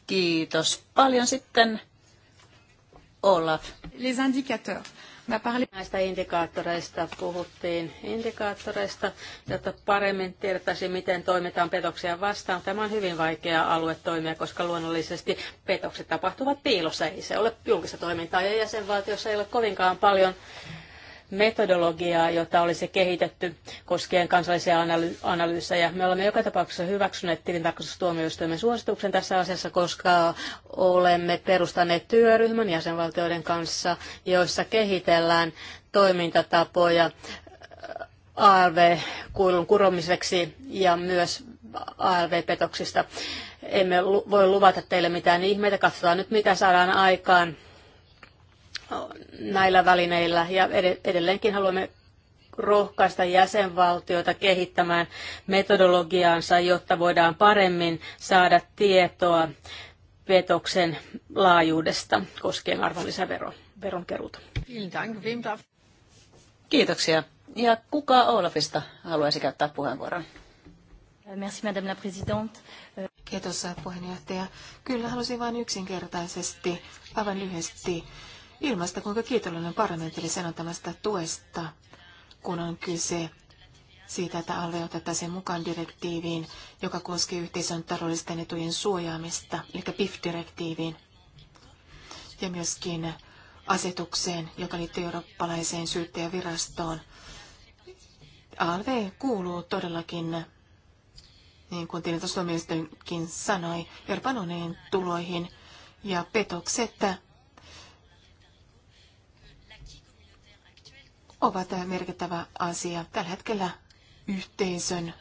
Kiitos paljon sitten Olaf. Les indicateurs. Mä parlin näistä indikaattoreista, puhuttiin indikaattoreista, jotta paremmin tiedettäisiin, miten toimitaan petoksia vastaan. Tämä on hyvin vaikea alue toimia, koska luonnollisesti petokset tapahtuvat piilossa. Ei se ole julkista toimintaa ja jäsenvaltiossa ei ole kovinkaan paljon metodologiaa, jota olisi kehitetty koskien kansallisia analy- analyysejä. Me olemme joka tapauksessa hyväksyneet tilintarkastustuomioistuimen suosituksen tässä asiassa, koska olemme perustaneet työryhmän jäsenvaltioiden kanssa, joissa kehitellään toimintatapoja äh, ALV-kuilun kuromiseksi ja myös ALV-petoksista. Emme voi luvata teille mitään ihmeitä, katsotaan nyt mitä saadaan aikaan näillä välineillä ja edelleenkin haluamme rohkaista jäsenvaltioita kehittämään metodologiaansa, jotta voidaan paremmin saada tietoa petoksen laajuudesta koskien arvonlisäveron keruuta. Kiitoksia. Ja kuka Olafista haluaisi käyttää puheenvuoron? Merci, Madame la Présidente. Kiitos puheenjohtaja. Kyllä halusin vain yksinkertaisesti, aivan lyhyesti ilmaista, kuinka kiitollinen parlamentille sen antamasta tuesta, kun on kyse siitä, että alve otettaisiin mukaan direktiiviin, joka koskee yhteisön taloudellisten etujen suojaamista, eli PIF-direktiiviin, ja myöskin asetukseen, joka liittyy eurooppalaiseen syyttäjävirastoon. ALV kuuluu todellakin, niin kuin tilintastuomioistuinkin sanoi, Euroopan tuloihin, ja petokset ovat merkittävä asia. Tällä hetkellä yhteisön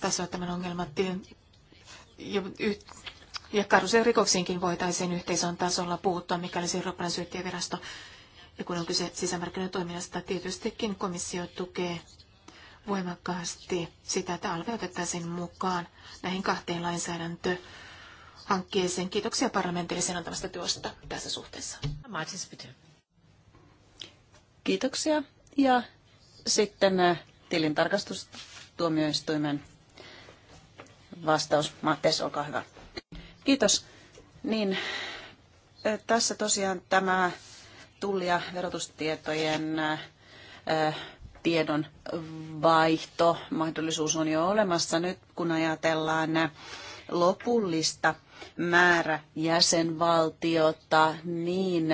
tasolla tämän ja, ja karuseen rikoksiinkin voitaisiin yhteisön tasolla puuttua, mikäli se Euroopan syyttäjävirasto ja kun on kyse sisämarkkinatoiminnasta, tietystikin komissio tukee voimakkaasti sitä, että alve otettaisiin mukaan näihin kahteen lainsäädäntöhankkeeseen. Kiitoksia parlamentille sen antamasta työstä tässä suhteessa. Martins, Kiitoksia. Ja sitten äh, tilintarkastustuomioistuimen vastaus. Mattes, olkaa hyvä. Kiitos. Niin, tässä tosiaan tämä tulli- ja verotustietojen tiedon vaihto mahdollisuus on jo olemassa nyt, kun ajatellaan lopullista määrä jäsenvaltiota, niin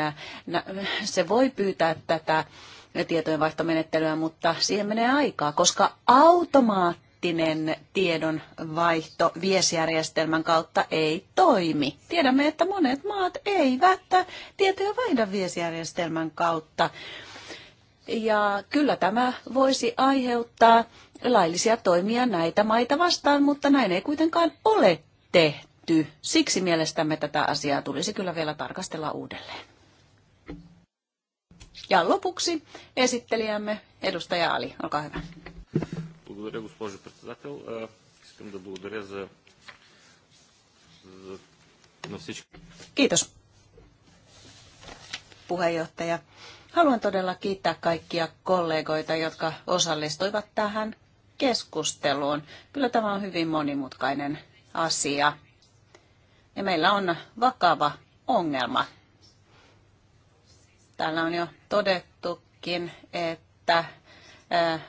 se voi pyytää tätä tietojenvaihtomenettelyä, mutta siihen menee aikaa, koska automaattinen tiedonvaihto viesjärjestelmän kautta ei toimi. Tiedämme, että monet maat eivät tietoja vaihda viesjärjestelmän kautta. Ja kyllä tämä voisi aiheuttaa laillisia toimia näitä maita vastaan, mutta näin ei kuitenkaan ole tehty kehittyy. Siksi mielestämme tätä asiaa tulisi kyllä vielä tarkastella uudelleen. Ja lopuksi esittelijämme edustaja Ali, olkaa hyvä. Kiitos, puheenjohtaja. Haluan todella kiittää kaikkia kollegoita, jotka osallistuivat tähän keskusteluun. Kyllä tämä on hyvin monimutkainen asia. Ja meillä on vakava ongelma. Täällä on jo todettukin, että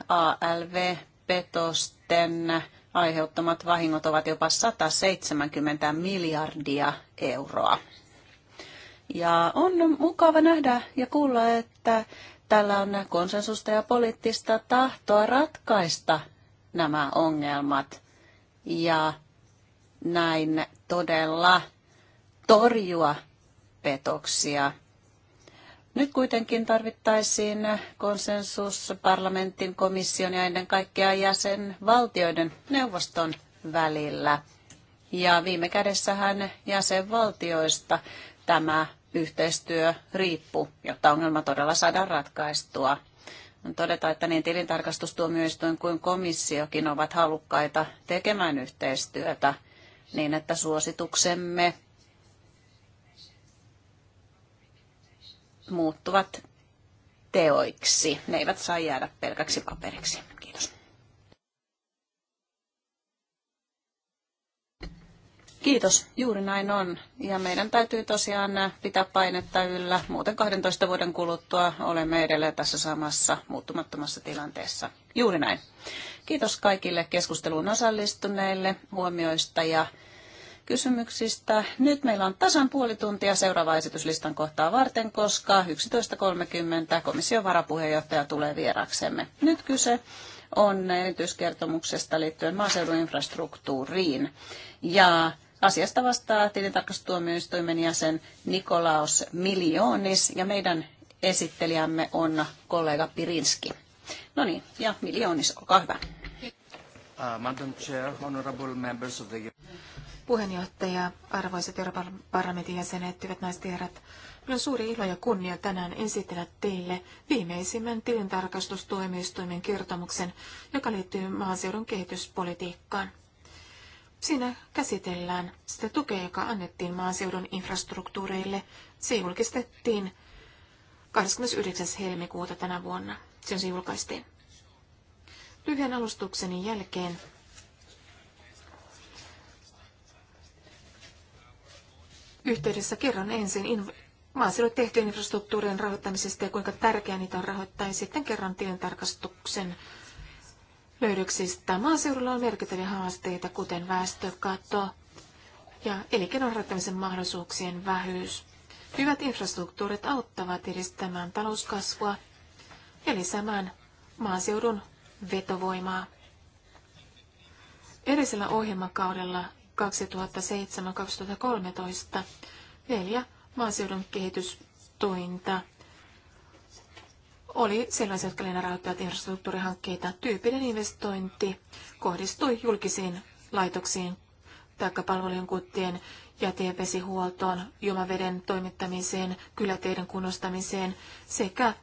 ALV-petosten aiheuttamat vahingot ovat jopa 170 miljardia euroa. Ja on mukava nähdä ja kuulla, että tällä on konsensusta ja poliittista tahtoa ratkaista nämä ongelmat. Ja näin todella torjua petoksia. Nyt kuitenkin tarvittaisiin konsensus parlamentin, komission ja ennen kaikkea jäsenvaltioiden neuvoston välillä. Ja viime kädessähän jäsenvaltioista tämä yhteistyö riippuu, jotta ongelma todella saadaan ratkaistua. On Todeta, että niin tilintarkastustuomioistuin kuin komissiokin ovat halukkaita tekemään yhteistyötä – niin että suosituksemme muuttuvat teoiksi. Ne eivät saa jäädä pelkäksi paperiksi. Kiitos. Kiitos, juuri näin on. Ja meidän täytyy tosiaan pitää painetta yllä. Muuten 12 vuoden kuluttua olemme edelleen tässä samassa muuttumattomassa tilanteessa. Juuri näin. Kiitos kaikille keskusteluun osallistuneille huomioista ja kysymyksistä. Nyt meillä on tasan puoli tuntia seuraava esityslistan kohtaa varten, koska 11.30 komission varapuheenjohtaja tulee vieraksemme. Nyt kyse on erityiskertomuksesta liittyen maaseudun infrastruktuuriin. Ja asiasta vastaa tilintarkastustuomioistuimen jäsen Nikolaos Miljoonis ja meidän esittelijämme on kollega Pirinski. No niin, ja miljoonis, olkaa hyvä. Uh, Madam Chair, honorable members of the... Puheenjohtaja, arvoisat Euroopan parlamentin jäsenet, hyvät naiset ja herrat. Minulla on suuri ilo ja kunnia tänään esitellä teille viimeisimmän tilintarkastustuomioistuimen kertomuksen, joka liittyy maaseudun kehityspolitiikkaan. Siinä käsitellään sitä tukea, joka annettiin maaseudun infrastruktuureille. Se julkistettiin 29. helmikuuta tänä vuonna. sen se julkaistiin. Lyhyen alustukseni jälkeen yhteydessä kerron ensin maaseudulle tehtyjen infrastruktuurien rahoittamisesta ja kuinka tärkeää niitä on rahoittaa, ja sitten kerran tilintarkastuksen löydöksistä. Maaseudulla on merkittäviä haasteita, kuten väestökato ja elinkeinon rahoittamisen mahdollisuuksien vähyys. Hyvät infrastruktuurit auttavat edistämään talouskasvua ja lisäämään maaseudun vetovoimaa. Erisellä ohjelmakaudella 2007-2013 neljä maaseudun kehitystointa oli sellaisia, jotka rahoittavat infrastruktuurihankkeita. Tyypillinen investointi kohdistui julkisiin laitoksiin tai palvelujen kuttien jätevesihuoltoon, juomaveden toimittamiseen, kyläteiden kunnostamiseen sekä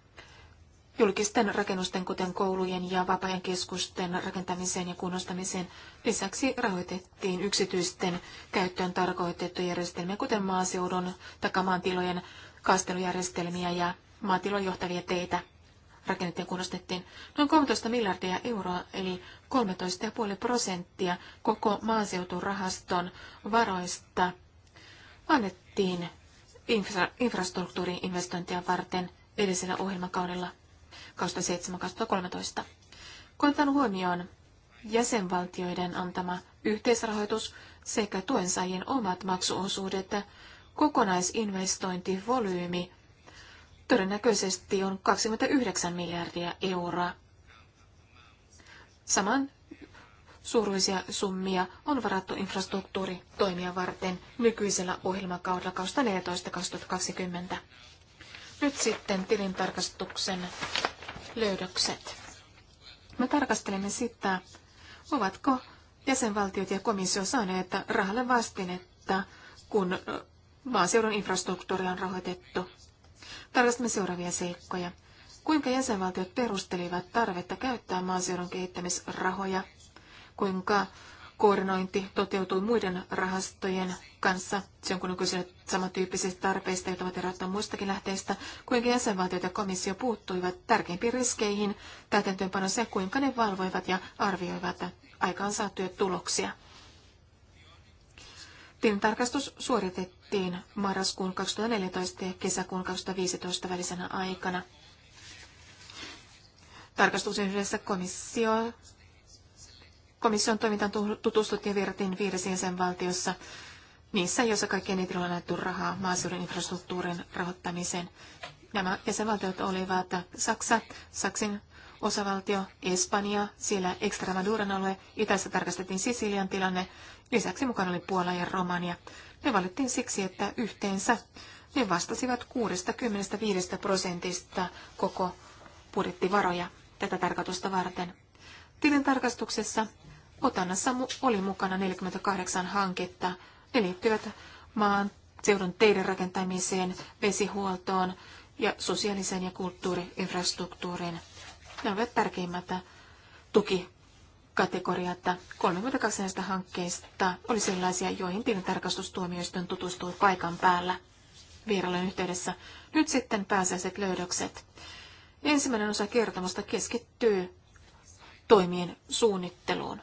julkisten rakennusten, kuten koulujen ja vapaa keskusten rakentamiseen ja kunnostamiseen. Lisäksi rahoitettiin yksityisten käyttöön tarkoitettuja järjestelmiä, kuten maaseudun takamaantilojen kastelujärjestelmiä ja maatilojen johtavia teitä rakennettiin ja kunnostettiin noin 13 miljardia euroa, eli 13,5 prosenttia koko maaseuturahaston varoista annettiin infra- infrastruktuurin investointia varten edellisellä ohjelmakaudella 2007-2013. Koitan huomioon jäsenvaltioiden antama yhteisrahoitus sekä tuensaajien omat maksuosuudet, kokonaisinvestointivolyymi todennäköisesti on 29 miljardia euroa. Saman suuruisia summia on varattu infrastruktuuritoimia varten nykyisellä ohjelmakaudella 2014-2020. Nyt sitten tilintarkastuksen löydökset. Me tarkastelemme sitä, ovatko jäsenvaltiot ja komissio saaneet rahalle vastinetta, kun maaseudun infrastruktuuria on rahoitettu. Tarkastamme seuraavia seikkoja. Kuinka jäsenvaltiot perustelivat tarvetta käyttää maaseudun kehittämisrahoja? Kuinka koordinointi toteutuu muiden rahastojen kanssa, se on kun samantyyppisistä tarpeista, joita ovat erottaa muistakin lähteistä, kuinka jäsenvaltiot ja komissio puuttuivat tärkeimpiin riskeihin, täytäntöönpanossa ja kuinka ne valvoivat ja arvioivat aikaan tuloksia. Tilintarkastus suoritettiin tehtiin marraskuun 2014 ja kesäkuun 2015 välisenä aikana. Tarkastuksen yhdessä komissio, komission toimintaan tutustuttiin viertiin viidessä jäsenvaltiossa, niissä, joissa kaikkien eniten on annettu rahaa maaseudun infrastruktuurin rahoittamiseen. Nämä jäsenvaltiot olivat Saksa, Saksin osavaltio, Espanja, siellä Extremaduran alue, itässä tarkastettiin Sisilian tilanne, lisäksi mukana oli Puola ja Romania. Ne valittiin siksi, että yhteensä ne vastasivat 65 prosentista koko budjettivaroja tätä tarkoitusta varten. Tilin tarkastuksessa otannassa oli mukana 48 hanketta. Ne liittyvät maan seudun teiden rakentamiseen, vesihuoltoon ja sosiaaliseen ja kulttuuriinfrastruktuuriin. Nämä ovat tärkeimmät tuki kategoria, että 32 näistä hankkeista oli sellaisia, joihin tilintarkastustuomioistuin tutustui paikan päällä vierailun yhteydessä. Nyt sitten pääsäiset löydökset. Ensimmäinen osa kertomusta keskittyy toimien suunnitteluun.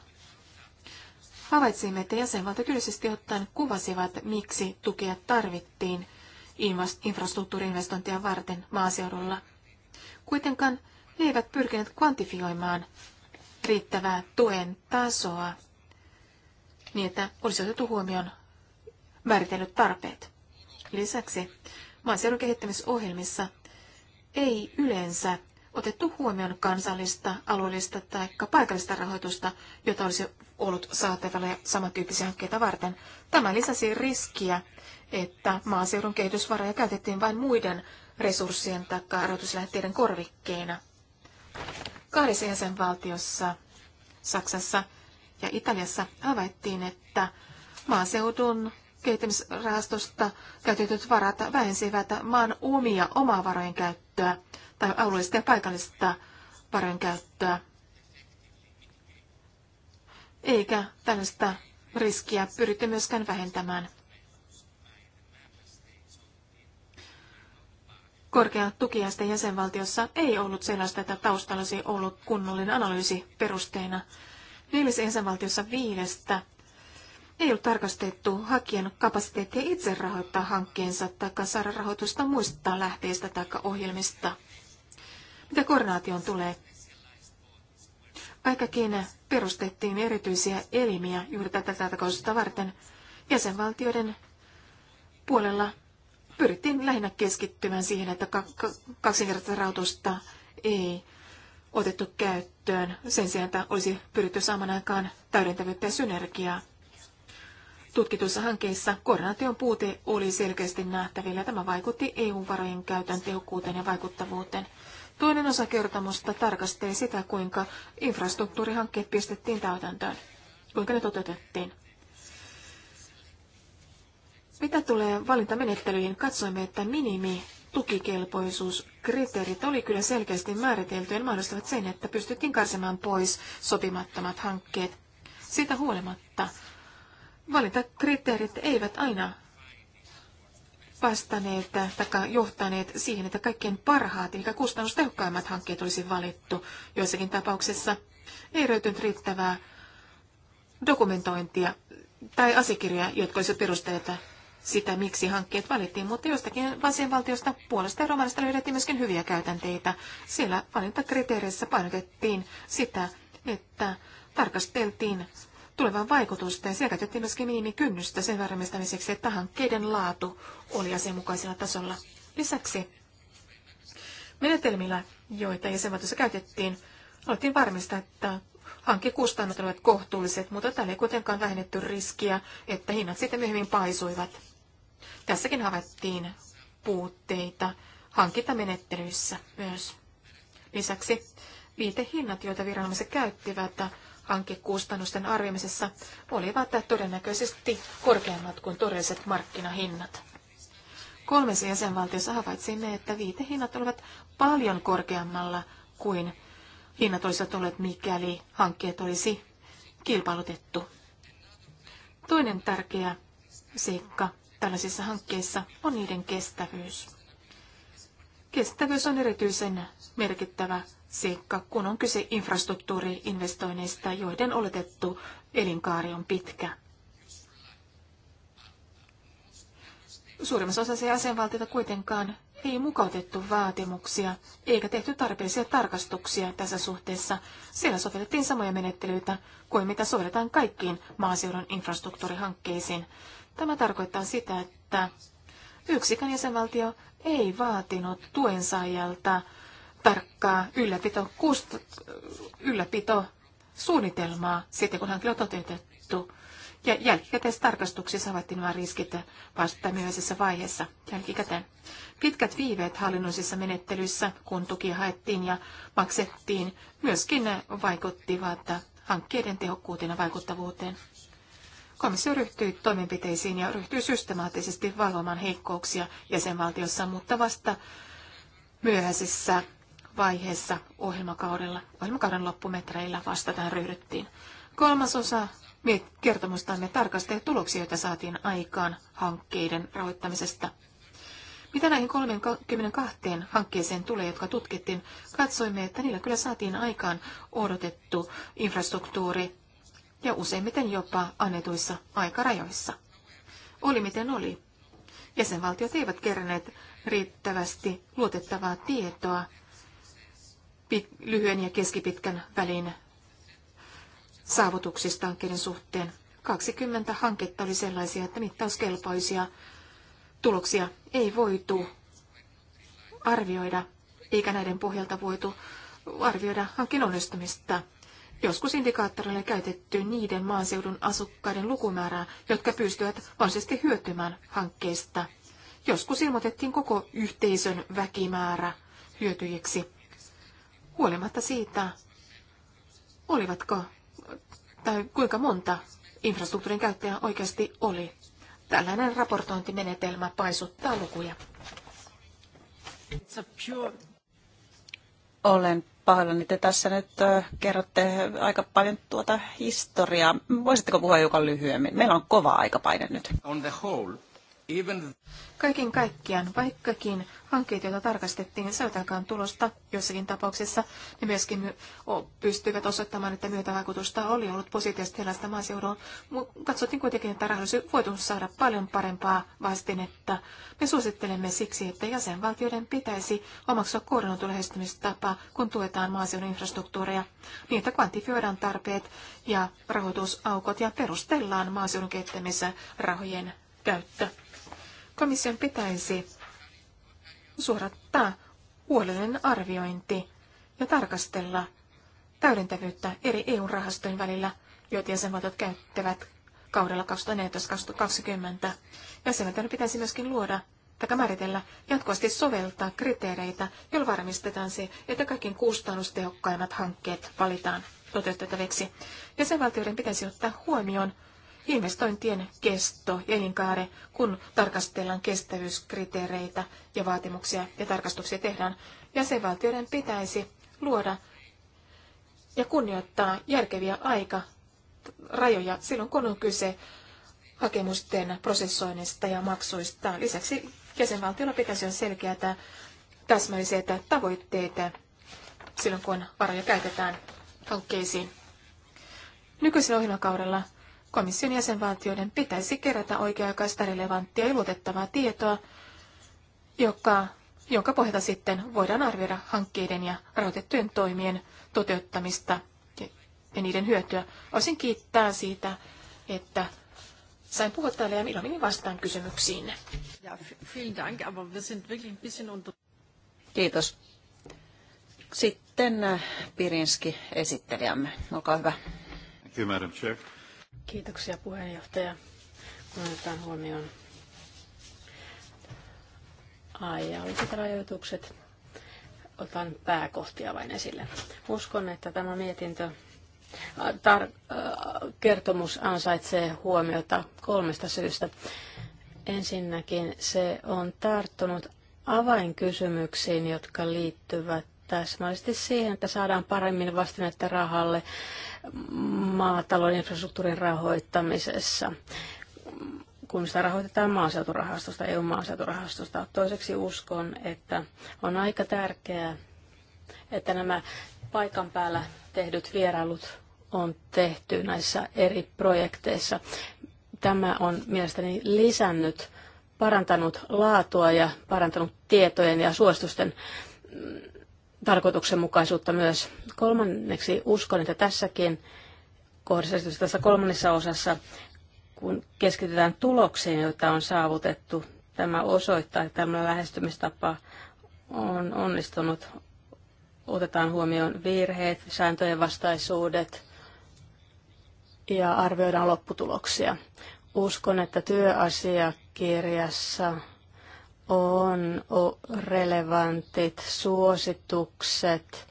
Havaitsimme, että jäsenvaltiot yleisesti ottaen kuvasivat, miksi tukea tarvittiin infrastruktuuriinvestointia varten maaseudulla. Kuitenkaan ne eivät pyrkineet kvantifioimaan riittävää tuen tasoa niin, että olisi otettu huomioon määritellyt tarpeet. Lisäksi maaseudun kehittämisohjelmissa ei yleensä otettu huomioon kansallista, alueellista tai paikallista rahoitusta, jota olisi ollut saatavilla samantyyppisiä hankkeita varten. Tämä lisäsi riskiä, että maaseudun kehitysvaroja käytettiin vain muiden resurssien tai rahoituslähteiden korvikkeena. Kahdessa jäsenvaltiossa, Saksassa ja Italiassa, havaittiin, että maaseudun kehittämisrahastosta käytetyt varat vähensivät maan omia omaa käyttöä tai alueellista ja paikallista varojen käyttöä. Eikä tällaista riskiä pyritty myöskään vähentämään. Korkea tukiaste jäsenvaltiossa ei ollut sellaista, että taustalla olisi ollut kunnollinen analyysi perusteena. Viides jäsenvaltiossa viidestä ei ollut tarkastettu hakijan kapasiteettia itse rahoittaa hankkeensa tai saada rahoitusta muista lähteistä tai ohjelmista. Mitä koordinaation tulee? Aikakin perustettiin erityisiä elimiä juuri tätä tarkoitusta varten. Jäsenvaltioiden puolella pyrittiin lähinnä keskittymään siihen, että kaksinkertaista rautusta ei otettu käyttöön. Sen sijaan, että olisi pyritty saamaan aikaan täydentävyyttä ja synergiaa. Tutkituissa hankkeissa koordinaation puute oli selkeästi nähtävillä. Tämä vaikutti EU-varojen käytön tehokkuuteen ja vaikuttavuuteen. Toinen osa kertomusta tarkastelee sitä, kuinka infrastruktuurihankkeet pistettiin täytäntöön, kuinka ne toteutettiin. Mitä tulee valintamenettelyihin, katsoimme, että minimi tukikelpoisuuskriteerit oli kyllä selkeästi määritelty ja mahdollistavat sen, että pystyttiin karsemaan pois sopimattomat hankkeet. Siitä huolimatta valintakriteerit eivät aina vastanneet tai johtaneet siihen, että kaikkein parhaat, eli kustannustehokkaimmat hankkeet olisi valittu. Joissakin tapauksissa ei löytynyt riittävää dokumentointia tai asiakirjoja, jotka olisivat perusteita sitä, miksi hankkeet valittiin, mutta jostakin vasenvaltiosta puolesta ja romanista löydettiin myöskin hyviä käytänteitä. Siellä valintakriteereissä painotettiin sitä, että tarkasteltiin tulevan vaikutusta ja siellä käytettiin myöskin minimikynnystä sen varmistamiseksi, että hankkeiden laatu oli asianmukaisella tasolla. Lisäksi menetelmillä, joita jäsenvaltiossa käytettiin, haluttiin varmistaa, että hankekustannukset olivat kohtuulliset, mutta tällä ei kuitenkaan vähennetty riskiä, että hinnat sitten myöhemmin paisuivat. Tässäkin havaittiin puutteita hankintamenettelyissä myös. Lisäksi viitehinnat, joita viranomaiset käyttivät hankekustannusten arvioimisessa, olivat todennäköisesti korkeammat kuin todelliset markkinahinnat. Kolmessa jäsenvaltiossa havaitsimme, että viitehinnat olivat paljon korkeammalla kuin hinnat olisivat olleet, mikäli hankkeet olisi kilpailutettu. Toinen tärkeä seikka tällaisissa hankkeissa on niiden kestävyys. Kestävyys on erityisen merkittävä seikka, kun on kyse infrastruktuuriinvestoinneista, joiden oletettu elinkaari on pitkä. Suurimmassa osassa jäsenvaltioita kuitenkaan ei mukautettu vaatimuksia eikä tehty tarpeellisia tarkastuksia tässä suhteessa. Siellä sovellettiin samoja menettelyitä kuin mitä sovelletaan kaikkiin maaseudun infrastruktuurihankkeisiin. Tämä tarkoittaa sitä, että yksikään jäsenvaltio ei vaatinut tuensaajalta tarkkaa ylläpito, kust, ylläpito suunnitelmaa sitten, kun hankila on toteutettu. Ja tarkastuksissa havaittiin vain riskit vasta myöhäisessä vaiheessa jälkikäteen. Pitkät viiveet hallinnollisissa menettelyissä, kun tuki haettiin ja maksettiin, myöskin vaikuttivat hankkeiden tehokkuuteen ja vaikuttavuuteen. Komissio ryhtyi toimenpiteisiin ja ryhtyy systemaattisesti valvomaan heikkouksia jäsenvaltiossa, mutta vasta myöhäisessä vaiheessa ohjelmakaudella, ohjelmakauden loppumetreillä vasta tähän ryhdyttiin. Kolmas osa kertomustamme tarkastelee tuloksia, joita saatiin aikaan hankkeiden rahoittamisesta. Mitä näihin 32 hankkeeseen tulee, jotka tutkittiin, katsoimme, että niillä kyllä saatiin aikaan odotettu infrastruktuuri, ja useimmiten jopa annetuissa aikarajoissa. Oli miten oli. Jäsenvaltiot eivät kerneet riittävästi luotettavaa tietoa lyhyen ja keskipitkän välin saavutuksista hankkeiden suhteen. 20 hanketta oli sellaisia, että mittauskelpoisia tuloksia ei voitu arvioida, eikä näiden pohjalta voitu arvioida hankkeen onnistumista. Joskus indikaattorille käytetty niiden maaseudun asukkaiden lukumäärää, jotka pystyvät varsinaisesti hyötymään hankkeesta. Joskus ilmoitettiin koko yhteisön väkimäärä hyötyjiksi, huolimatta siitä, olivatko tai kuinka monta infrastruktuurin käyttäjää oikeasti oli. Tällainen raportointimenetelmä paisuttaa lukuja. It's a pure olen pahoillani, te tässä nyt kerrotte aika paljon tuota historiaa. Voisitteko puhua hiukan lyhyemmin? Meillä on kova aikapaine nyt. On the whole, Kaiken kaikkiaan, vaikkakin hankkeet, joita tarkastettiin, saatakaan tulosta jossakin tapauksissa, ne myöskin pystyivät osoittamaan, että myötävaikutusta oli ollut positiivisesti sellaista maaseuduun. Katsottiin kuitenkin, että rahoitus voitu saada paljon parempaa vastinetta. Me suosittelemme siksi, että jäsenvaltioiden pitäisi omaksua koordinoitu lähestymistapa, kun tuetaan maaseudun infrastruktuuria. Niitä kvantifioidaan tarpeet ja rahoitusaukot ja perustellaan maaseudun rahojen käyttö. Komission pitäisi suorattaa huolellinen arviointi ja tarkastella täydentävyyttä eri EU-rahastojen välillä, joita jäsenvaltiot käyttävät kaudella 2014-2020. Jäsenvaltioiden pitäisi myöskin luoda tai määritellä jatkuvasti soveltaa kriteereitä, joilla varmistetaan se, että kaikkien kustannustehokkaimmat hankkeet valitaan toteutettaviksi. Jäsenvaltioiden pitäisi ottaa huomioon investointien kesto ja elinkaare, kun tarkastellaan kestävyyskriteereitä ja vaatimuksia ja tarkastuksia tehdään. Jäsenvaltioiden pitäisi luoda ja kunnioittaa järkeviä aika rajoja silloin, kun on kyse hakemusten prosessoinnista ja maksuista. Lisäksi jäsenvaltiolla pitäisi olla selkeätä täsmälliset tavoitteita silloin, kun varoja käytetään hankkeisiin. Nykyisellä ohjelmakaudella komission jäsenvaltioiden pitäisi kerätä oikea-aikaista relevanttia ja luotettavaa tietoa, joka, jonka pohjalta sitten voidaan arvioida hankkeiden ja rahoitettujen toimien toteuttamista ja niiden hyötyä. Osin kiittää siitä, että sain puhua täällä ja mieluummin vastaan kysymyksiinne. Kiitos. Sitten äh, Pirinski esittelijämme. Olkaa hyvä. Thank you, Madam Chair. Kiitoksia puheenjohtaja. Kun otetaan huomioon ajalliset rajoitukset, otan pääkohtia vain esille. Uskon, että tämä mietintö äh, tar- äh, kertomus ansaitsee huomiota kolmesta syystä. Ensinnäkin se on tarttunut avainkysymyksiin, jotka liittyvät täsmällisesti siihen, että saadaan paremmin vastinetta rahalle maatalouden infrastruktuurin rahoittamisessa kun sitä rahoitetaan maaseuturahastosta, EU-maaseuturahastosta. Toiseksi uskon, että on aika tärkeää, että nämä paikan päällä tehdyt vierailut on tehty näissä eri projekteissa. Tämä on mielestäni lisännyt, parantanut laatua ja parantanut tietojen ja suositusten tarkoituksenmukaisuutta myös. Kolmanneksi uskon, että tässäkin kohdassa, siis tässä kolmannessa osassa, kun keskitytään tuloksiin, joita on saavutettu, tämä osoittaa, että tämmöinen lähestymistapa on onnistunut. Otetaan huomioon virheet, sääntöjen vastaisuudet ja arvioidaan lopputuloksia. Uskon, että työasiakirjassa on relevantit suositukset,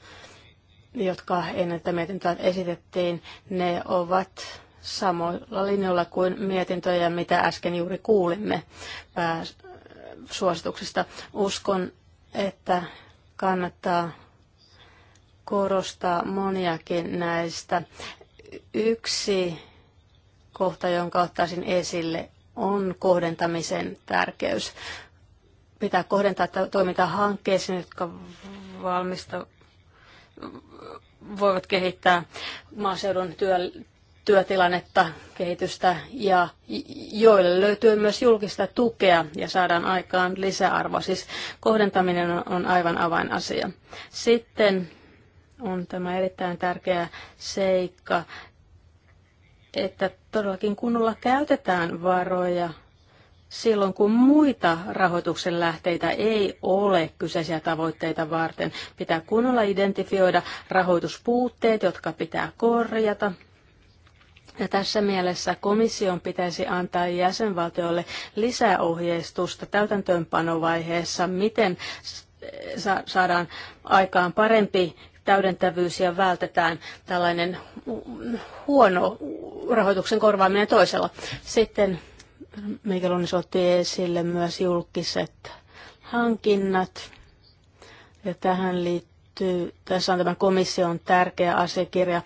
jotka ennen tätä mietintöä esitettiin. Ne ovat samoilla linjoilla kuin mietintöjä, mitä äsken juuri kuulimme suosituksista. Uskon, että kannattaa korostaa moniakin näistä. Yksi kohta, jonka ottaisin esille, on kohdentamisen tärkeys pitää kohdentaa toimintaa hankkeisiin, jotka valmista voivat kehittää maaseudun työ, työtilannetta, kehitystä ja joille löytyy myös julkista tukea ja saadaan aikaan lisäarvoa. Siis kohdentaminen on aivan avainasia. Sitten on tämä erittäin tärkeä seikka, että todellakin kunnolla käytetään varoja silloin, kun muita rahoituksen lähteitä ei ole kyseisiä tavoitteita varten. Pitää kunnolla identifioida rahoituspuutteet, jotka pitää korjata. Ja tässä mielessä komission pitäisi antaa jäsenvaltioille lisäohjeistusta täytäntöönpanovaiheessa, miten saadaan aikaan parempi täydentävyys ja vältetään tällainen huono rahoituksen korvaaminen toisella. Sitten mikä Lunis otti esille myös julkiset hankinnat. Ja tähän liittyy, tässä on tämä komission tärkeä asiakirja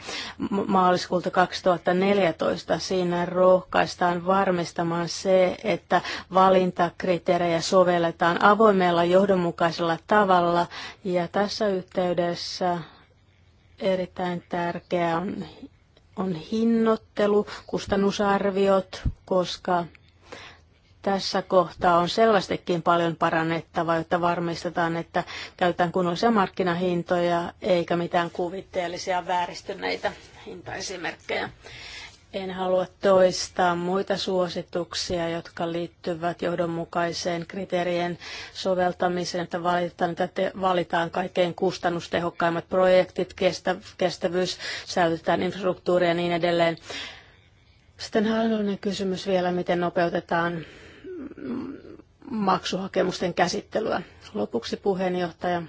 maaliskuulta 2014. Siinä rohkaistaan varmistamaan se, että valintakriteerejä sovelletaan avoimella johdonmukaisella tavalla. Ja tässä yhteydessä erittäin tärkeää on, on hinnoittelu, kustannusarviot, koska tässä kohtaa on selvästikin paljon parannettava, jotta varmistetaan, että käytetään kunnollisia markkinahintoja eikä mitään kuvitteellisia vääristyneitä hintaesimerkkejä. En halua toistaa muita suosituksia, jotka liittyvät johdonmukaiseen kriteerien soveltamiseen, että valitaan, että te, valitaan kaikkein kustannustehokkaimmat projektit, kestä, kestävyys, säilytetään infrastruktuuria ja niin edelleen. Sitten hallinnollinen kysymys vielä, miten nopeutetaan maksuhakemusten käsittelyä. Lopuksi puheenjohtaja,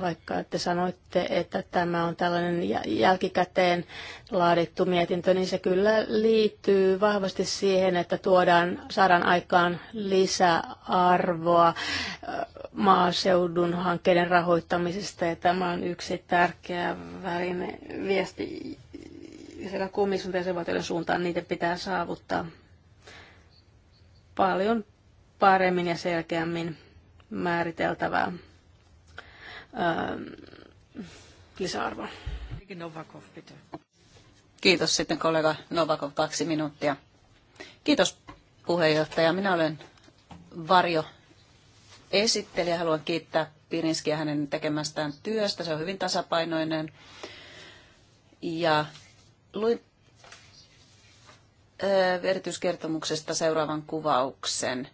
vaikka te sanoitte, että tämä on tällainen jälkikäteen laadittu mietintö, niin se kyllä liittyy vahvasti siihen, että tuodaan, saadaan aikaan lisäarvoa maaseudun hankkeiden rahoittamisesta, ja tämä on yksi tärkeä väline viesti sekä komission ja suuntaan, niitä pitää saavuttaa paljon paremmin ja selkeämmin määriteltävää öö, lisäarvoa. Novakov, Kiitos sitten kollega Novakov, kaksi minuuttia. Kiitos puheenjohtaja. Minä olen Varjo esittelijä. Haluan kiittää Pirinskiä hänen tekemästään työstä. Se on hyvin tasapainoinen. Ja luin erityiskertomuksesta seuraavan kuvauksen.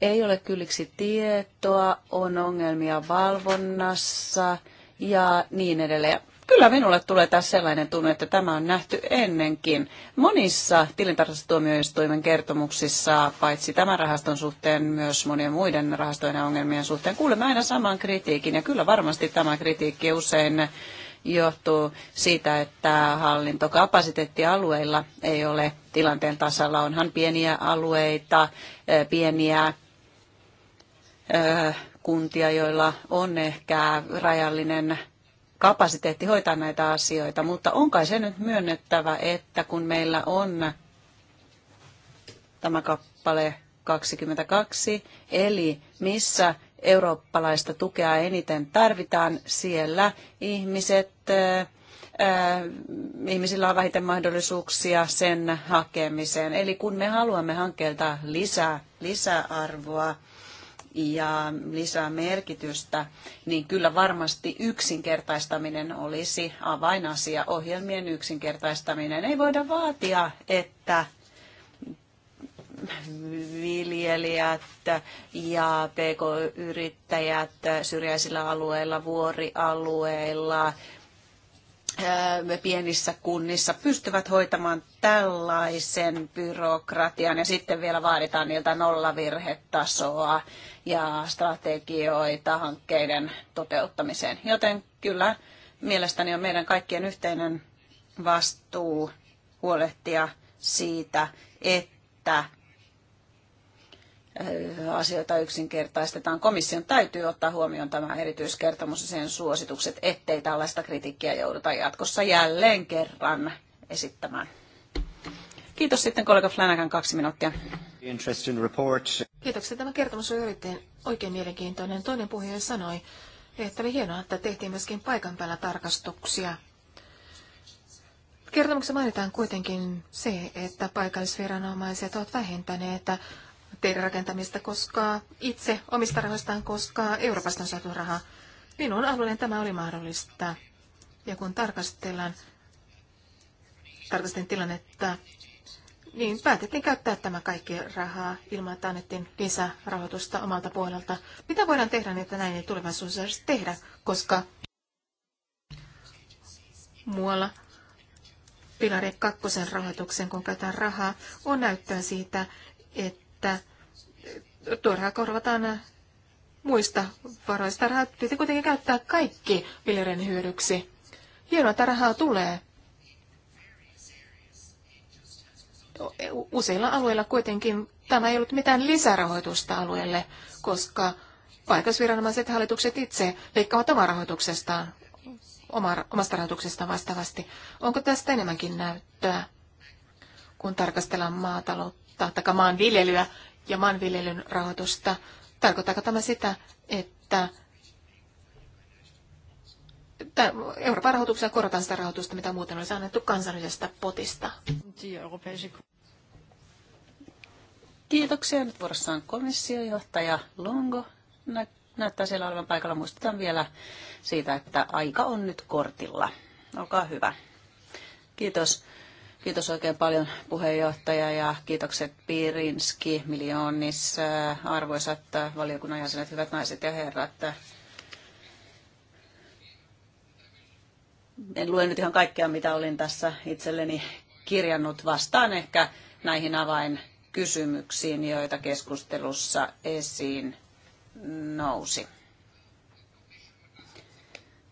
Ei ole kylliksi tietoa, on ongelmia valvonnassa ja niin edelleen. Kyllä minulle tulee tässä sellainen tunne, että tämä on nähty ennenkin. Monissa tilintarkastustuomioistuimen kertomuksissa, paitsi tämän rahaston suhteen, myös monien muiden rahastojen ongelmien suhteen, kuulemme aina saman kritiikin. Ja kyllä varmasti tämä kritiikki usein johtuu siitä, että hallintokapasiteettialueilla alueilla ei ole tilanteen tasalla. Onhan pieniä alueita, pieniä kuntia, joilla on ehkä rajallinen kapasiteetti hoitaa näitä asioita, mutta on kai se nyt myönnettävä, että kun meillä on tämä kappale 22, eli missä eurooppalaista tukea eniten tarvitaan. Siellä ihmiset, ää, ihmisillä on vähiten mahdollisuuksia sen hakemiseen. Eli kun me haluamme hankkeelta lisää, lisäarvoa, ja lisää merkitystä, niin kyllä varmasti yksinkertaistaminen olisi avainasia. Ohjelmien yksinkertaistaminen ei voida vaatia, että viljelijät ja pk-yrittäjät syrjäisillä alueilla, vuorialueilla, pienissä kunnissa pystyvät hoitamaan tällaisen byrokratian ja sitten vielä vaaditaan niiltä nollavirhetasoa ja strategioita hankkeiden toteuttamiseen. Joten kyllä mielestäni on meidän kaikkien yhteinen vastuu huolehtia siitä, että asioita yksinkertaistetaan. Komission täytyy ottaa huomioon tämä erityiskertomus ja sen suositukset, ettei tällaista kritiikkiä jouduta jatkossa jälleen kerran esittämään. Kiitos sitten kollega Flanagan kaksi minuuttia. Kiitoksia. Tämä kertomus on erittäin oikein mielenkiintoinen. Toinen puhuja sanoi, että oli hienoa, että tehtiin myöskin paikan päällä tarkastuksia. Kertomuksessa mainitaan kuitenkin se, että paikallisviranomaiset ovat vähentäneet teidän rakentamista, koska itse omista rahoistaan, koska Euroopasta on saatu rahaa. Minun alueen tämä oli mahdollista. Ja kun tarkastellaan tarkastin tilannetta, niin päätettiin käyttää tämä kaikki rahaa ilman, että annettiin lisärahoitusta omalta puolelta. Mitä voidaan tehdä, niin että näin ei tulevaisuudessa tehdä, koska muualla pilari kakkosen rahoituksen, kun käytetään rahaa, on näyttöä siitä, että turhaa korvataan muista varoista. Rahat piti kuitenkin käyttää kaikki viljelijöiden hyödyksi. Hienoa, että rahaa tulee. Useilla alueilla kuitenkin tämä ei ollut mitään lisärahoitusta alueelle, koska paikallisviranomaiset hallitukset itse leikkaavat omaa rahoituksestaan, oma, omasta rahoituksestaan vastaavasti. Onko tästä enemmänkin näyttöä, kun tarkastellaan maataloutta tai maanviljelyä ja maanviljelyn rahoitusta. Tarkoittaako tämä sitä, että Euroopan rahoituksella korotaan sitä rahoitusta, mitä muuten olisi annettu kansallisesta potista. Kiitoksia. Nyt vuorossa on komissiojohtaja Longo. Näyttää siellä olevan paikalla. Muistutan vielä siitä, että aika on nyt kortilla. Olkaa hyvä. Kiitos. Kiitos oikein paljon puheenjohtaja ja kiitokset Piirinski, Miljoonissa, arvoisat valiokunnan jäsenet, hyvät naiset ja herrat. En lue nyt ihan kaikkea, mitä olin tässä itselleni kirjannut. Vastaan ehkä näihin avainkysymyksiin, joita keskustelussa esiin nousi.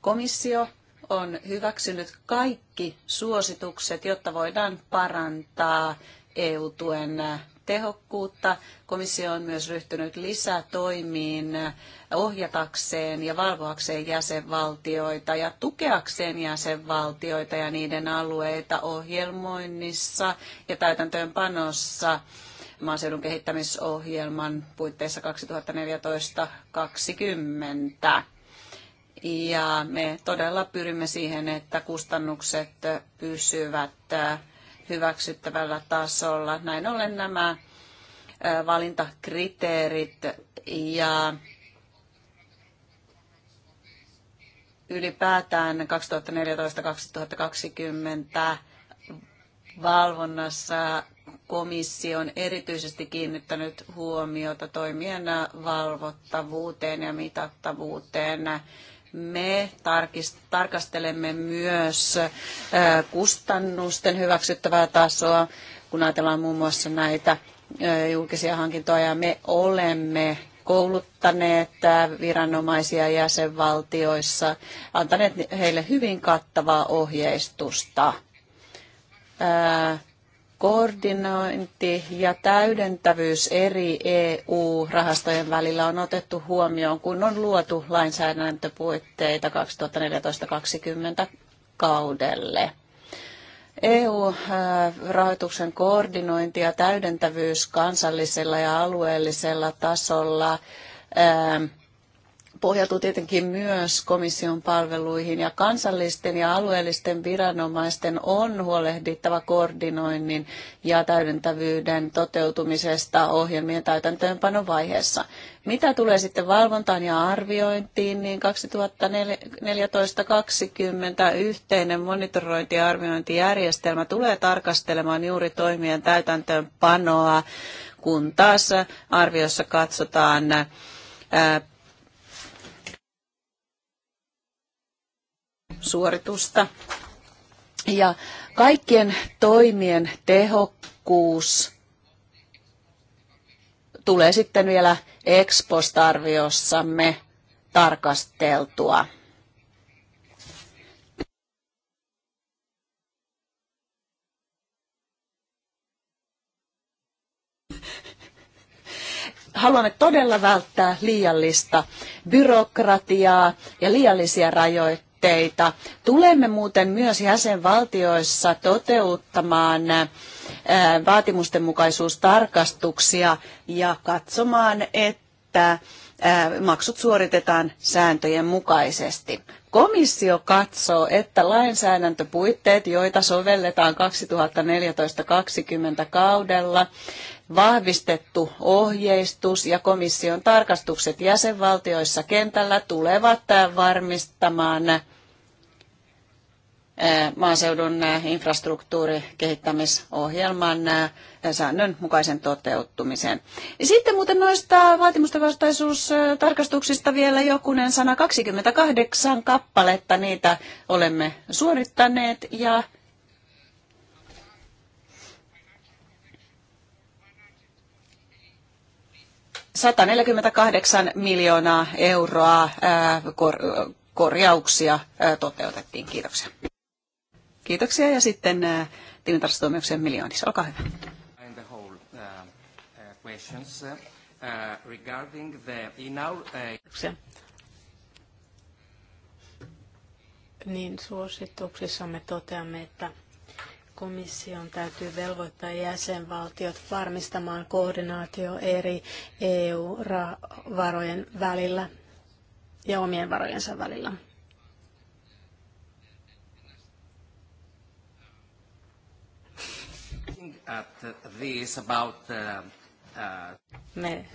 Komissio on hyväksynyt kaikki suositukset, jotta voidaan parantaa EU-tuen tehokkuutta. Komissio on myös ryhtynyt lisätoimiin ohjatakseen ja valvoakseen jäsenvaltioita ja tukeakseen jäsenvaltioita ja niiden alueita ohjelmoinnissa ja täytäntöönpanossa maaseudun kehittämisohjelman puitteissa 2014-2020. Ja me todella pyrimme siihen, että kustannukset pysyvät äh, hyväksyttävällä tasolla. Näin ollen nämä äh, valintakriteerit ja ylipäätään 2014-2020 valvonnassa komissio on erityisesti kiinnittänyt huomiota toimien valvottavuuteen ja mitattavuuteen me tarkastelemme myös kustannusten hyväksyttävää tasoa, kun ajatellaan muun muassa näitä julkisia hankintoja, ja me olemme kouluttaneet viranomaisia jäsenvaltioissa, antaneet heille hyvin kattavaa ohjeistusta koordinointi ja täydentävyys eri EU-rahastojen välillä on otettu huomioon, kun on luotu lainsäädäntöpuitteita 2014-2020 kaudelle. EU-rahoituksen koordinointi ja täydentävyys kansallisella ja alueellisella tasolla – pohjautuu tietenkin myös komission palveluihin ja kansallisten ja alueellisten viranomaisten on huolehdittava koordinoinnin ja täydentävyyden toteutumisesta ohjelmien täytäntöönpanovaiheessa. Mitä tulee sitten valvontaan ja arviointiin, niin 2014-2020 yhteinen monitorointi- ja arviointijärjestelmä tulee tarkastelemaan juuri toimien täytäntöönpanoa, kun taas arviossa katsotaan suoritusta. Ja kaikkien toimien tehokkuus tulee sitten vielä ekspostarviossamme tarkasteltua. haluamme todella välttää liiallista byrokratiaa ja liiallisia rajoitteita tavoitteita. Tulemme muuten myös jäsenvaltioissa toteuttamaan äh, vaatimustenmukaisuustarkastuksia ja katsomaan, että äh, maksut suoritetaan sääntöjen mukaisesti. Komissio katsoo, että lainsäädäntöpuitteet, joita sovelletaan 2014-2020 kaudella, vahvistettu ohjeistus ja komission tarkastukset jäsenvaltioissa kentällä tulevat varmistamaan maaseudun infrastruktuurikehittämisohjelman säännönmukaisen toteuttumiseen. Sitten muuten noista vaatimusten vielä jokunen sana. 28 kappaletta niitä olemme suorittaneet ja ...148 miljoonaa euroa korjauksia toteutettiin. Kiitoksia. Kiitoksia ja sitten äh, tilintarkastustoimituksen miljoonissa. Olkaa hyvä. Kiitoksia. Niin suosituksissamme toteamme, että komission täytyy velvoittaa jäsenvaltiot varmistamaan koordinaatio eri EU-varojen välillä ja omien varojensa välillä. at about... Uh, uh, Me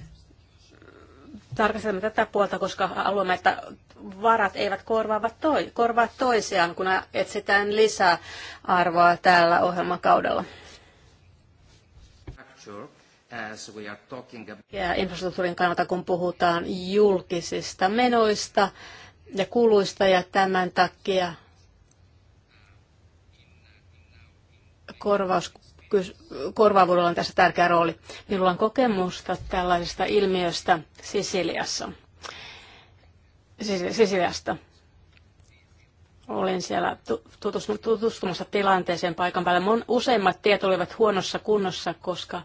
tarkastelemme tätä puolta, koska haluamme, että varat eivät korvaa toi, korvaa toisiaan, kun etsitään lisää arvoa tällä ohjelmakaudella. Ja infrastruktuurin kannalta, kun puhutaan julkisista menoista ja kuluista ja tämän takia korvaus korvaavuudella on tässä tärkeä rooli. Minulla on kokemusta tällaisesta ilmiöstä Sisiliassa. Sisiliasta. Olin siellä tutustumassa tilanteeseen paikan päällä. Mun useimmat tiet olivat huonossa kunnossa, koska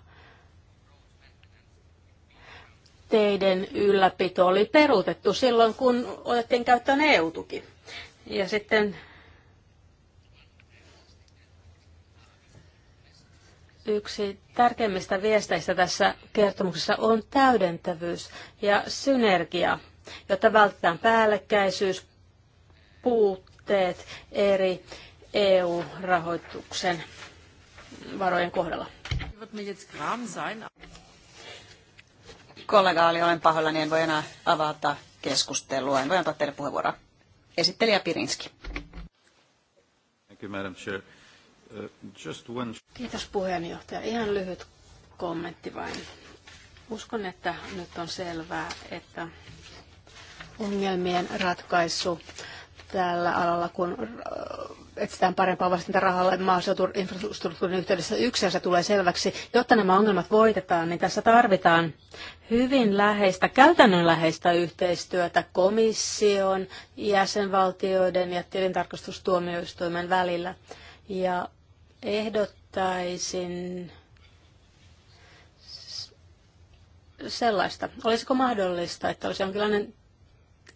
teiden ylläpito oli peruutettu silloin, kun otettiin käyttöön EU-tuki. Ja sitten Yksi tärkeimmistä viesteistä tässä kertomuksessa on täydentävyys ja synergia, jotta vältetään päällekkäisyys, puutteet eri EU-rahoituksen varojen kohdalla. Kollega oli, olen pahoillani, niin en voi enää avata keskustelua. En voi antaa teille puheenvuoroa. Esittelijä Pirinski. Thank you, Madam Chair. Just one... Kiitos puheenjohtaja. Ihan lyhyt kommentti vain. Uskon, että nyt on selvää, että ongelmien ratkaisu tällä alalla, kun äh, etsitään parempaa vastinta rahalle maaseutuinfrastruktuurin yhteydessä yksensä tulee selväksi. Jotta nämä ongelmat voitetaan, niin tässä tarvitaan hyvin läheistä, käytännönläheistä yhteistyötä komission, jäsenvaltioiden ja tilintarkastustuomioistuimen välillä. Ja ehdottaisin sellaista. Olisiko mahdollista, että olisi jonkinlainen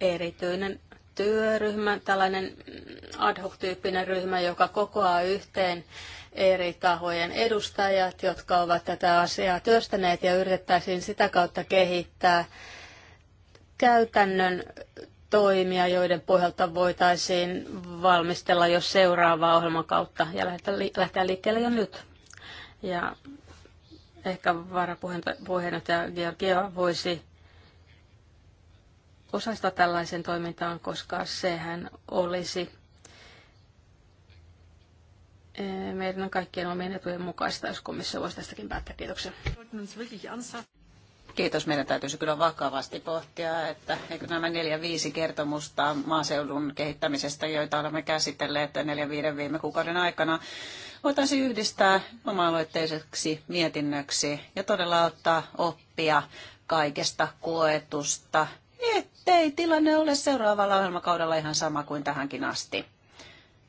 erityinen työryhmä, tällainen ad hoc-tyyppinen ryhmä, joka kokoaa yhteen eri tahojen edustajat, jotka ovat tätä asiaa työstäneet ja yritettäisiin sitä kautta kehittää käytännön toimia, joiden pohjalta voitaisiin valmistella jo seuraavaa ohjelmakautta ja lähteä liikkeelle jo nyt. Ja ehkä varapuheenjohtaja Georgia voisi osasta tällaisen toimintaan, koska sehän olisi eh, meidän kaikkien omien etujen mukaista, jos komissio voisi tästäkin päättää. Kiitoksia. Kiitos. Meidän täytyisi kyllä vakavasti pohtia, että eikö nämä neljä viisi kertomusta maaseudun kehittämisestä, joita olemme käsitelleet neljä viiden viime kuukauden aikana, voitaisiin yhdistää oma-aloitteiseksi mietinnöksi ja todella ottaa oppia kaikesta koetusta, ettei tilanne ole seuraavalla ohjelmakaudella ihan sama kuin tähänkin asti.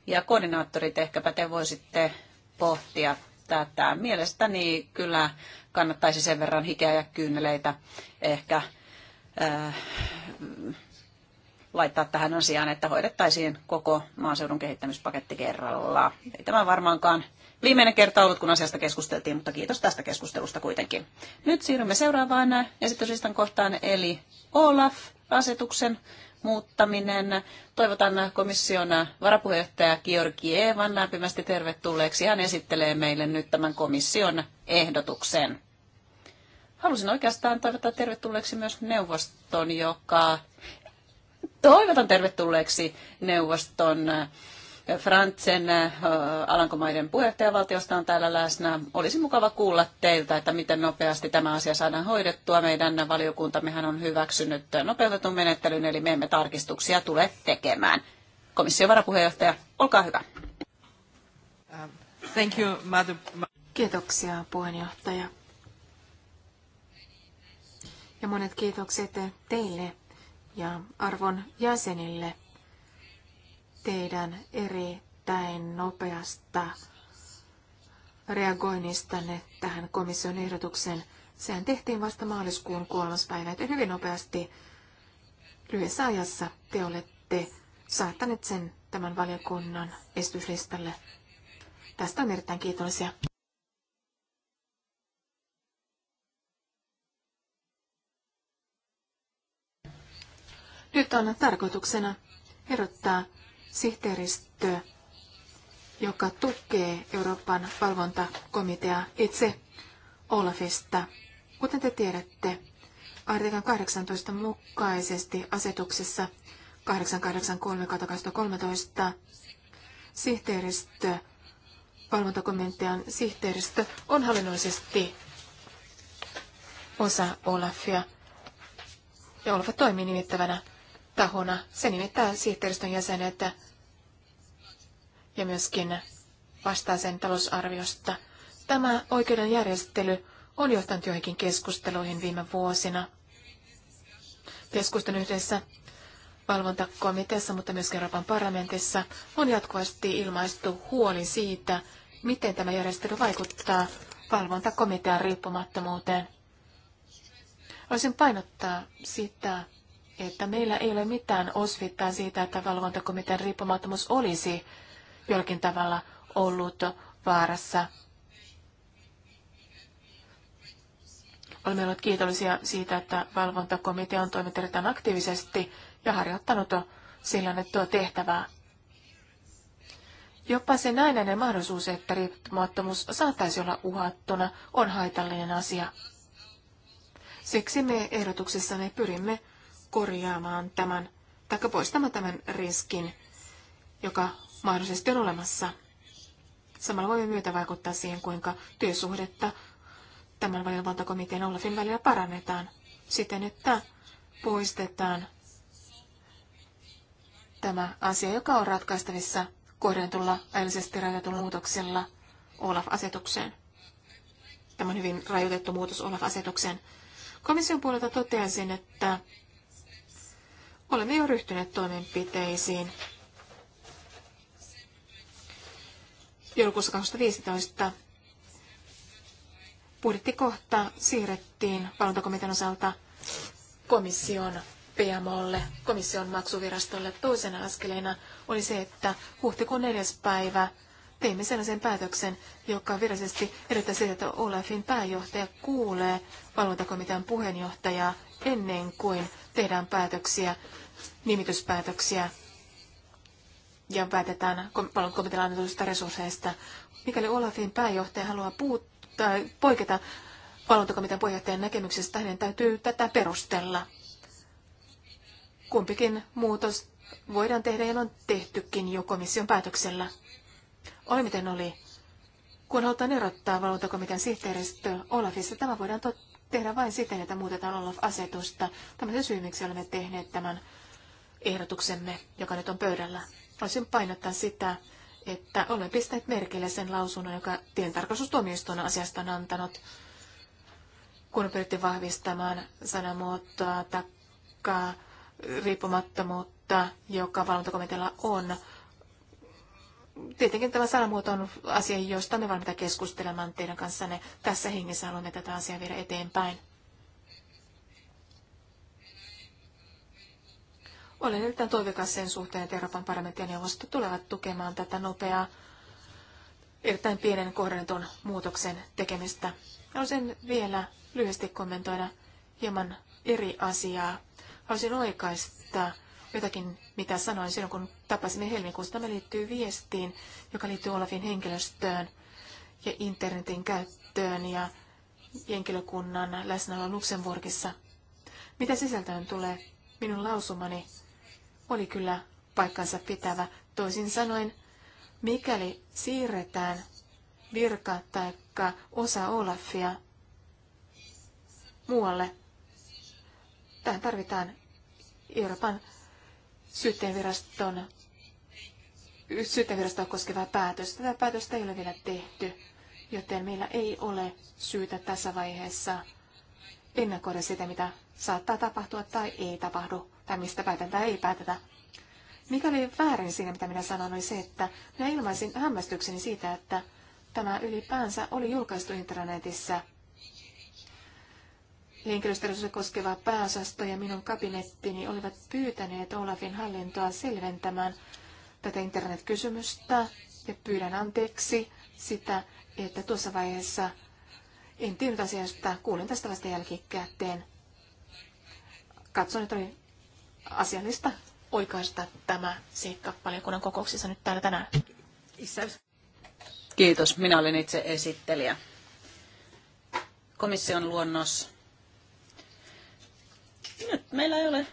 Ja koordinaattorit, ehkäpä te voisitte pohtia tätä. Mielestäni kyllä kannattaisi sen verran hikeä ja kyyneleitä ehkä äh, laittaa tähän asiaan, että hoidettaisiin koko maaseudun kehittämispaketti kerralla. Ei tämä varmaankaan viimeinen kerta ollut, kun asiasta keskusteltiin, mutta kiitos tästä keskustelusta kuitenkin. Nyt siirrymme seuraavaan esityslistan kohtaan, eli Olaf-asetuksen muuttaminen. Toivotan komission varapuheenjohtaja Georgi Evan lämpimästi tervetulleeksi. Hän esittelee meille nyt tämän komission ehdotuksen. Halusin oikeastaan toivottaa tervetulleeksi myös neuvoston, joka... Toivotan tervetulleeksi neuvoston Frantsen äh, Alankomaiden puheenjohtajavaltiosta on täällä läsnä. Olisi mukava kuulla teiltä, että miten nopeasti tämä asia saadaan hoidettua. Meidän valiokuntammehan on hyväksynyt nopeutetun menettelyn, eli me emme tarkistuksia tule tekemään. Komission varapuheenjohtaja, olkaa hyvä. Uh, thank you, Kiitoksia puheenjohtaja. Ja monet kiitokset teille ja arvon jäsenille – teidän erittäin nopeasta reagoinnistanne tähän komission ehdotukseen. Sehän tehtiin vasta maaliskuun kolmas päivä, joten hyvin nopeasti lyhyessä ajassa te olette saattaneet sen tämän valiokunnan esityslistalle. Tästä on erittäin kiitollisia. Nyt on tarkoituksena erottaa sihteeristö, joka tukee Euroopan valvontakomitea itse Olafista. Kuten te tiedätte, artikan 18 mukaisesti asetuksessa 883-2013 sihteeristö, valvontakomitean sihteeristö on hallinnollisesti osa Olafia. Ja Olaf toimii nimittävänä tahona. Se nimittää sihteeristön jäsenet ja myöskin vastaa sen talousarviosta. Tämä oikeuden järjestely on johtanut joihinkin keskusteluihin viime vuosina. Keskustelun yhdessä valvontakomiteassa, mutta myös Euroopan parlamentissa on jatkuvasti ilmaistu huoli siitä, miten tämä järjestely vaikuttaa valvontakomitean riippumattomuuteen. Voisin painottaa sitä, että meillä ei ole mitään osvittaa siitä, että valvontakomitean riippumattomuus olisi jollakin tavalla ollut vaarassa. Olemme olleet kiitollisia siitä, että valvontakomitea on toiminut erittäin aktiivisesti ja harjoittanut sillä annettua tehtävää. Jopa se näinäinen mahdollisuus, että riippumattomuus saattaisi olla uhattuna, on haitallinen asia. Siksi me ehdotuksessamme pyrimme korjaamaan tämän, tai poistamaan tämän riskin, joka mahdollisesti on olemassa. Samalla voimme myötä vaikuttaa siihen, kuinka työsuhdetta tämän valiokuntakomitean Olafin välillä parannetaan siten, että poistetaan tämä asia, joka on ratkaistavissa kohdentulla ajallisesti rajoitetulla muutoksella Olaf-asetukseen. Tämä on hyvin rajoitettu muutos Olaf-asetukseen. Komission puolelta toteaisin, että olemme jo ryhtyneet toimenpiteisiin joulukuussa 2015 budjettikohta siirrettiin valvontakomitean osalta komission PMOlle, komission maksuvirastolle toisena askeleena oli se, että huhtikuun neljäs päivä teimme sellaisen päätöksen, joka virallisesti edellyttää sitä, että Olafin pääjohtaja kuulee valvontakomitean puheenjohtajaa ennen kuin tehdään päätöksiä, nimityspäätöksiä ja päätetään valvontakomitean annetuista resursseista. Mikäli Olafin pääjohtaja haluaa äh, poiketa valvontakomitean puheenjohtajan näkemyksestä, hänen täytyy tätä perustella. Kumpikin muutos voidaan tehdä ja on tehtykin jo komission päätöksellä. Oli miten oli. Kun halutaan erottaa valvontakomitean sihteeristö Olafissa, tämä voidaan tehdä vain siten, että muutetaan Olaf-asetusta. Tämä on se syy, miksi olemme tehneet tämän ehdotuksemme, joka nyt on pöydällä. Voisin painottaa sitä, että olen pistänyt merkille sen lausunnon, joka tientarkastustuomioistuin asiasta on antanut, kun pyrittiin vahvistamaan sanamuotoa takkaa riippumattomuutta, joka valvontakomitealla on. Tietenkin tämä sanamuoto on asia, josta me valmiita keskustelemaan teidän kanssanne. Tässä hengessä haluamme tätä asiaa viedä eteenpäin. Olen erittäin toivekas sen suhteen, että Euroopan parlamentti ja neuvosto tulevat tukemaan tätä nopeaa, erittäin pienen kohdennetun muutoksen tekemistä. Haluaisin vielä lyhyesti kommentoida hieman eri asiaa. Haluaisin oikaista jotakin, mitä sanoin silloin, kun tapasimme helmikuussa. Tämä liittyy viestiin, joka liittyy Olafin henkilöstöön ja internetin käyttöön ja henkilökunnan läsnäolo Luxemburgissa. Mitä sisältöön tulee? Minun lausumani oli kyllä paikkansa pitävä. Toisin sanoen, mikäli siirretään virka tai osa Olafia muualle, tähän tarvitaan Euroopan syytteenviraston syyttävirastoa koskevaa päätöstä. Tätä päätöstä ei ole vielä tehty, joten meillä ei ole syytä tässä vaiheessa ennakoida sitä, mitä saattaa tapahtua tai ei tapahdu tai mistä päätän tai ei päätetä. Mikäli väärin siinä, mitä minä sanoin, oli se, että minä ilmaisin hämmästykseni siitä, että tämä ylipäänsä oli julkaistu internetissä. Henkilöstöresursseja koskeva pääosasto ja minun kabinettini olivat pyytäneet Olafin hallintoa selventämään tätä internetkysymystä ja pyydän anteeksi sitä, että tuossa vaiheessa en tiennyt asiasta, kuulin tästä vasta jälkikäteen. Katson, että oli asiallista oikaista tämä seikka valiokunnan kokouksissa nyt täällä tänään. Kiitos. Minä olen itse esittelijä. Komission luonnos. Nyt meillä ei ole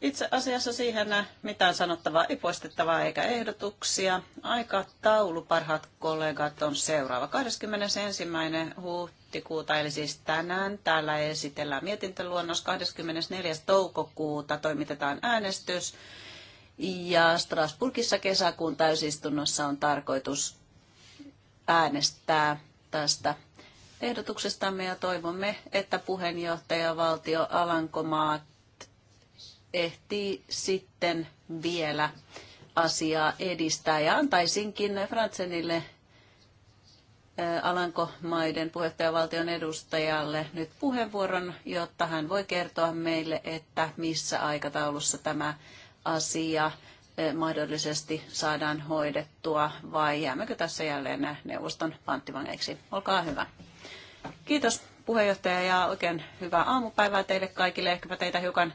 itse asiassa siihen mitään sanottavaa, ei poistettavaa eikä ehdotuksia. Aikataulu, parhaat kollegat, on seuraava. 21. huhtikuuta, eli siis tänään, täällä esitellään mietintöluonnos. 24. toukokuuta toimitetaan äänestys. Ja Strasburgissa kesäkuun täysistunnossa on tarkoitus äänestää tästä ehdotuksestamme ja toivomme, että puheenjohtaja valtio Alankomaat ehtii sitten vielä asiaa edistää. Ja antaisinkin Fransenille Alankomaiden puheenjohtajavaltion edustajalle nyt puheenvuoron, jotta hän voi kertoa meille, että missä aikataulussa tämä asia mahdollisesti saadaan hoidettua vai jäämmekö tässä jälleen neuvoston panttivangeiksi. Olkaa hyvä. Kiitos puheenjohtaja ja oikein hyvää aamupäivää teille kaikille. Ehkäpä teitä hiukan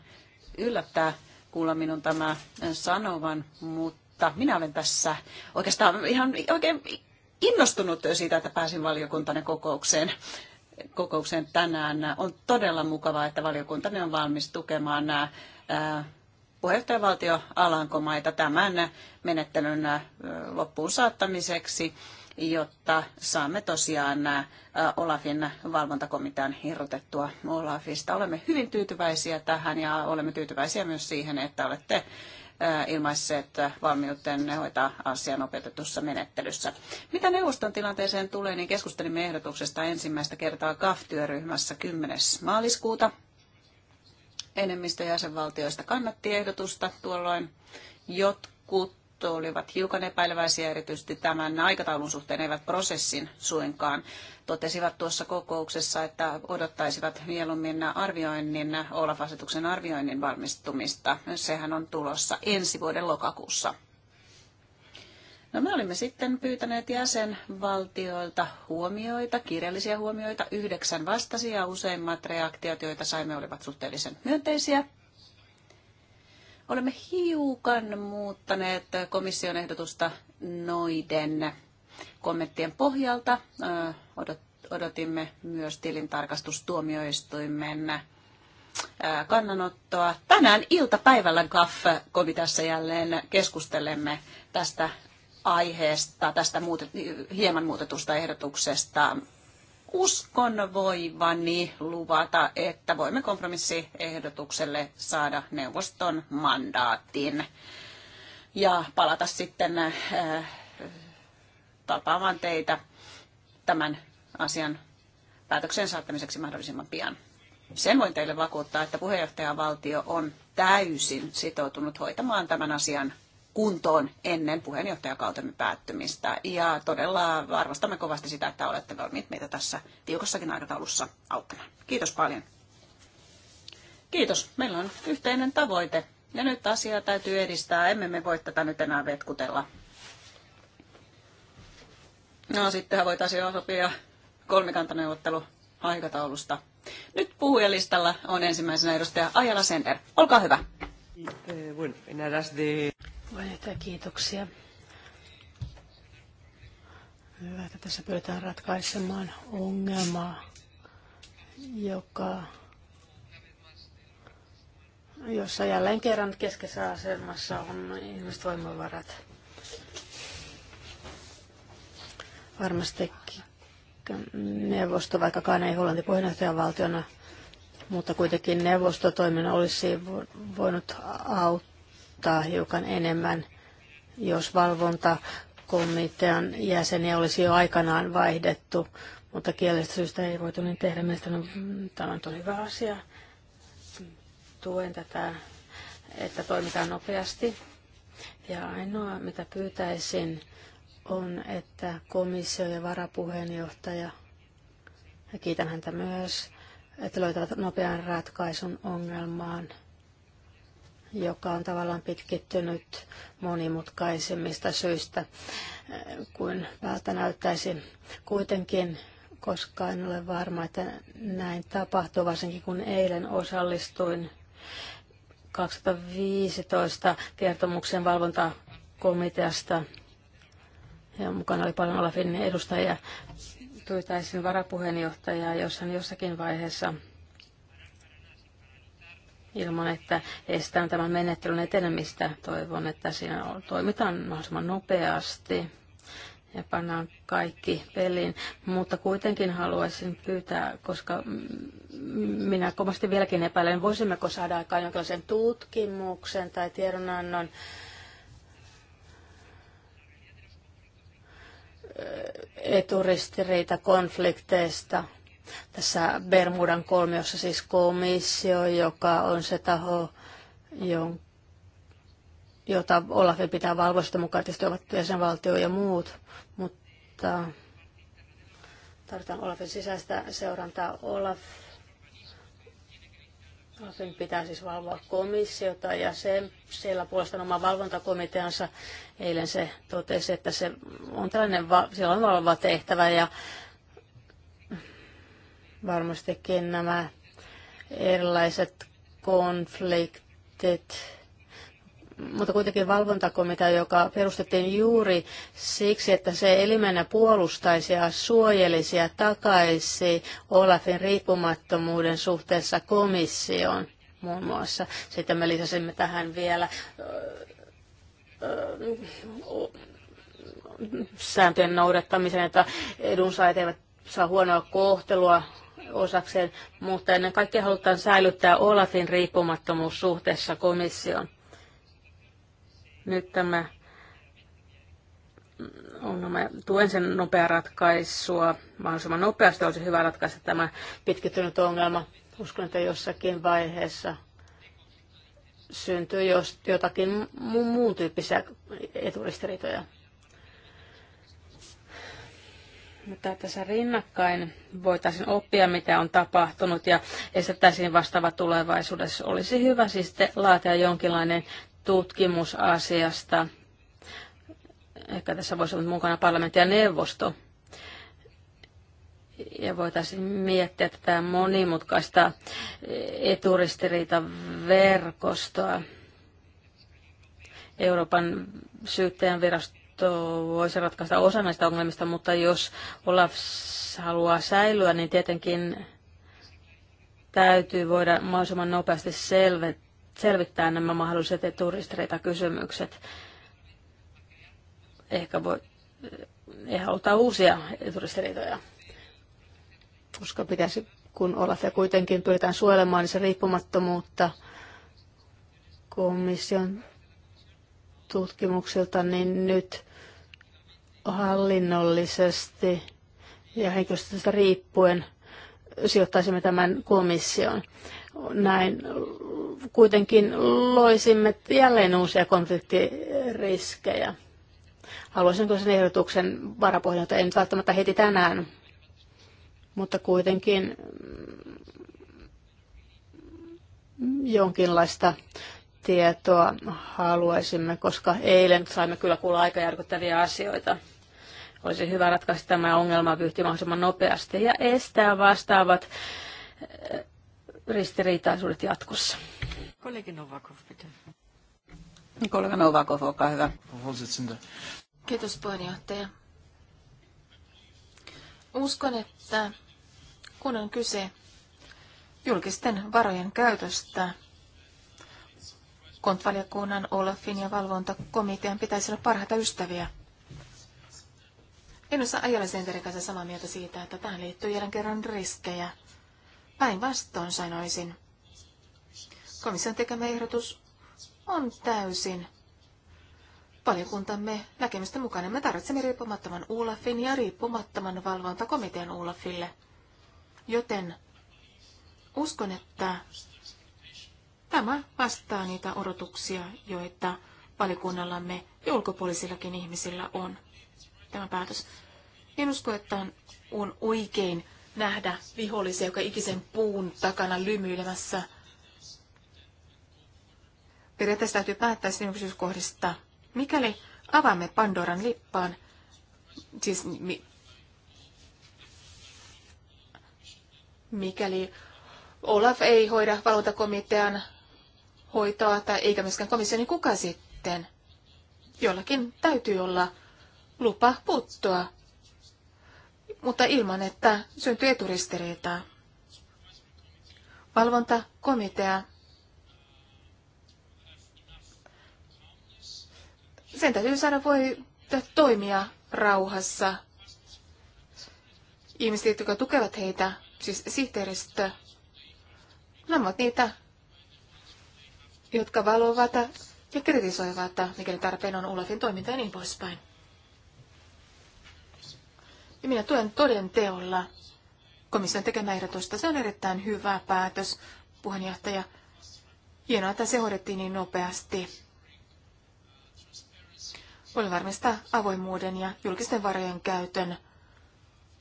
yllättää kuulla minun tämä sanovan, mutta minä olen tässä oikeastaan ihan oikein innostunut siitä, että pääsin valiokuntanne kokoukseen kokoukseen tänään. On todella mukavaa, että valiokunta on valmis tukemaan nämä puheenjohtajavaltio Alankomaita tämän menettelyn loppuun saattamiseksi jotta saamme tosiaan Olafin valvontakomitean irrotettua Olafista. Olemme hyvin tyytyväisiä tähän ja olemme tyytyväisiä myös siihen, että olette ilmaisseet valmiuteen hoitaa asian opetetussa menettelyssä. Mitä neuvoston tilanteeseen tulee, niin keskustelimme ehdotuksesta ensimmäistä kertaa gaf työryhmässä 10. maaliskuuta. Enemmistö jäsenvaltioista kannatti ehdotusta tuolloin. Jotkut olivat hiukan epäileväisiä erityisesti tämän aikataulun suhteen, eivät prosessin suinkaan. Totesivat tuossa kokouksessa, että odottaisivat mieluummin arvioinnin, Olaf-asetuksen arvioinnin valmistumista. Sehän on tulossa ensi vuoden lokakuussa. No me olimme sitten pyytäneet jäsenvaltioilta huomioita, kirjallisia huomioita. Yhdeksän vastasi ja useimmat reaktiot, joita saimme, olivat suhteellisen myönteisiä Olemme hiukan muuttaneet komission ehdotusta noiden kommenttien pohjalta. Odotimme myös tilintarkastustuomioistuimen kannanottoa. Tänään iltapäivällä GAF-komiteassa jälleen keskustelemme tästä aiheesta, tästä muutet, hieman muutetusta ehdotuksesta uskon voivani luvata, että voimme kompromissiehdotukselle saada neuvoston mandaatin ja palata sitten äh, tapaamaan teitä tämän asian päätöksen saattamiseksi mahdollisimman pian. Sen voin teille vakuuttaa, että puheenjohtajavaltio on täysin sitoutunut hoitamaan tämän asian kuntoon ennen puheenjohtajakautemme päättymistä. Ja todella arvostamme kovasti sitä, että olette valmiit meitä tässä tiukassakin aikataulussa auttamaan. Kiitos paljon. Kiitos. Meillä on yhteinen tavoite. Ja nyt asiaa täytyy edistää. Emme me voi tätä nyt enää vetkutella. No sittenhän voitaisiin jo sopia kolmikantaneuvottelu aikataulusta. Nyt puhujalistalla on ensimmäisenä edustaja Ajala Sender. Olkaa hyvä. Eh, Puheenjohtaja, kiitoksia. Hyvä, että tässä pyritään ratkaisemaan ongelmaa, joka jossa jälleen kerran keskeisessä asemassa on voimavarat. Varmasti neuvosto, vaikkakaan ei Hollanti puheenjohtajavaltiona, mutta kuitenkin neuvostotoiminnan olisi voinut auttaa auttaa hiukan enemmän, jos valvontakomitean jäseniä olisi jo aikanaan vaihdettu, mutta kielestä syystä ei voitu niin tehdä. Mielestäni tämä on hyvä asia. Tuen tätä, että toimitaan nopeasti. Ja ainoa, mitä pyytäisin, on, että komissio ja varapuheenjohtaja, ja kiitän häntä myös, että löytävät nopean ratkaisun ongelmaan – joka on tavallaan pitkittynyt monimutkaisemmista syistä kuin päältä näyttäisi. Kuitenkin koska en ole varma, että näin tapahtuu, varsinkin kun eilen osallistuin 2015 kertomuksen valvontakomiteasta. Ja mukana oli paljon Olafin edustajia. tuitaisin varapuheenjohtajaa, jos hän jossakin vaiheessa ilman, että estään tämän menettelyn etenemistä. Toivon, että siinä toimitaan mahdollisimman nopeasti ja pannaan kaikki peliin. Mutta kuitenkin haluaisin pyytää, koska minä kovasti vieläkin epäilen, voisimmeko saada aikaan jonkinlaisen tutkimuksen tai tiedonannon eturistiriita konflikteista tässä Bermudan kolmiossa siis komissio, joka on se taho, jon, jota Olafin pitää valvoa, sitä mukaan tietysti ovat jäsenvaltio ja muut, mutta tarvitaan Olafin sisäistä seurantaa. Olaf, Olafin pitää siis valvoa komissiota ja se, siellä puolestaan oma valvontakomiteansa eilen se totesi, että se on tällainen, siellä on valvova tehtävä ja Varmastikin nämä erilaiset konfliktit, mutta kuitenkin valvontakomitea, joka perustettiin juuri siksi, että se elimenä puolustaisi ja suojelisi ja takaisi Olafin riippumattomuuden suhteessa komissioon muun muassa. Sitten me lisäsimme tähän vielä sääntöjen noudattamisen, että edunsaajat eivät saa huonoa kohtelua osakseen, mutta ennen kaikkea halutaan säilyttää Olafin riippumattomuus suhteessa komissioon. Nyt tämä mm, ongelma. No tuen sen nopea ratkaisua. Mahdollisimman nopeasti olisi hyvä ratkaista tämä pitkittynyt ongelma. Uskon, että jossakin vaiheessa syntyy jotakin muun, muun tyyppisiä eturistiriitoja mutta tässä rinnakkain voitaisiin oppia, mitä on tapahtunut ja estettäisiin vastaava tulevaisuudessa. Olisi hyvä siis laatia jonkinlainen tutkimus asiasta. Ehkä tässä voisi olla mukana parlamentti ja neuvosto. Ja voitaisiin miettiä tätä monimutkaista eturistiriitaverkostoa. Euroopan syyttäjän virasto voisi ratkaista osa näistä ongelmista, mutta jos Olaf haluaa säilyä, niin tietenkin täytyy voida mahdollisimman nopeasti selvittää nämä mahdolliset kysymykset, Ehkä voi, ei eh, haluta uusia eturistiriitoja. Koska pitäisi, kun Olafia kuitenkin pyritään suojelemaan, niin se riippumattomuutta komission tutkimuksilta, niin nyt hallinnollisesti ja henkilöstöstä riippuen sijoittaisimme tämän komission. Näin kuitenkin loisimme jälleen uusia konfliktiriskejä. Haluaisinko sen ehdotuksen varapohjalta, ei nyt välttämättä heti tänään, mutta kuitenkin jonkinlaista tietoa haluaisimme, koska eilen saimme kyllä kuulla aika järkyttäviä asioita. Olisi hyvä ratkaista tämä ongelma vyyhti mahdollisimman nopeasti ja estää vastaavat eh, ristiriitaisuudet jatkossa. Kollegi Novakov, pitää. Kollega Novakov, olkaa hyvä. Kiitos puheenjohtaja. Uskon, että kun on kyse julkisten varojen käytöstä, kontvaliokunnan, Olafin ja valvontakomitean pitäisi olla parhaita ystäviä. En osaa Ajala Senterin kanssa samaa mieltä siitä, että tähän liittyy jälleen kerran riskejä. Päinvastoin sanoisin. Komission tekemä ehdotus on täysin valiokuntamme näkemysten mukainen. Me tarvitsemme riippumattoman Ulafin ja riippumattoman valvontakomitean Ulafille. Joten uskon, että Tämä vastaa niitä odotuksia, joita valikunnallamme ja ulkopuolisillakin ihmisillä on tämä päätös. En usko, että on oikein nähdä vihollisia, joka ikisen puun takana lymyilemässä. Periaatteessa täytyy päättää sen yksityiskohdista. Mikäli avaamme Pandoran lippaan, siis mi- mikäli Olaf ei hoida valvontakomitean hoitoa tai eikä myöskään komissio, niin kuka sitten? Jollakin täytyy olla lupa puuttua, mutta ilman, että syntyy eturistiriitaa. Valvontakomitea. Sen täytyy saada voi toimia rauhassa. Ihmiset, jotka tukevat heitä, siis sihteeristö, nämä ovat niitä jotka valovat ja kritisoivat, mikäli tarpeen on Olafin toiminta ja niin poispäin. Ja minä tuen toden teolla komission tekemä ehdotusta. Se on erittäin hyvä päätös, puheenjohtaja. Hienoa, että se hoidettiin niin nopeasti. Voin varmistaa avoimuuden ja julkisten varojen käytön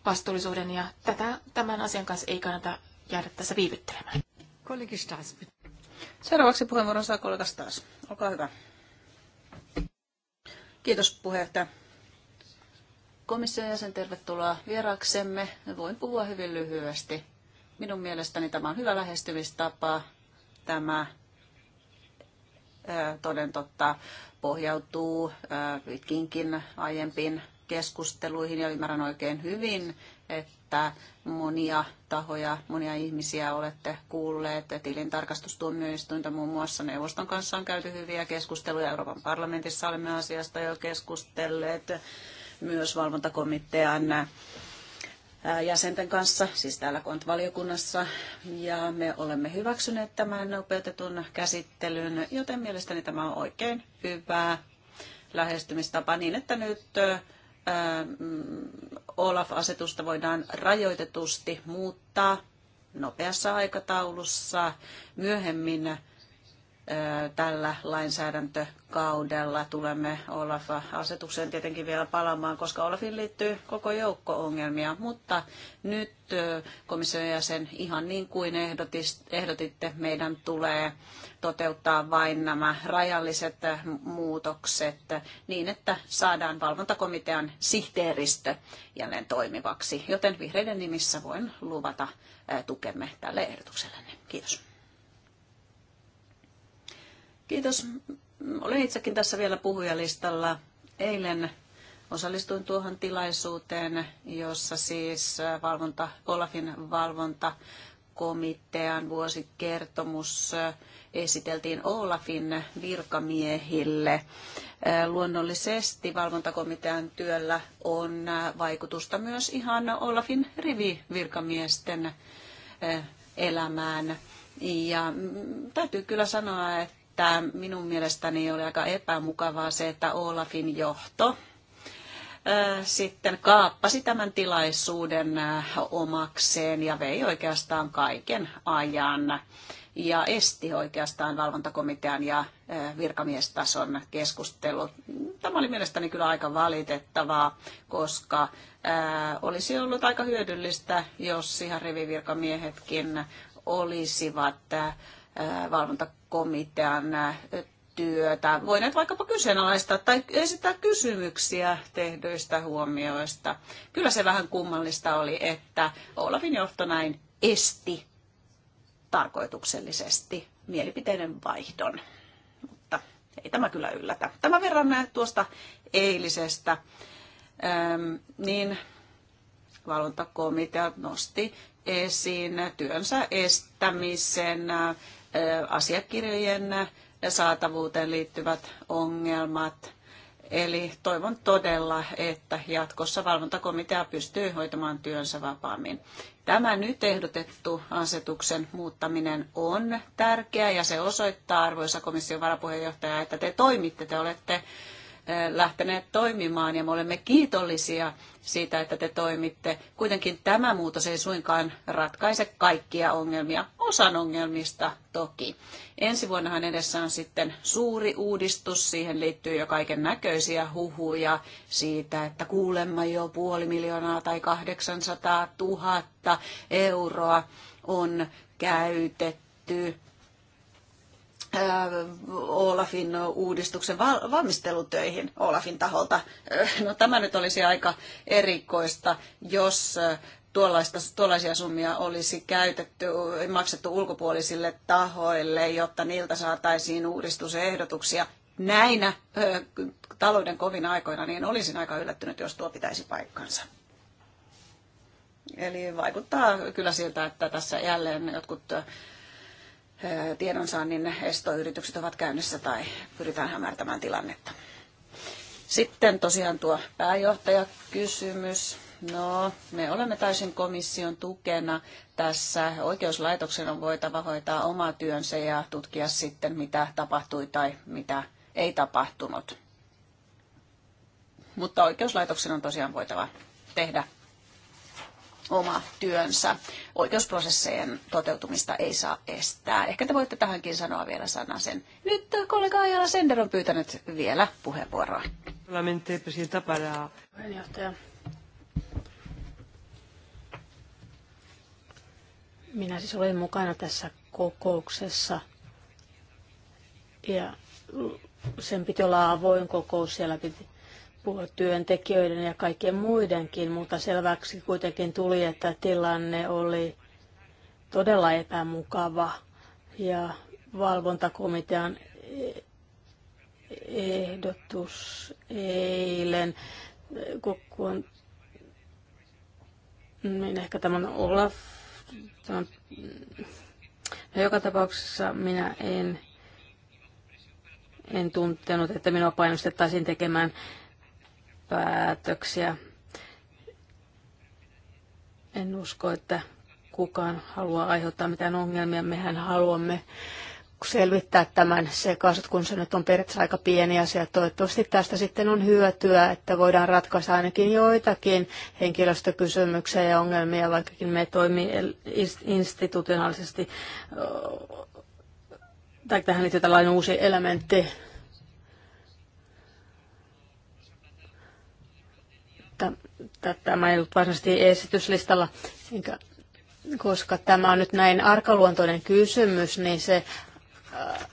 vastuullisuuden ja tätä, tämän asian kanssa ei kannata jäädä tässä viivyttelemään. Kollegi Seuraavaksi puheenvuoron saa kollegas taas. Olkaa hyvä. Kiitos puheenjohtaja. Komission jäsen, tervetuloa vieraksemme, Voin puhua hyvin lyhyesti. Minun mielestäni tämä on hyvä lähestymistapa. Tämä toden totta pohjautuu pitkinkin aiempiin keskusteluihin ja ymmärrän oikein hyvin, että monia tahoja, monia ihmisiä olette kuulleet. Tilintarkastustuomioistuinta muun muassa neuvoston kanssa on käyty hyviä keskusteluja. Euroopan parlamentissa olemme asiasta jo keskustelleet myös valvontakomitean jäsenten kanssa, siis täällä kontvaliokunnassa, ja me olemme hyväksyneet tämän nopeutetun käsittelyn, joten mielestäni tämä on oikein hyvä lähestymistapa niin, että nyt Mm, Olaf-asetusta voidaan rajoitetusti muuttaa nopeassa aikataulussa myöhemmin tällä lainsäädäntökaudella. Tulemme Olaf-asetukseen tietenkin vielä palaamaan, koska Olafin liittyy koko joukko ongelmia, mutta nyt komission jäsen, ihan niin kuin ehdotitte, meidän tulee toteuttaa vain nämä rajalliset muutokset niin, että saadaan valvontakomitean sihteeristö jälleen toimivaksi. Joten vihreiden nimissä voin luvata tukemme tälle ehdotukselle. Kiitos. Kiitos. Olen itsekin tässä vielä puhujalistalla. Eilen osallistuin tuohon tilaisuuteen, jossa siis valvonta, Olafin valvontakomitean vuosikertomus esiteltiin Olafin virkamiehille. Luonnollisesti valvontakomitean työllä on vaikutusta myös ihan Olafin rivivirkamiesten eh, elämään. Ja täytyy kyllä sanoa, että että minun mielestäni oli aika epämukavaa se, että Olafin johto sitten kaappasi tämän tilaisuuden omakseen ja vei oikeastaan kaiken ajan ja esti oikeastaan valvontakomitean ja virkamiestason keskustelu. Tämä oli mielestäni kyllä aika valitettavaa, koska olisi ollut aika hyödyllistä, jos ihan rivivirkamiehetkin olisivat valvontakomitean komitean työtä. Voineet vaikkapa kyseenalaistaa tai esittää kysymyksiä tehdyistä huomioista. Kyllä se vähän kummallista oli, että Olafin johto näin esti tarkoituksellisesti mielipiteiden vaihdon. Mutta ei tämä kyllä yllätä. Tämä verran tuosta eilisestä, ähm, niin valvontakomitea nosti esiin työnsä estämisen asiakirjojen saatavuuteen liittyvät ongelmat. Eli toivon todella, että jatkossa valvontakomitea pystyy hoitamaan työnsä vapaammin. Tämä nyt ehdotettu asetuksen muuttaminen on tärkeä ja se osoittaa, arvoisa komission varapuheenjohtaja, että te toimitte, te olette Eh, lähteneet toimimaan ja me olemme kiitollisia siitä, että te toimitte. Kuitenkin tämä muutos ei suinkaan ratkaise kaikkia ongelmia, osan ongelmista toki. Ensi vuonnahan edessä on sitten suuri uudistus, siihen liittyy jo kaiken näköisiä huhuja siitä, että kuulemma jo puoli miljoonaa tai 800 000 euroa on käytetty Äh, Olafin uudistuksen valmistelutöihin Olafin taholta. Äh, no tämä nyt olisi aika erikoista, jos äh, tuollaista, tuollaisia summia olisi käytetty, maksettu ulkopuolisille tahoille, jotta niiltä saataisiin uudistusehdotuksia. Näinä ö, talouden kovina aikoina niin olisin aika yllättynyt, jos tuo pitäisi paikkansa. Eli vaikuttaa kyllä siltä, että tässä jälleen jotkut tiedonsaannin estoyritykset ovat käynnissä tai pyritään hämärtämään tilannetta. Sitten tosiaan tuo pääjohtajakysymys. No, me olemme täysin komission tukena tässä. Oikeuslaitoksen on voitava hoitaa oma työnsä ja tutkia sitten, mitä tapahtui tai mitä ei tapahtunut. Mutta oikeuslaitoksen on tosiaan voitava tehdä oma työnsä. Oikeusprosessien toteutumista ei saa estää. Ehkä te voitte tähänkin sanoa vielä sanan sen. Nyt kollega Ajala Sender on pyytänyt vielä puheenvuoroa. Puheenjohtaja. Minä siis olin mukana tässä kokouksessa ja sen piti olla avoin kokous, siellä piti työntekijöiden ja kaikkien muidenkin, mutta selväksi kuitenkin tuli, että tilanne oli todella epämukava ja valvontakomitean e- ehdotus eilen, kun niin ehkä tämän Olaf, tämän, no joka tapauksessa minä en, en tuntenut, että minua painostettaisiin tekemään päätöksiä. En usko, että kukaan haluaa aiheuttaa mitään ongelmia. Mehän haluamme selvittää tämän sekaisut, kun se nyt on periaatteessa aika pieni asia. Toivottavasti tästä sitten on hyötyä, että voidaan ratkaista ainakin joitakin henkilöstökysymyksiä ja ongelmia, vaikkakin me toimii institutionaalisesti tai tähän liittyy tällainen uusi elementti, että tämä ei ollut varsinaisesti esityslistalla, enkä, koska tämä on nyt näin arkaluontoinen kysymys, niin se, äh,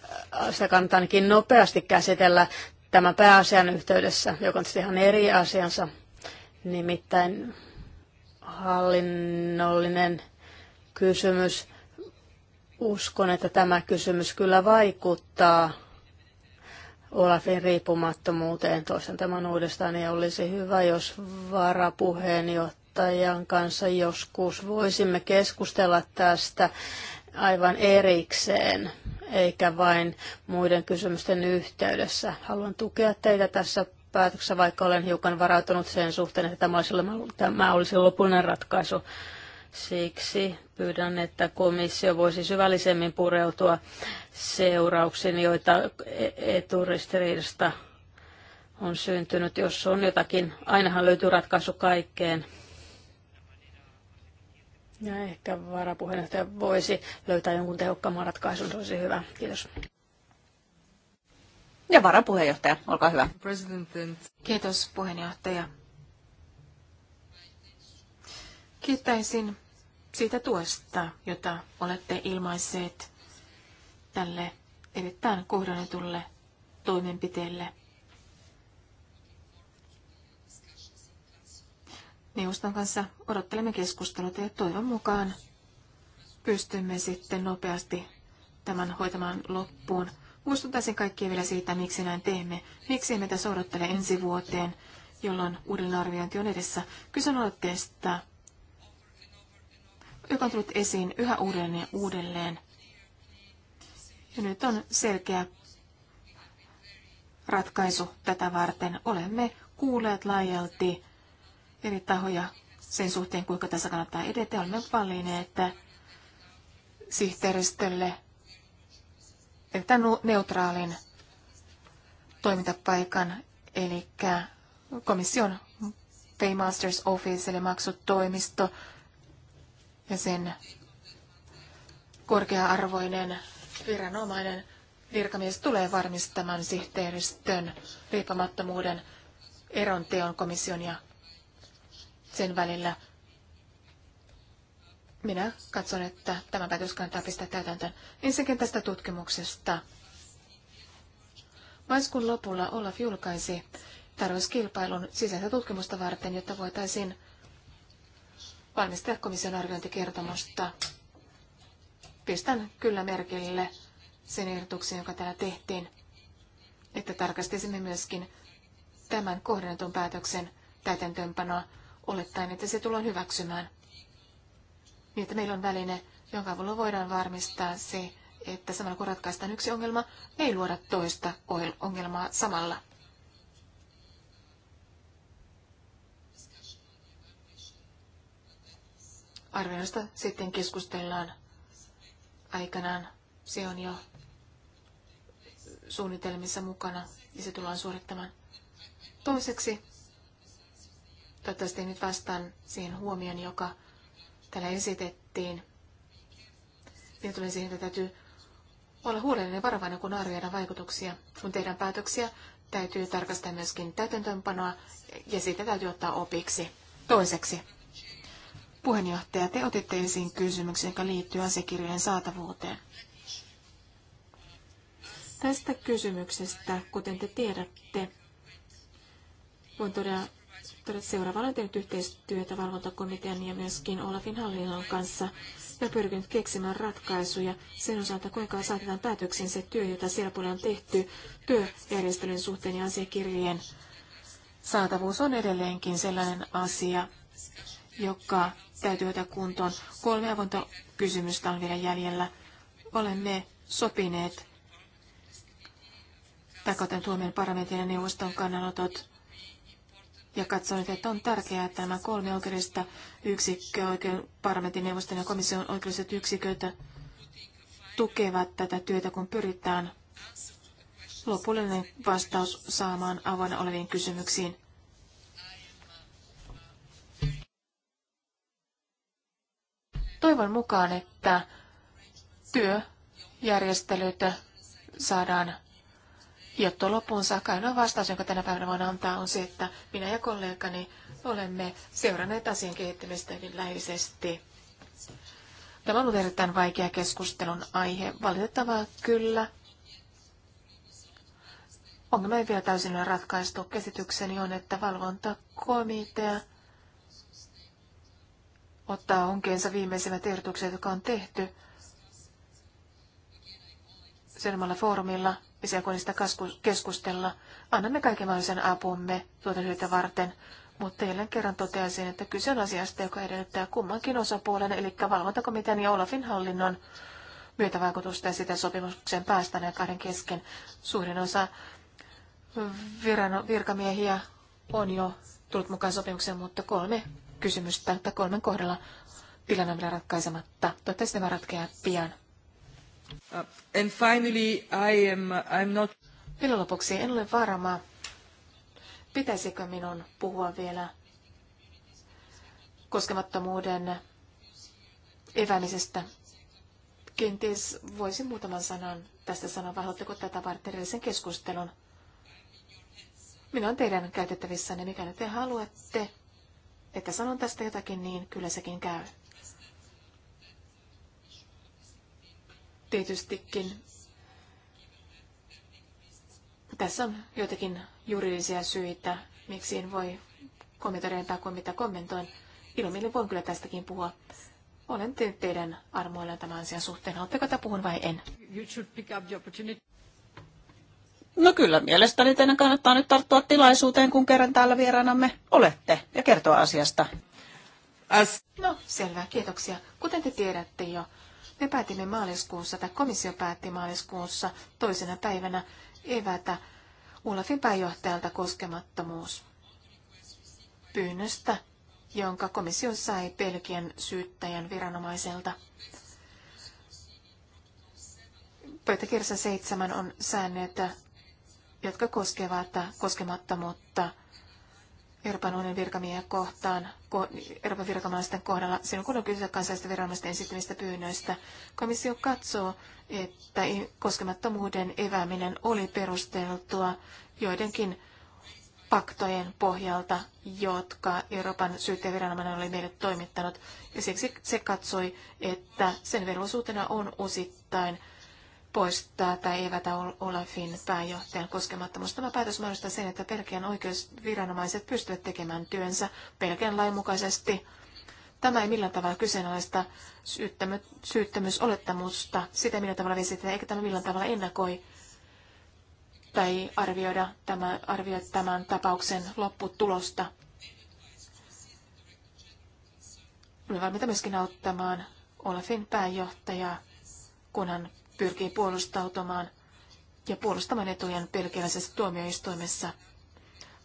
sitä kannattaa ainakin nopeasti käsitellä tämän pääasian yhteydessä, joka on ihan eri asiansa, nimittäin hallinnollinen kysymys. Uskon, että tämä kysymys kyllä vaikuttaa Olafin riippumattomuuteen. Toistan tämän uudestaan, niin olisi hyvä, jos varapuheenjohtajan kanssa joskus voisimme keskustella tästä aivan erikseen, eikä vain muiden kysymysten yhteydessä. Haluan tukea teitä tässä päätöksessä, vaikka olen hiukan varautunut sen suhteen, että tämä olisi, tämä olisi lopullinen ratkaisu. Siksi Pyydän, että komissio voisi syvällisemmin pureutua seurauksiin, joita e- eturistiriidasta on syntynyt. Jos on jotakin, ainahan löytyy ratkaisu kaikkeen. Ja ehkä varapuheenjohtaja voisi löytää jonkun tehokkaamman ratkaisun, se olisi hyvä. Kiitos. Ja varapuheenjohtaja, olkaa hyvä. Kiitos puheenjohtaja. Kiittäisin siitä tuesta, jota olette ilmaisseet tälle erittäin kohdannetulle toimenpiteelle. Neuvoston kanssa odottelemme keskustelua ja toivon mukaan pystymme sitten nopeasti tämän hoitamaan loppuun. Muistuttaisin kaikkia vielä siitä, miksi näin teemme. Miksi emme tässä odottele ensi vuoteen, jolloin uudelleenarviointi on edessä. Kysyn aloitteesta, joka on tullut esiin yhä uudelleen ja uudelleen. Ja nyt on selkeä ratkaisu tätä varten. Olemme kuulleet laajalti eri tahoja sen suhteen, kuinka tässä kannattaa edetä. Olemme valinneet sihteeristölle että neutraalin toimintapaikan, eli komission Paymasters Office, eli maksutoimisto, ja sen korkea-arvoinen viranomainen virkamies tulee varmistamaan sihteeristön riippumattomuuden eron teon komission ja sen välillä. Minä katson, että tämä päätös kannattaa pistää täytäntöön. Ensinnäkin tästä tutkimuksesta. Maiskuun lopulla Olaf julkaisi tarjouskilpailun sisäistä tutkimusta varten, jotta voitaisiin valmistella komission arviointikertomusta. Pistän kyllä merkille sen ehdotuksen, joka täällä tehtiin, että tarkastisimme myöskin tämän kohdennetun päätöksen täytäntöönpanoa olettaen, että se tullaan hyväksymään. Niin, että meillä on väline, jonka avulla voidaan varmistaa se, että samalla kun ratkaistaan yksi ongelma, ei luoda toista ongelmaa samalla. Arvioista sitten keskustellaan aikanaan. Se on jo suunnitelmissa mukana ja se tullaan suorittamaan. Toiseksi, toivottavasti nyt vastaan siihen huomioon, joka täällä esitettiin. Minä tulen siihen, että täytyy olla huolellinen ja varovainen, kun arvioidaan vaikutuksia. Kun tehdään päätöksiä, täytyy tarkastaa myöskin täytäntöönpanoa ja siitä täytyy ottaa opiksi. Toiseksi, Puheenjohtaja, te otitte esiin kysymyksen, joka liittyy asiakirjojen saatavuuteen. Tästä kysymyksestä, kuten te tiedätte, voin todeta, todeta seuraavalla on tehnyt yhteistyötä valvontakomitean ja myöskin Olafin hallinnon kanssa ja pyrkinyt keksimään ratkaisuja sen osalta, kuinka saatetaan päätöksiin se työ, jota siellä puolella on tehty työjärjestelyn suhteen ja asiakirjojen saatavuus on edelleenkin sellainen asia, joka täytyy ottaa kuntoon. Kolme avointa kysymystä on vielä jäljellä. Olemme sopineet takoten Suomen parlamentin ja neuvoston kannanotot ja katsoin, että on tärkeää, että nämä kolme oikeudellista yksikköä, oikein parlamentin neuvoston ja komission oikeudelliset yksiköitä tukevat tätä työtä, kun pyritään lopullinen vastaus saamaan avoinna oleviin kysymyksiin. Toivon mukaan, että työjärjestelyt saadaan Jotto loppuun saakka. Ainoa vastaus, jonka tänä päivänä voin antaa, on se, että minä ja kollegani olemme seuranneet asian kehittämistä hyvin läheisesti. Tämä on ollut erittäin vaikea keskustelun aihe. Valitettavaa kyllä. Ongelma ei vielä täysin ole ratkaistu. Käsitykseni on, että valvontakomitea – ottaa onkeensa viimeisimmät ehdotukset, jotka on tehty sellaisella foorumilla, ja kun keskustella. Annamme kaiken mahdollisen apumme tuota hyötä varten, mutta jälleen kerran toteaisin, että kyse on asiasta, joka edellyttää kummankin osapuolen, eli valvontakomitean ja Olafin hallinnon myötävaikutusta ja sitä sopimuksen päästäneen kahden kesken. Suurin osa viran, virkamiehiä on jo tullut mukaan sopimukseen, mutta kolme kysymystä, mutta kolmen kohdalla tilanne on vielä ratkaisematta. Toivottavasti tämä ratkeaa pian. Uh, and finally, I am, I'm not... Vielä lopuksi, en ole varma, pitäisikö minun puhua vielä koskemattomuuden evämisestä. Kenties voisin muutaman sanan tästä sanoa, vai haluatteko tätä varten edellisen keskustelun? Minä on teidän käytettävissänne, mikäli te haluatte että sanon tästä jotakin, niin kyllä sekin käy. Tietystikin tässä on jotakin juridisia syitä, miksi en voi kommentoida enempää kuin mitä kommentoin. Ilomielin voin kyllä tästäkin puhua. Olen teidän armoilla tämän asian suhteen. Oletteko tämä puhun vai en? No kyllä, mielestäni teidän kannattaa nyt tarttua tilaisuuteen, kun kerran täällä vieraanamme olette ja kertoa asiasta. As- no selvä, kiitoksia. Kuten te tiedätte jo, me päätimme maaliskuussa, tai komissio päätti maaliskuussa toisena päivänä evätä Ulafin pääjohtajalta koskemattomuus pyynnöstä, jonka komissio sai pelkien syyttäjän viranomaiselta. Pöytäkirjassa 7 on säännöt jotka koskevat koskemattomuutta Euroopan unionin virkamiehen kohtaan, Euroopan virkamaisten kohdalla, silloin kun on kyse kansallisten viranomaisten esittämistä pyynnöistä. Komissio katsoo, että koskemattomuuden evääminen oli perusteltua joidenkin faktojen pohjalta, jotka Euroopan syyttäjäviranomainen oli meille toimittanut, ja siksi se katsoi, että sen velvollisuutena on osittain – poistaa tai evätä Olafin pääjohtajan koskemattomuus. Tämä päätös mahdollistaa sen, että Belgian oikeusviranomaiset pystyvät tekemään työnsä Belgian mukaisesti. Tämä ei millään tavalla kyseenalaista syyttämysolettamusta, sitä millä tavalla vesitetään, eikä tämä millään tavalla ennakoi tai arvioida tämä arvioida tämän tapauksen lopputulosta. Olemme valmiita myöskin auttamaan Olafin pääjohtajaa, kunhan pyrkii puolustautumaan ja puolustamaan etujen pelkiläisessä tuomioistuimessa.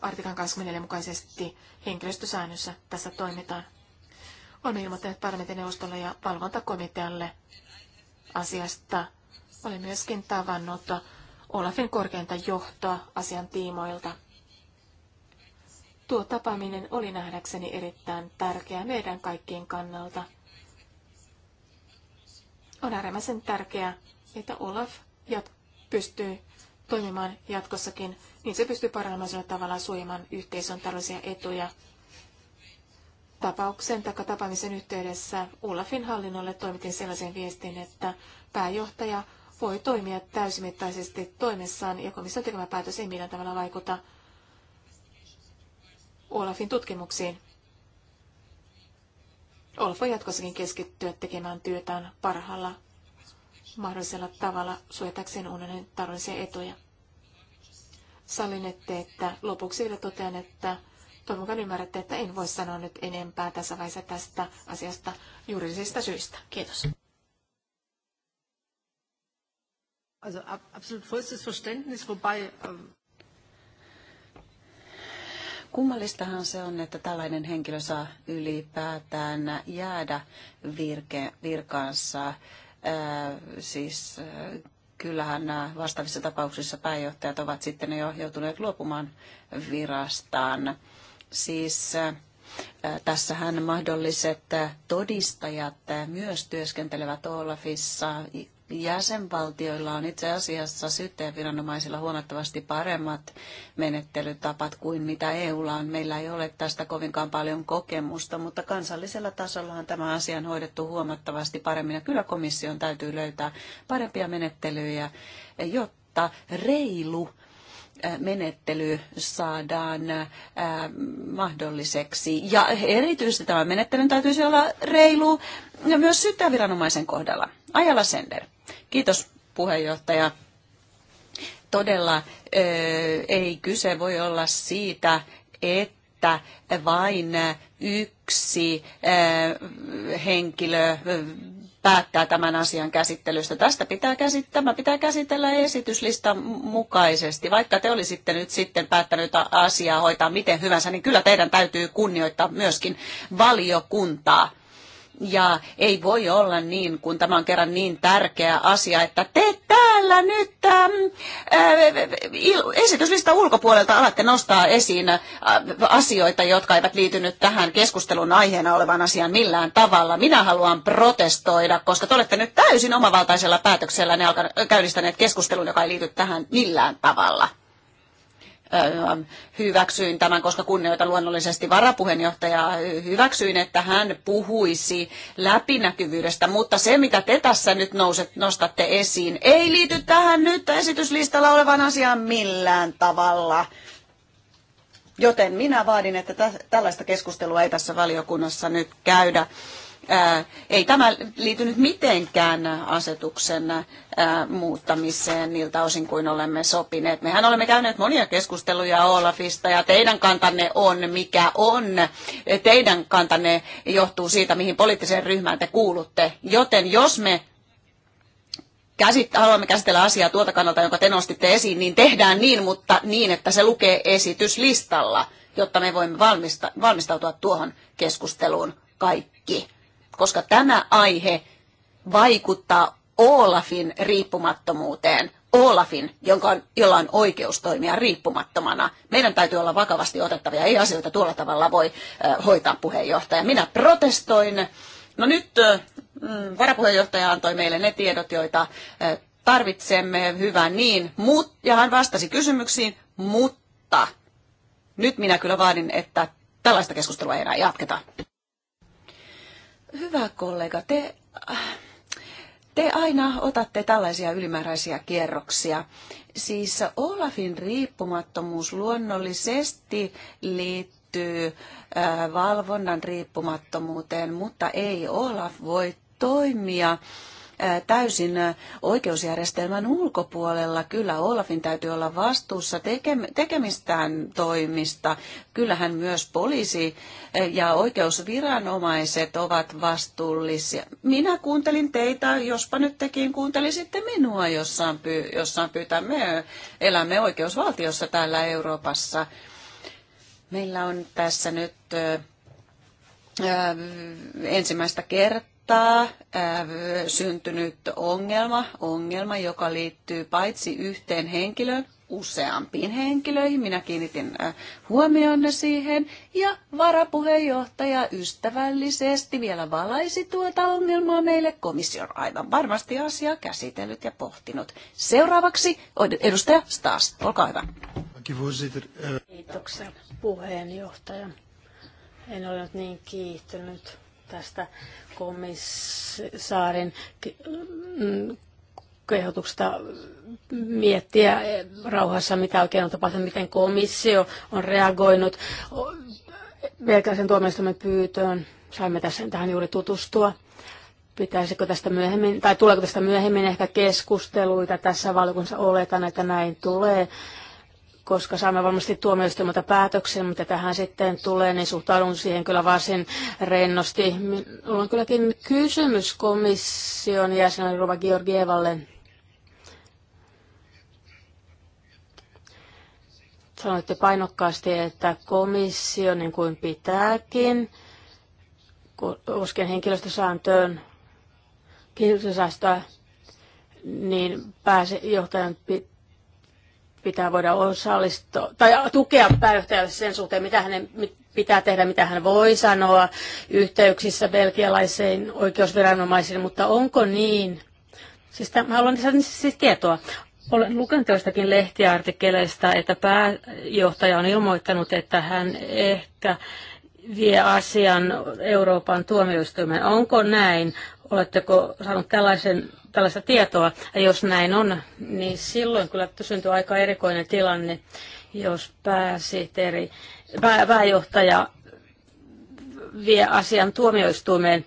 Artikan 24 mukaisesti henkilöstösäännössä tässä toimitaan. Olemme ilmoittaneet parlamentin neuvostolle ja valvontakomitealle asiasta. Olen myöskin tavannut Olafin korkeinta johtoa asian tiimoilta. Tuo tapaaminen oli nähdäkseni erittäin tärkeä meidän kaikkien kannalta. On äärimmäisen tärkeää, että Olaf jat- pystyy toimimaan jatkossakin, niin se pystyy parhaimmalla tavalla suojamaan yhteisön tällaisia etuja. Tapauksen tai tapaamisen yhteydessä Olafin hallinnolle toimitin sellaisen viestin, että pääjohtaja voi toimia täysimittaisesti toimessaan ja komission tekemä päätös ei millään tavalla vaikuta Olafin tutkimuksiin. Olaf voi jatkossakin keskittyä tekemään työtään parhaalla mahdollisella tavalla suojatakseen unionin taloudellisia etuja. Sallinette, että, lopuksi vielä totean, että toivon mukaan ymmärrätte, että en voi sanoa nyt enempää tässä vaiheessa tästä asiasta juridisista syistä. Kiitos. Also ähm, Kummallistahan se on, että tällainen henkilö saa ylipäätään jäädä virke, virkaansa siis kyllähän nämä vastaavissa tapauksissa pääjohtajat ovat sitten jo joutuneet luopumaan virastaan. Siis tässähän mahdolliset todistajat myös työskentelevät Olafissa jäsenvaltioilla on itse asiassa syyttäjäviranomaisilla huomattavasti paremmat menettelytapat kuin mitä EUlla on. Meillä ei ole tästä kovinkaan paljon kokemusta, mutta kansallisella tasolla on tämä asia hoidettu huomattavasti paremmin. Ja kyllä komission täytyy löytää parempia menettelyjä, jotta reilu menettely saadaan mahdolliseksi. Ja erityisesti tämän menettelyn täytyisi olla reilu myös syyttäjäviranomaisen kohdalla. Ajala Sender. Kiitos puheenjohtaja. Todella ei kyse voi olla siitä, että vain yksi henkilö päättää tämän asian käsittelystä. Tästä pitää käsitellä, tämä pitää käsitellä esityslistan mukaisesti. Vaikka te olisitte nyt sitten päättänyt asiaa hoitaa miten hyvänsä, niin kyllä teidän täytyy kunnioittaa myöskin valiokuntaa. Ja ei voi olla niin, kun tämä on kerran niin tärkeä asia, että te täällä nyt ähm, äh, esityslista ulkopuolelta alatte nostaa esiin äh, asioita, jotka eivät liity nyt tähän keskustelun aiheena olevaan asiaan millään tavalla. Minä haluan protestoida, koska te olette nyt täysin omavaltaisella päätöksellä ne alkan, käynnistäneet keskustelun, joka ei liity tähän millään tavalla. Äh, hyväksyin tämän, koska kunnioitan luonnollisesti varapuheenjohtaja hyväksyin, että hän puhuisi läpinäkyvyydestä, mutta se, mitä te tässä nyt nouset, nostatte esiin, ei liity tähän nyt esityslistalla olevaan asiaan millään tavalla. Joten minä vaadin, että tällaista keskustelua ei tässä valiokunnassa nyt käydä. Ei tämä liity nyt mitenkään asetuksen muuttamiseen niiltä osin kuin olemme sopineet. Mehän olemme käyneet monia keskusteluja Olafista ja teidän kantanne on mikä on. Teidän kantanne johtuu siitä, mihin poliittiseen ryhmään te kuulutte. Joten jos me käsit, haluamme käsitellä asiaa tuolta kannalta, jonka te nostitte esiin, niin tehdään niin, mutta niin, että se lukee esityslistalla, jotta me voimme valmista, valmistautua tuohon keskusteluun kaikki koska tämä aihe vaikuttaa Olafin riippumattomuuteen. Olafin, jonka on, jolla on oikeus toimia riippumattomana. Meidän täytyy olla vakavasti otettavia. Ei asioita tuolla tavalla voi hoitaa puheenjohtaja. Minä protestoin. No nyt äh, varapuheenjohtaja antoi meille ne tiedot, joita tarvitsemme. Hyvä niin. Mut, ja hän vastasi kysymyksiin, mutta nyt minä kyllä vaadin, että tällaista keskustelua ei enää jatketa. Hyvä kollega, te, te aina otatte tällaisia ylimääräisiä kierroksia. Siis Olafin riippumattomuus luonnollisesti liittyy valvonnan riippumattomuuteen, mutta ei Olaf voi toimia täysin oikeusjärjestelmän ulkopuolella. Kyllä Olafin täytyy olla vastuussa tekemistään toimista. Kyllähän myös poliisi ja oikeusviranomaiset ovat vastuullisia. Minä kuuntelin teitä, jospa nyt tekin kuuntelisitte minua jossain, py- jossain pyytää. Me elämme oikeusvaltiossa täällä Euroopassa. Meillä on tässä nyt ensimmäistä kertaa saattaa äh, syntynyt ongelma, ongelma, joka liittyy paitsi yhteen henkilöön, useampiin henkilöihin. Minä kiinnitin äh, huomionne siihen ja varapuheenjohtaja ystävällisesti vielä valaisi tuota ongelmaa meille. Komissio on aivan varmasti asiaa käsitellyt ja pohtinut. Seuraavaksi edustaja Stas, olkaa hyvä. Kiitoksia puheenjohtaja. En ole nyt niin kiihtynyt tästä komissaarin kehotuksesta mm, miettiä rauhassa, mitä oikein on tapahtunut, miten komissio on reagoinut velkaisen tuomioistuimen pyytöön. Saimme tässä tähän juuri tutustua. Pitäisikö tästä myöhemmin, tai tuleeko tästä myöhemmin ehkä keskusteluita tässä valiokunnassa? Oletan, että näin tulee koska saamme varmasti tuomioistuimelta päätöksen, mitä tähän sitten tulee, niin suhtaudun siihen kyllä varsin rennosti. Minulla on kylläkin kysymys komission jäsenen Ruva Georgievalle. Sanoitte painokkaasti, että komissio, niin kuin pitääkin, koskien henkilöstösääntöön, kiinnostusäästöä, niin johtajan pitää pitää voida osallistua tai tukea pääjohtajalle sen suhteen, mitä hänen pitää tehdä, mitä hän voi sanoa yhteyksissä belgialaisiin oikeusviranomaisiin, mutta onko niin? Siis tämän, haluan lisätä siis tietoa. Olen lukenut joistakin lehtiartikkeleista, että pääjohtaja on ilmoittanut, että hän ehkä vie asian Euroopan tuomioistuimeen. Onko näin? Oletteko saanut tällaisen tällaista tietoa. Ja jos näin on, niin silloin kyllä syntyy aika erikoinen tilanne, jos pääsihteeri, pää, pääjohtaja vie asian tuomioistuimeen.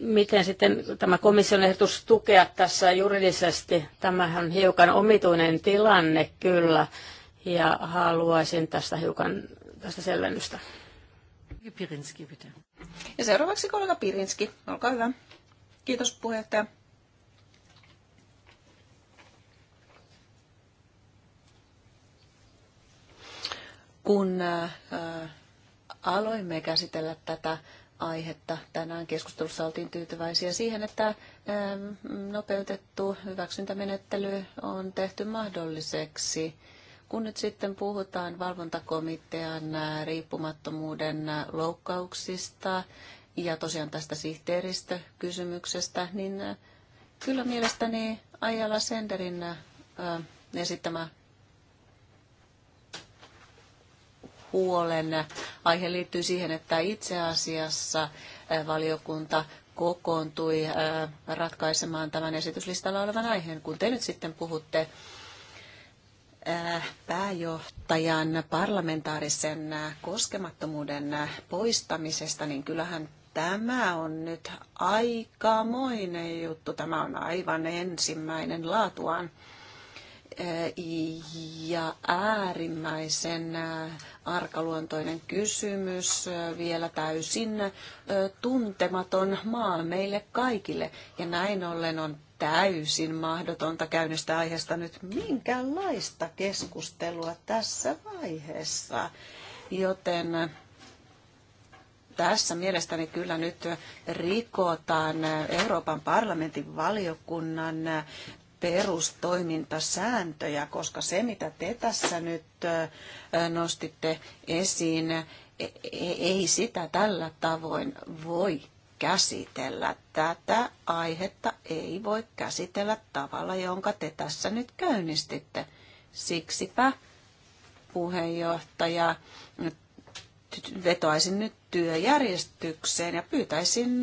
Miten sitten tämä komission ehdotus tukea tässä juridisesti? Tämähän on hiukan omituinen tilanne kyllä, ja haluaisin tästä hiukan tästä selvennystä. Pirinski, bitte. Ja seuraavaksi kollega Pirinski, olkaa hyvä. Kiitos puheenjohtaja. Kun äh, äh, aloimme käsitellä tätä aihetta. Tänään keskustelussa oltiin tyytyväisiä siihen, että ähm, nopeutettu hyväksyntämenettely on tehty mahdolliseksi. Kun nyt sitten puhutaan valvontakomitean äh, riippumattomuuden loukkauksista, ja tosiaan tästä sihteeristökysymyksestä, niin äh, kyllä mielestäni Ajala Senderin äh, esittämä huolen aihe liittyy siihen, että itse asiassa äh, valiokunta kokoontui ratkaisemaan tämän esityslistalla olevan aiheen, kun te nyt sitten puhutte pääjohtajan parlamentaarisen koskemattomuuden poistamisesta, niin kyllähän Tämä on nyt aikamoinen juttu. Tämä on aivan ensimmäinen laatuaan ja äärimmäisen arkaluontoinen kysymys, vielä täysin tuntematon maa meille kaikille. Ja näin ollen on täysin mahdotonta käynnistää aiheesta nyt minkäänlaista keskustelua tässä vaiheessa. Joten tässä mielestäni kyllä nyt rikotaan Euroopan parlamentin valiokunnan perustoimintasääntöjä, koska se mitä te tässä nyt nostitte esiin, e, e, ei sitä tällä tavoin voi käsitellä. Tätä aihetta ei voi käsitellä tavalla, jonka te tässä nyt käynnistitte. Siksipä puheenjohtaja vetoaisin nyt työjärjestykseen ja pyytäisin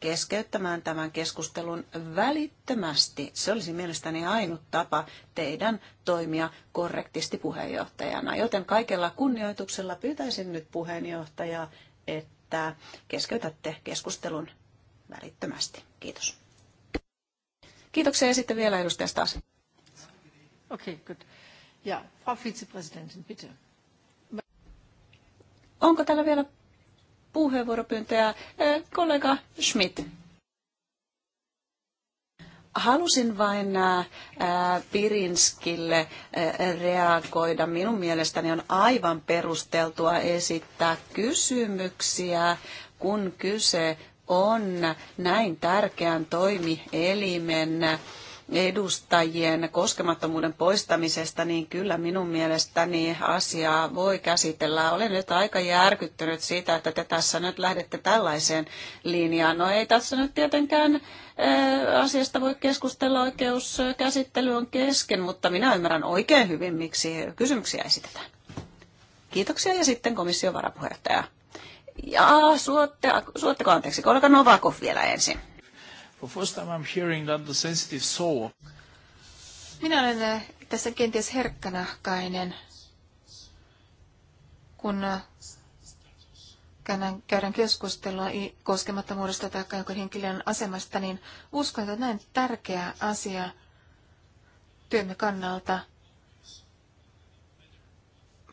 keskeyttämään tämän keskustelun välittömästi. Se olisi mielestäni ainut tapa teidän toimia korrektisti puheenjohtajana. Joten kaikella kunnioituksella pyytäisin nyt puheenjohtajaa, että keskeytätte keskustelun välittömästi. Kiitos. Kiitoksia ja sitten vielä edustaja Stas. Okei, okay, good. Ja Frau Vizepräsidentin, bitte. Onko täällä vielä puheenvuoropyyntöjä. Kollega Schmidt. Halusin vain Pirinskille reagoida. Minun mielestäni on aivan perusteltua esittää kysymyksiä, kun kyse on näin tärkeän toimielimen edustajien koskemattomuuden poistamisesta, niin kyllä minun mielestäni asiaa voi käsitellä. Olen nyt aika järkyttynyt siitä, että te tässä nyt lähdette tällaiseen linjaan. No ei tässä nyt tietenkään eh, asiasta voi keskustella, oikeuskäsittely on kesken, mutta minä ymmärrän oikein hyvin, miksi kysymyksiä esitetään. Kiitoksia ja sitten komission varapuheenjohtaja. Ja suotte, suotteko anteeksi, kollega Novakov vielä ensin. For first time I'm hearing that the sensitive soul. Minä olen eh, tässä kenties herkkänahkainen, kun eh, käydään, keskustelua koskemattomuudesta tai jonkun henkilön asemasta, niin uskon, että näin tärkeä asia työmme kannalta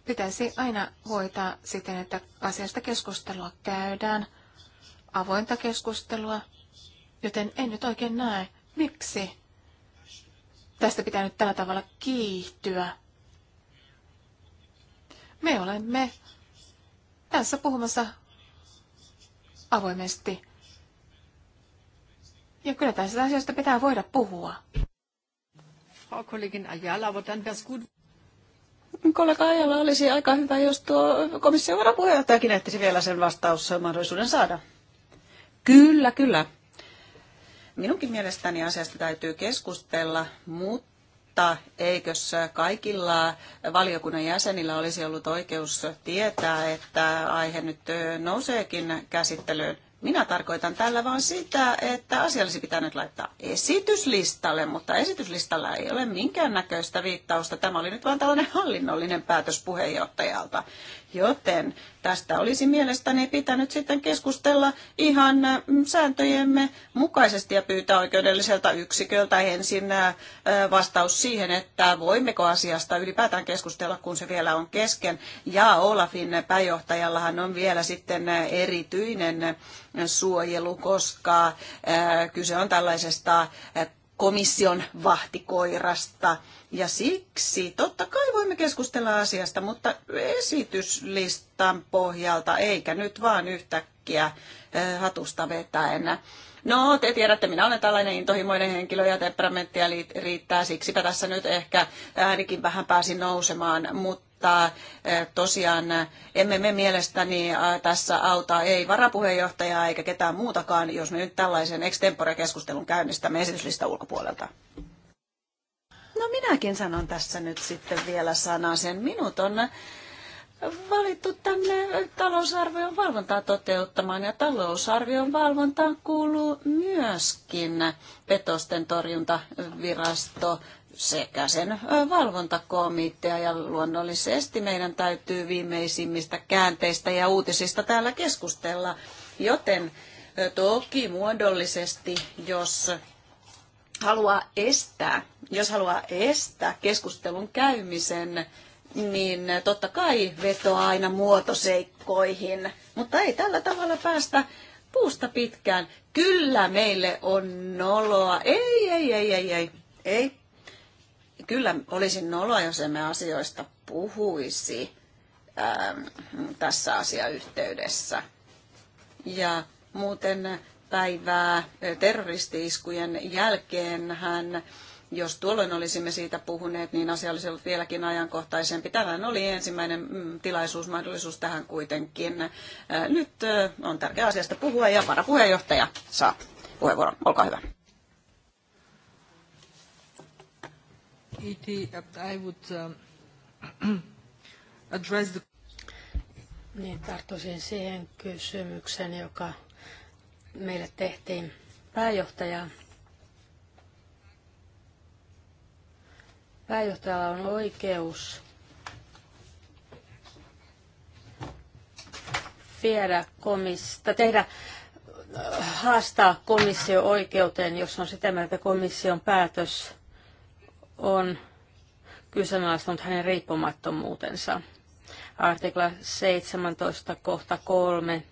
pitäisi aina hoitaa siten, että asiasta keskustelua käydään, avointa keskustelua, Joten en nyt oikein näe, miksi tästä pitää nyt tällä tavalla kiihtyä. Me olemme tässä puhumassa avoimesti. Ja kyllä tästä asioista pitää voida puhua. Frau Kollegin Ajala, aber dann wär's gut. Kollega Ajala olisi aika hyvä, jos tuo komission varapuheenjohtajakin ehtisi vielä sen mahdollisuuden saada. Kyllä, kyllä. Minunkin mielestäni asiasta täytyy keskustella, mutta eikös kaikilla valiokunnan jäsenillä olisi ollut oikeus tietää, että aihe nyt nouseekin käsittelyyn? Minä tarkoitan tällä vaan sitä, että asia olisi pitänyt laittaa esityslistalle, mutta esityslistalla ei ole minkäännäköistä viittausta. Tämä oli nyt vain tällainen hallinnollinen päätös puheenjohtajalta. Joten tästä olisi mielestäni pitänyt sitten keskustella ihan äh, sääntöjemme mukaisesti ja pyytää oikeudelliselta yksiköltä ensin äh, äh, vastaus siihen, että voimmeko asiasta ylipäätään keskustella, kun se vielä on kesken. Ja Olafin pääjohtajallahan on vielä sitten erityinen suojelu, koska kyse on tällaisesta komission vahtikoirasta – ja siksi totta kai voimme keskustella asiasta, mutta esityslistan pohjalta, eikä nyt vaan yhtäkkiä hatusta vetäen. No, te tiedätte, minä olen tällainen intohimoinen henkilö ja temperamenttia riittää, siksipä tässä nyt ehkä äänikin vähän pääsi nousemaan, mutta tosiaan emme me mielestäni tässä auta ei varapuheenjohtajaa eikä ketään muutakaan, jos me nyt tällaisen extempore-keskustelun käynnistämme esityslistan ulkopuolelta. No minäkin sanon tässä nyt sitten vielä sanaa sen. Minut on valittu tänne talousarvion valvontaa toteuttamaan ja talousarvion valvontaan kuuluu myöskin petosten torjuntavirasto sekä sen valvontakomitea ja luonnollisesti meidän täytyy viimeisimmistä käänteistä ja uutisista täällä keskustella, joten toki muodollisesti, jos haluaa estää, jos haluaa estää keskustelun käymisen, niin totta kai vetoaa aina muotoseikkoihin, mutta ei tällä tavalla päästä puusta pitkään. Kyllä meille on noloa. Ei, ei, ei, ei, ei. ei. Kyllä olisin noloa, jos emme asioista puhuisi ää, ähm, tässä asiayhteydessä. Ja muuten päivää terroristiiskujen jälkeen hän jos tuolloin olisimme siitä puhuneet, niin asia olisi ollut vieläkin ajankohtaisempi. Tänään oli ensimmäinen mm, tilaisuus, mahdollisuus tähän kuitenkin. Äh, nyt äh, on tärkeä asiasta puhua ja varapuheenjohtaja saa puheenvuoron. Olkaa hyvä. Uh, uh, niin, tarttuisin siihen kysymykseen, joka meille tehtiin pääjohtaja. Pääjohtajalla on oikeus viedä komista, tehdä äh, haastaa komissio oikeuteen, jos on sitä mieltä, että komission päätös on kyseenalaistanut hänen riippumattomuutensa. Artikla 17 kohta 3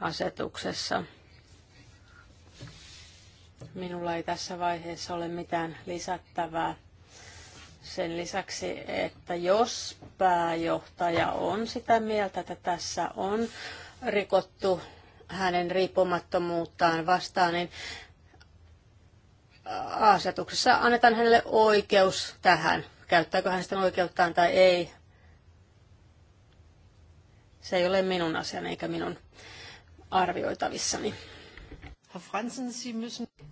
asetuksessa. Minulla ei tässä vaiheessa ole mitään lisättävää. Sen lisäksi, että jos pääjohtaja on sitä mieltä, että tässä on rikottu hänen riippumattomuuttaan vastaan, niin asetuksessa annetaan hänelle oikeus tähän. Käyttääkö hän sitä oikeuttaan tai ei, se ei ole minun asiani eikä minun arvioitavissani.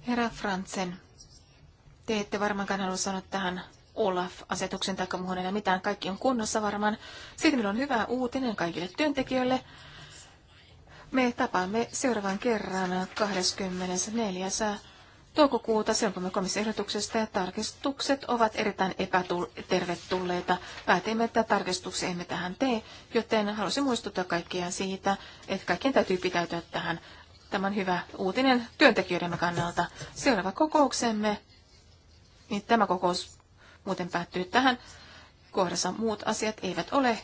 Herra Fransen, te ette varmaankaan halua sanoa tähän Olaf-asetuksen tai muuhun enää mitään. Kaikki on kunnossa varmaan. Sitten meillä on hyvää uutinen kaikille työntekijöille. Me tapaamme seuraavan kerran 24. toukokuuta. Silloin puhumme komissioehdotuksesta ja tarkistukset ovat erittäin epätervetulleita. Päätimme, että tarkistuksia emme tähän tee, joten halusin muistuttaa kaikkia siitä, että kaikkien täytyy pitäytyä tähän Tämän hyvä uutinen työntekijöidemme kannalta. Seuraava kokouksemme, niin tämä kokous muuten päättyy tähän. Kohdassa muut asiat eivät ole,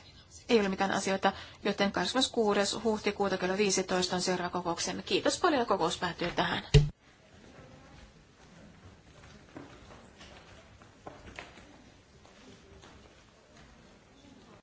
ei ole mitään asioita, joten 26. huhtikuuta kello 15 on seuraava kokouksemme. Kiitos paljon, kokous päättyy tähän.